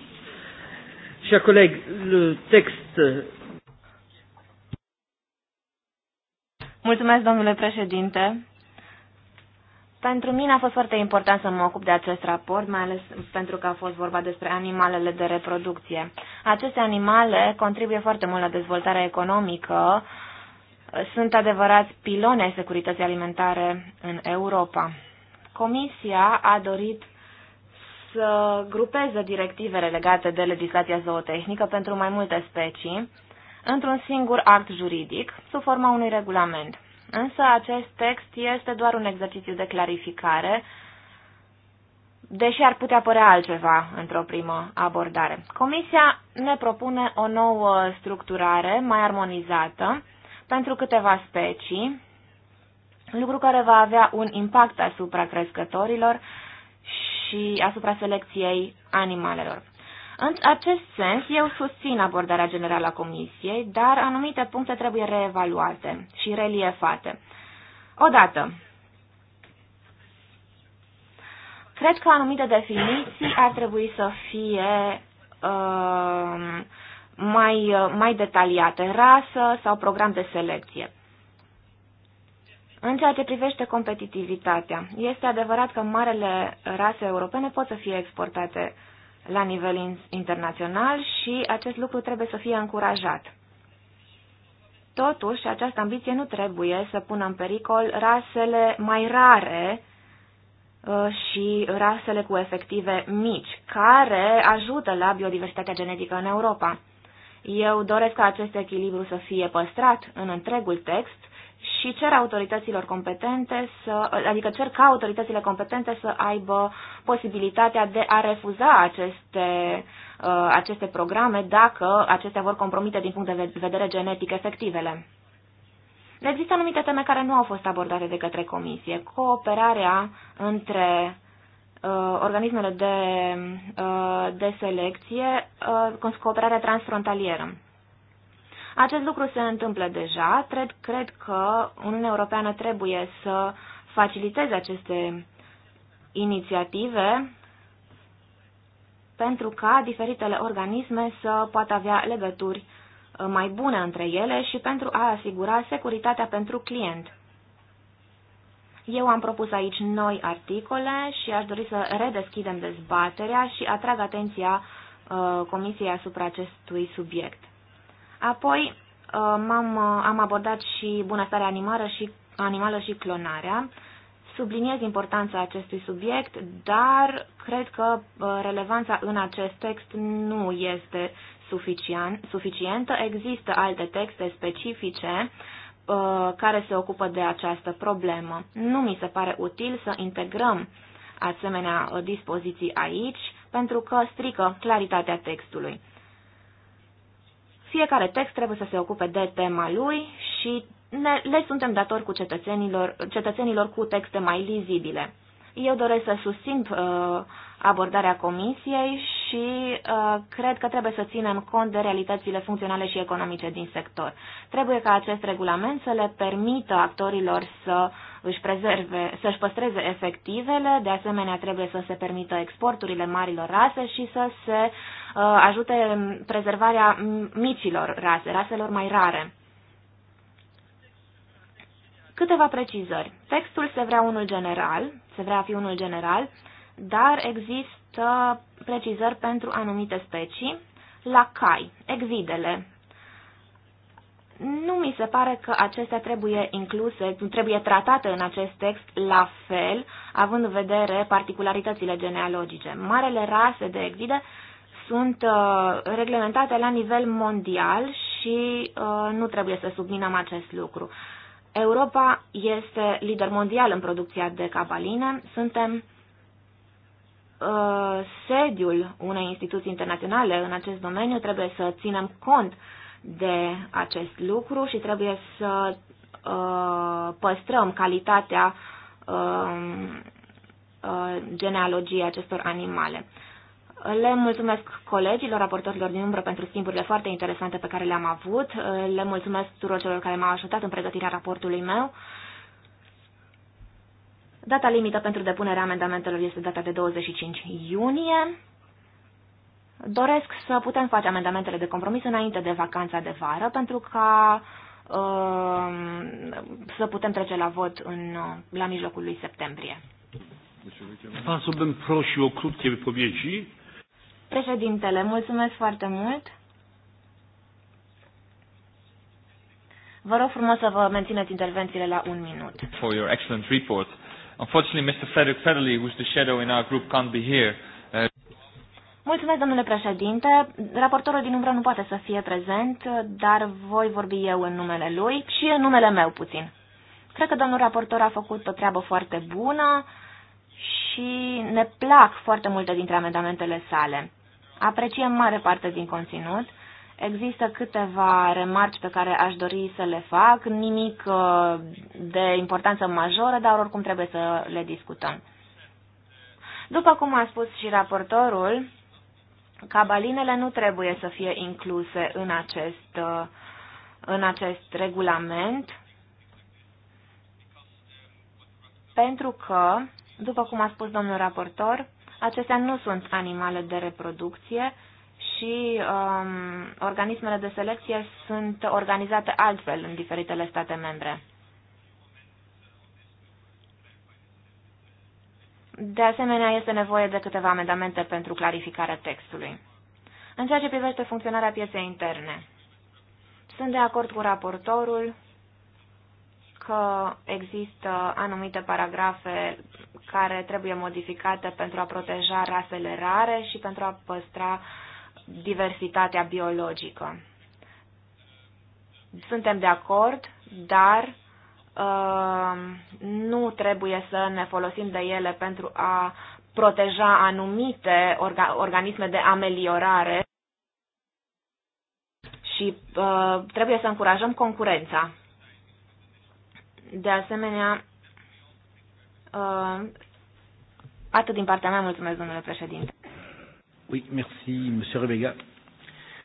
Chers collègues, le texte. Mulțumesc, domnule președinte. Pentru mine a fost foarte important să mă ocup de acest raport, mai ales pentru că a fost vorba despre animalele de reproducție. Aceste animale contribuie foarte mult la dezvoltarea economică, sunt adevărați pilone ai securității alimentare în Europa. Comisia a dorit să grupeze directivele legate de legislația zootehnică pentru mai multe specii într-un singur act juridic, sub forma unui regulament. Însă acest text este doar un exercițiu de clarificare, deși ar putea părea altceva într-o primă abordare. Comisia ne propune o nouă structurare mai armonizată pentru câteva specii, lucru care va avea un impact asupra crescătorilor și asupra selecției animalelor. În acest sens, eu susțin abordarea generală a Comisiei, dar anumite puncte trebuie reevaluate și reliefate. Odată, cred că anumite definiții ar trebui să fie uh, mai, mai detaliate, rasă sau program de selecție. În ceea ce privește competitivitatea, este adevărat că marele rase europene pot să fie exportate uh, la nivel internațional și acest lucru trebuie să fie încurajat. Totuși, această ambiție nu trebuie să pună în pericol rasele mai rare uh, și rasele cu efective mici, care ajută la biodiversitatea genetică în Europa. Eu doresc ca acest echilibru să fie păstrat în întregul text și cer autorităților competente să, adică cer ca autoritățile competente să aibă posibilitatea de a refuza aceste, uh, aceste programe dacă acestea vor compromite din punct de vedere genetic efectivele. Există anumite teme care nu au fost abordate de către comisie. Cooperarea între uh, organismele de, uh, de selecție, uh, cooperarea transfrontalieră. Acest lucru se întâmplă deja. Cred, cred că Uniunea Europeană trebuie să faciliteze aceste inițiative pentru ca diferitele organisme să poată avea legături uh, mai bune între ele și pentru a asigura securitatea pentru client. Eu am propus aici noi articole și aș dori să redeschidem dezbaterea și atrag atenția uh, Comisiei asupra acestui subiect. Apoi uh, am uh, am abordat și bunăstarea animală și, animală și clonarea. Subliniez importanța acestui subiect, dar cred că uh, relevanța în acest text nu este suficient, suficientă. Există alte texte specifice care se ocupă de această problemă. Nu mi se pare util să integrăm asemenea dispoziții aici, pentru că strică claritatea textului. Fiecare text trebuie să se ocupe de tema lui și ne, le suntem datori cu cetățenilor, cetățenilor cu texte mai lizibile. Eu doresc să susțin uh, abordarea comisiei și uh, cred că trebuie să ținem cont de realitățile funcționale și economice din sector. Trebuie ca acest regulament să le permită actorilor să își prezerve, să-și păstreze efectivele, de asemenea trebuie să se permită exporturile marilor rase și să se uh, ajute prezervarea micilor rase, raselor mai rare. Câteva precizări. Textul se vrea unul general, se vrea a fi unul general, dar există există precizări pentru anumite specii. La cai, exidele. Nu mi se pare că acestea trebuie incluse, trebuie tratate în acest text la fel, având în vedere particularitățile genealogice. Marele rase de exide sunt uh, reglementate la nivel mondial și uh, nu trebuie să subminăm acest lucru. Europa este lider mondial în producția de cabaline, suntem Uh, sediul unei instituții internaționale în acest domeniu, trebuie să ținem cont de acest lucru și trebuie să uh, păstrăm calitatea uh, uh, genealogiei acestor animale. Le mulțumesc colegilor, raportorilor din umbră pentru schimburile foarte interesante pe care le-am avut. Le mulțumesc tuturor celor care m-au ajutat în pregătirea raportului meu Data limită pentru depunerea amendamentelor este data de 25 iunie. Doresc să putem face amendamentele de compromis înainte de vacanța de vară, pentru ca uh, să putem trece la vot în, uh, la mijlocul lui septembrie. o Președintele, mulțumesc foarte mult. Vă rog frumos să vă mențineți intervențiile la un minut. For your excellent report. Unfortunately, Mr. Frederick Federley, who's the shadow in our group, can't be here. Uh, Mulțumesc, domnule președinte. Raportorul din umbră nu poate să fie prezent, dar voi vorbi eu în numele lui și în numele meu puțin. Cred că domnul raportor a făcut o treabă foarte bună și ne plac foarte multe dintre amendamentele sale. Apreciem mare parte din conținut Există câteva remarci pe care aș dori să le fac, nimic uh, de importanță majoră, dar oricum trebuie să le discutăm. După cum a spus și raportorul, cabalinele nu trebuie să fie incluse în acest, uh, în acest regulament, pentru că, după cum a spus domnul raportor, acestea nu sunt animale de reproducție, și um, organismele de selecție sunt organizate altfel în diferitele state membre. De asemenea, este nevoie de câteva amendamente pentru clarificarea textului. În ceea ce privește funcționarea pieței interne, sunt de acord cu raportorul că există anumite paragrafe care trebuie modificate pentru a proteja rasele rare și pentru a păstra uh, diversitatea biologică. Suntem de acord, dar uh, nu trebuie să ne folosim de ele pentru a proteja anumite orga, organisme de ameliorare și uh, trebuie să încurajăm concurența. De asemenea, uh, atât din partea mea, mulțumesc, domnule președinte. Oui, merci, monsieur Rebega.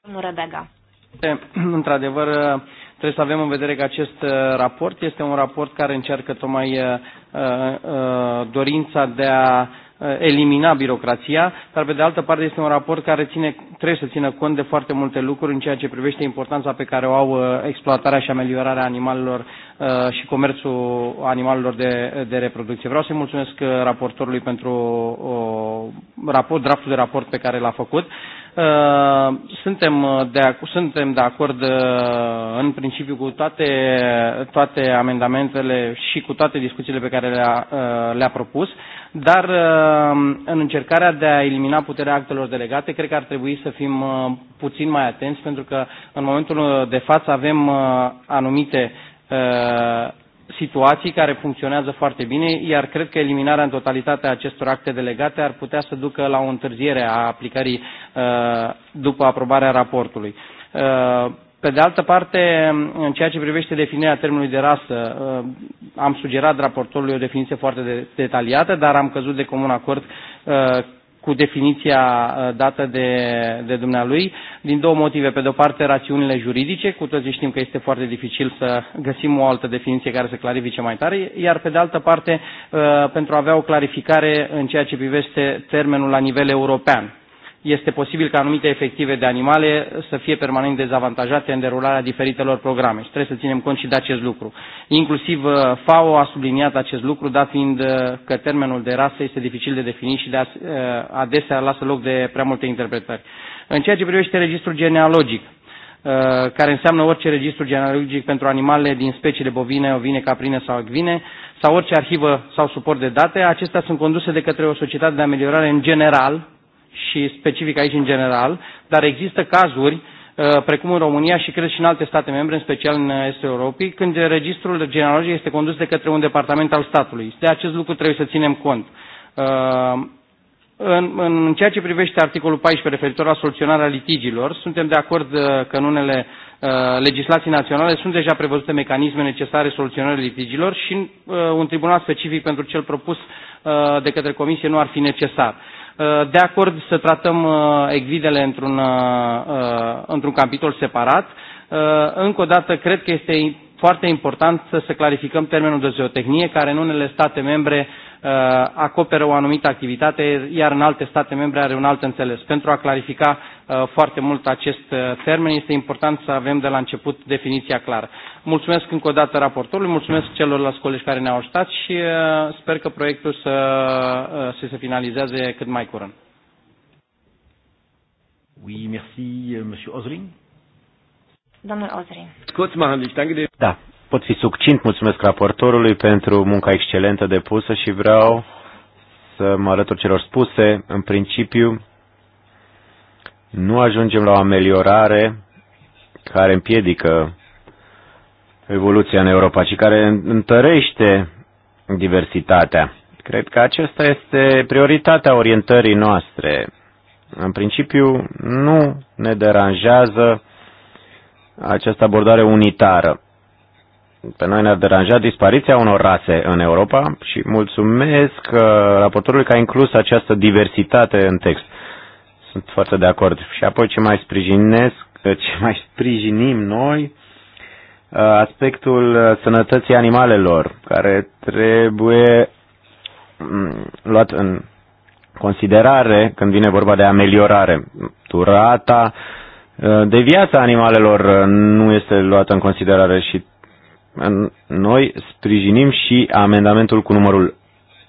Domnul Rebega. Eh, într-adevăr, eh, trebuie să avem în vedere că acest eh, raport este un raport care încearcă tocmai dorința de a Eh, elimina birocrația, dar pe de altă parte este un raport care ține, trebuie să țină cont de foarte multe lucruri în ceea ce privește importanța pe care o au eh, exploatarea și ameliorarea animalelor eh, și comerțul animalelor de, de reproducție. Vreau să-i mulțumesc raportorului pentru o, raport, draftul de raport pe care l-a făcut. Suntem de, suntem de acord în principiu cu toate, toate amendamentele și cu toate discuțiile pe care le-a, le-a propus. Dar uh, în încercarea de a elimina puterea actelor delegate, cred că ar trebui să fim uh, puțin mai atenți, pentru că în momentul uh, de față avem anumite situații care funcționează foarte bine, iar cred că eliminarea în totalitate a acestor acte delegate ar putea să ducă la o întârziere a aplicării după aprobarea raportului. Pe de altă parte, în ceea ce privește definirea termenului de rasă, uh, am sugerat raportorului o definiție foarte detaliată, dar am căzut de comun acord uh, cu definiția uh, dată de, de dumnealui, din două motive. Pe de o parte, rațiunile juridice, cu toții știm că este foarte dificil să găsim o altă definiție care să clarifice mai tare, iar pe de altă parte, pentru a avea o clarificare în ceea ce privește termenul la nivel european este posibil ca anumite efective de animale să fie permanent dezavantajate în derularea diferitelor programe și trebuie să ținem cont și de acest lucru. Inclusiv uh, FAO a subliniat acest lucru, dat fiind uh, că termenul de rasă este dificil de definit și de uh, adesea lasă loc de prea multe interpretări. În ceea ce privește registrul genealogic, care înseamnă orice registru genealogic pentru animale din speciile bovine, ovine, caprine sau agvine, sau orice arhivă sau suport de date, acestea sunt conduse de către o societate de ameliorare în general, și specific aici în general, dar există cazuri uh, precum în România și cred și în alte state membre, în special în Estul Europei, când registrul genealogiei este condus de către un departament al statului. De acest lucru trebuie să ținem cont. Uh, în, în ceea ce privește articolul 14 referitor la soluționarea litigilor, suntem de acord uh, că în unele uh, legislații naționale sunt deja prevăzute mecanisme necesare soluționării litigilor și uh, un tribunal specific pentru cel propus uh, de către Comisie nu ar fi necesar. Uh, Uh, de acord să tratăm uh, exvidele într-un, uh, într-un capitol separat. Încă o dată, cred că este foarte important să, să clarificăm termenul de zootehnie, care în unele state membre uh, acoperă o anumită activitate, iar în alte state membre are un alt înțeles. Pentru a clarifica uh, foarte mult acest uh, termen, este important să avem de la început definiția clară. Mulțumesc încă o dată raportorului, mulțumesc celorlalți colegi care ne-au ajutat și uh, sper că proiectul să, uh, să se finalizeze cât mai curând. Oui, merci, euh, Monsieur Osling. Domnul Ozrin. Deci, da, pot fi succint. Mulțumesc raportorului pentru munca excelentă depusă și vreau să mă alătur celor spuse. În principiu, nu ajungem la o ameliorare care împiedică evoluția în Europa, ci care întărește diversitatea. Cred că aceasta este prioritatea orientării noastre. În principiu, nu ne deranjează această abordare unitară. Pe noi ne-a deranjat dispariția unor rase în Europa și mulțumesc uh, raportorului că a inclus această diversitate în text. Sunt foarte de acord. Și apoi ce mai sprijinesc, uh, ce mai sprijinim noi, uh, aspectul sănătății animalelor, care trebuie mm, luat în considerare când vine vorba de ameliorare. Durata, uh, de viața animalelor uh, nu este luată în considerare și noi sprijinim și amendamentul cu numărul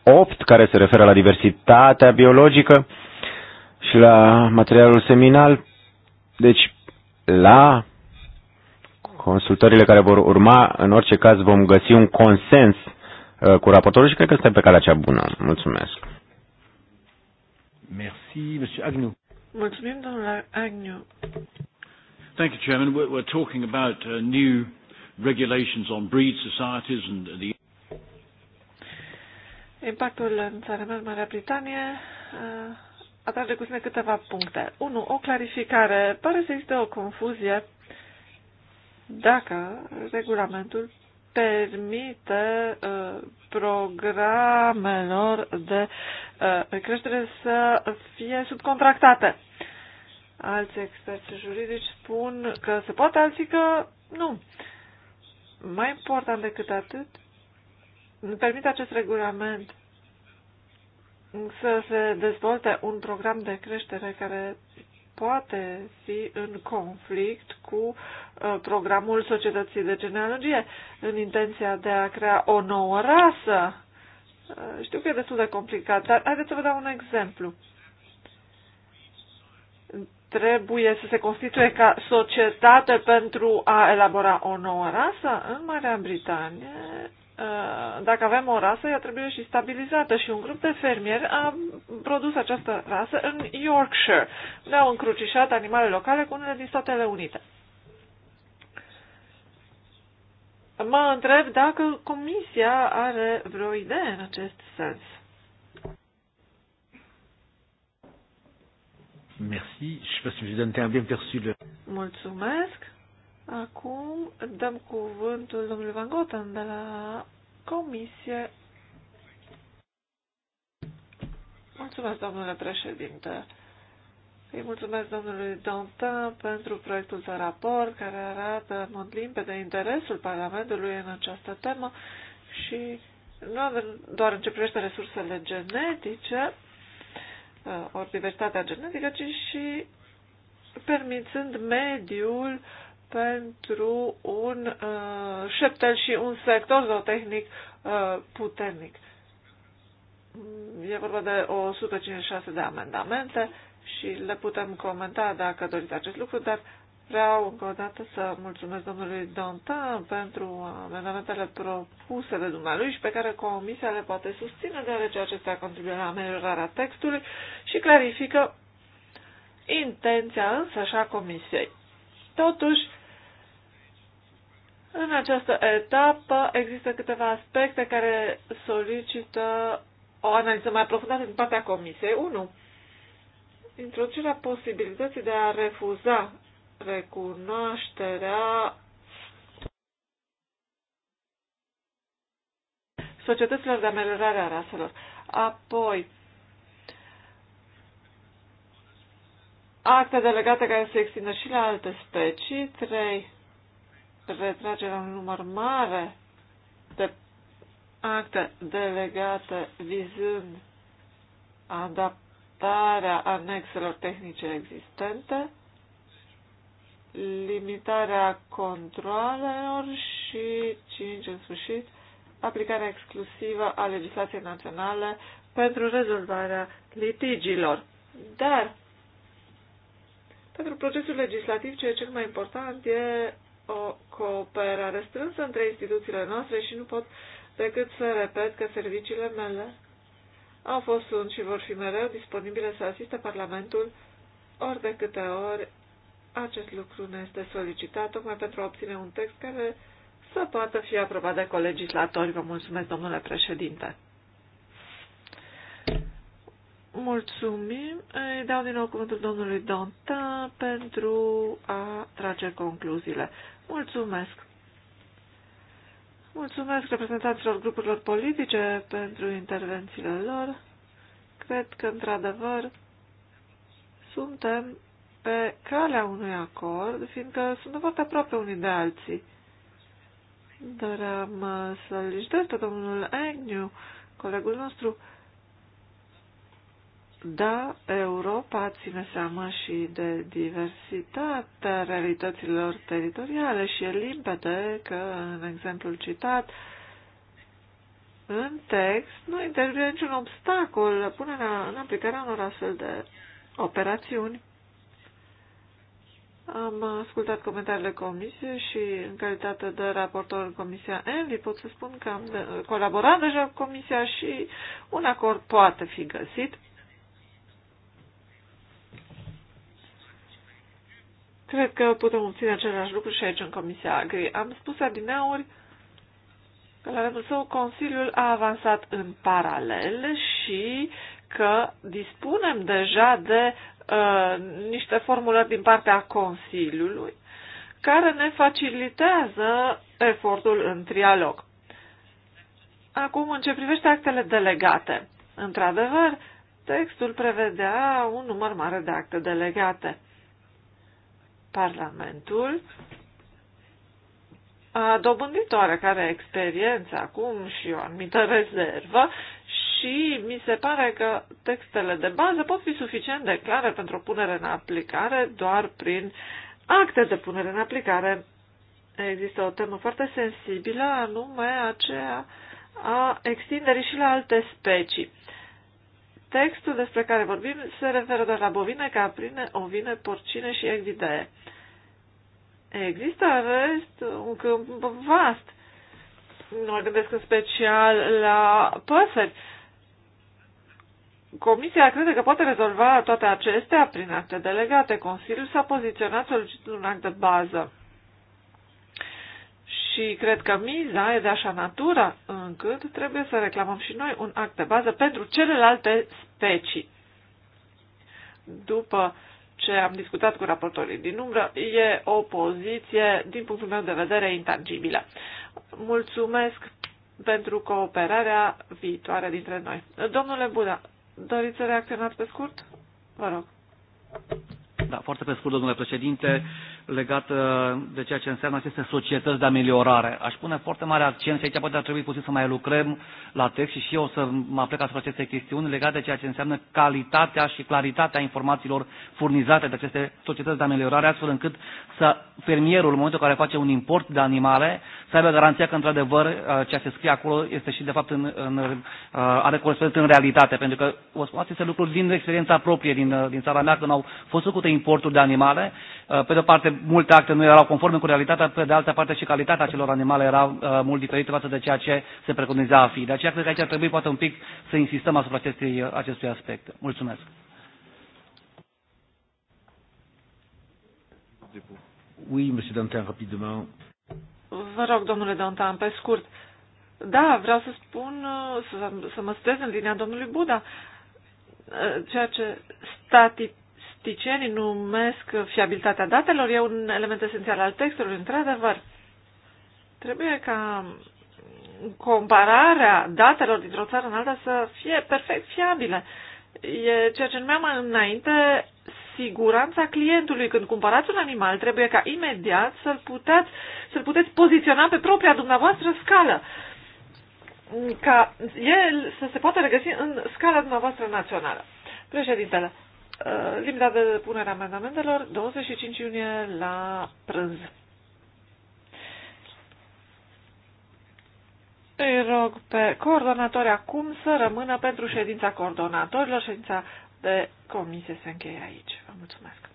8, care se referă la diversitatea biologică și la materialul seminal. Deci, la consultările care vor urma, în orice caz vom găsi un consens uh, cu raportorul și cred că suntem pe calea cea bună. Mulțumesc. Merci, Agnew. Mulțumim, domnule Agnew. Thank you, Chairman. We're, we're talking about uh, new regulations on breed societies and the Impactul în țara mea, în Marea Britanie, uh, atrage cu sine câteva puncte. 1. O clarificare. Pare să existe o confuzie dacă regulamentul permite uh, programelor de uh, creștere să fie subcontractate. Alți experți juridici spun că se poate, alții că nu. Mai important decât atât, permite acest regulament să se dezvolte un program de creștere care poate fi în conflict cu uh, programul societății de genealogie în intenția de a crea o nouă rasă. Uh, știu că e destul de complicat, dar haideți să vă dau un exemplu trebuie să se constituie ca societate pentru a elabora o nouă rasă, în Marea Britanie, uh, dacă avem o rasă, ea trebuie și stabilizată și un grup de fermieri a produs această rasă în Yorkshire. Le-au încrucișat animale locale cu unele din Statele Unite. Mă întreb dacă Comisia are vreo idee în acest sens. Merci. Je sais pas si vous avez bien perçu le... Mulțumesc. Acum dăm cuvântul domnului Van Goten de la Comisie. Mulțumesc, domnule președinte. Îi mulțumesc domnului Dantin pentru proiectul de raport care arată în mod limpede interesul Parlamentului în această temă și nu doar în ce privește resursele genetice, Uh, ori diversitatea genetică, ci și permițând mediul pentru un uh, șeptel și un sector zootehnic uh, puternic. E vorba de 156 de amendamente și le putem comenta dacă doriți acest lucru, dar uh, Vreau încă o dată să mulțumesc domnului Dantin pentru amendamentele propuse de dumnealui și pe care comisia le poate susține, deoarece acestea contribuie la ameliorarea textului și clarifică intenția însă și a comisiei. Totuși, în această etapă există câteva aspecte care solicită o analiză mai profundă din partea comisiei. 1. Introducerea posibilității de a refuza recunoașterea societăților de ameliorare a raselor. Apoi, acte delegate care se extindă și la alte specii. 3. Retragerea un număr mare de acte delegate vizând adaptarea anexelor tehnice existente limitarea controalelor și, 5, în sfârșit, aplicarea exclusivă a legislației naționale pentru rezolvarea litigilor. Dar, pentru procesul legislativ, ce e cel mai important e o cooperare strânsă între instituțiile noastre și nu pot decât să repet că serviciile mele au fost, sunt și vor fi mereu disponibile să asiste Parlamentul ori de câte ori acest lucru ne este solicitat tocmai pentru a obține un text care să poată fi aprobat de colegislatori. Vă mulțumesc, domnule președinte. Mulțumim. Îi dau din nou cuvântul domnului Donta pentru a trage concluziile. Mulțumesc. Mulțumesc reprezentanților grupurilor politice pentru intervențiile lor. Cred că, într-adevăr, suntem pe calea unui acord, fiindcă sunt foarte aproape unii de alții. am uh, să-l licitez pe domnul Agnew, colegul nostru. Da, Europa ține seama și de diversitatea realităților teritoriale și e limpede că, în exemplul citat, în text nu intervine niciun obstacol la punerea în aplicarea unor astfel de operațiuni. Am ascultat comentariile comisiei și în calitate de raportor în Comisia Envi pot să spun că am de, colaborat deja cu Comisia și un acord poate fi găsit. Cred că putem obține același lucru și aici în Comisia Agri. Am spus adineauri că la rândul său Consiliul a avansat în paralel și că dispunem deja de Uh, niște formulări din partea Consiliului care ne facilitează efortul în trialog. Acum, în ce privește actele delegate, într-adevăr, textul prevedea un număr mare de acte delegate. Parlamentul a dobândit oarecare experiență acum și o anumită rezervă și mi se pare că textele de bază pot fi suficient de clare pentru o punere în aplicare doar prin acte de punere în aplicare. Există o temă foarte sensibilă, anume aceea a extinderii și la alte specii. Textul despre care vorbim se referă doar la bovine, caprine, ovine, porcine și echidee. Există în rest un câmp vast. Mă gândesc în special la păsări, Comisia crede că poate rezolva toate acestea prin acte delegate. Consiliul s-a poziționat solicitând un act de bază. Și cred că miza e de așa natură încât trebuie să reclamăm și noi un act de bază pentru celelalte specii. După ce am discutat cu raportorii din umbră, e o poziție, din punctul meu de vedere, intangibilă. Mulțumesc pentru cooperarea viitoare dintre noi. Domnule Buda, Doriți să reacționați pe scurt? Vă rog. Da, foarte pe scurt, domnule președinte legat de ceea ce înseamnă aceste societăți de ameliorare. Aș pune foarte mare accent și aici poate ar trebui puțin să mai lucrăm la text și și eu să mă aplec asupra acestei chestiuni legate de ceea ce înseamnă calitatea și claritatea informațiilor furnizate de aceste societăți de ameliorare, astfel încât să fermierul, în momentul în care face un import de animale, să aibă garanția că, într-adevăr, uh, ceea ce scrie acolo este și, de fapt, în, în, uh, are corespondență în realitate. Pentru că, vă spun, aceste lucruri din experiența proprie din, uh, din țara mea, când au fost făcute importuri de animale, pe de o parte multe acte nu erau conforme cu realitatea, pe de altă parte și calitatea acelor animale era uh, mult diferită față de ceea ce se preconiza a fi. De aceea cred că aici ar trebui poate un pic să insistăm asupra uh, acestui, acestui aspect. Mulțumesc. Oui, monsieur Dantin, rapidement. Vă rog, domnule Dantin, pe scurt. Da, vreau să spun, uh, să, să mă stez în linia domnului Buda. Uh, ceea ce stati, statisticienii numesc fiabilitatea datelor, e un element esențial al textului, într-adevăr. Trebuie ca compararea datelor dintr-o țară în alta să fie perfect fiabilă. E ceea ce numeam înainte siguranța clientului. Când cumpărați un animal, trebuie ca imediat să-l puteți, să-l puteți poziționa pe propria dumneavoastră scală. Ca el să se poată regăsi în scala dumneavoastră națională. Președintele, Uh, limita de punere a amendamentelor, 25 iunie la prânz. Îi rog pe coordonatori acum să rămână pentru ședința coordonatorilor. Ședința de comisie se încheie aici. Vă mulțumesc!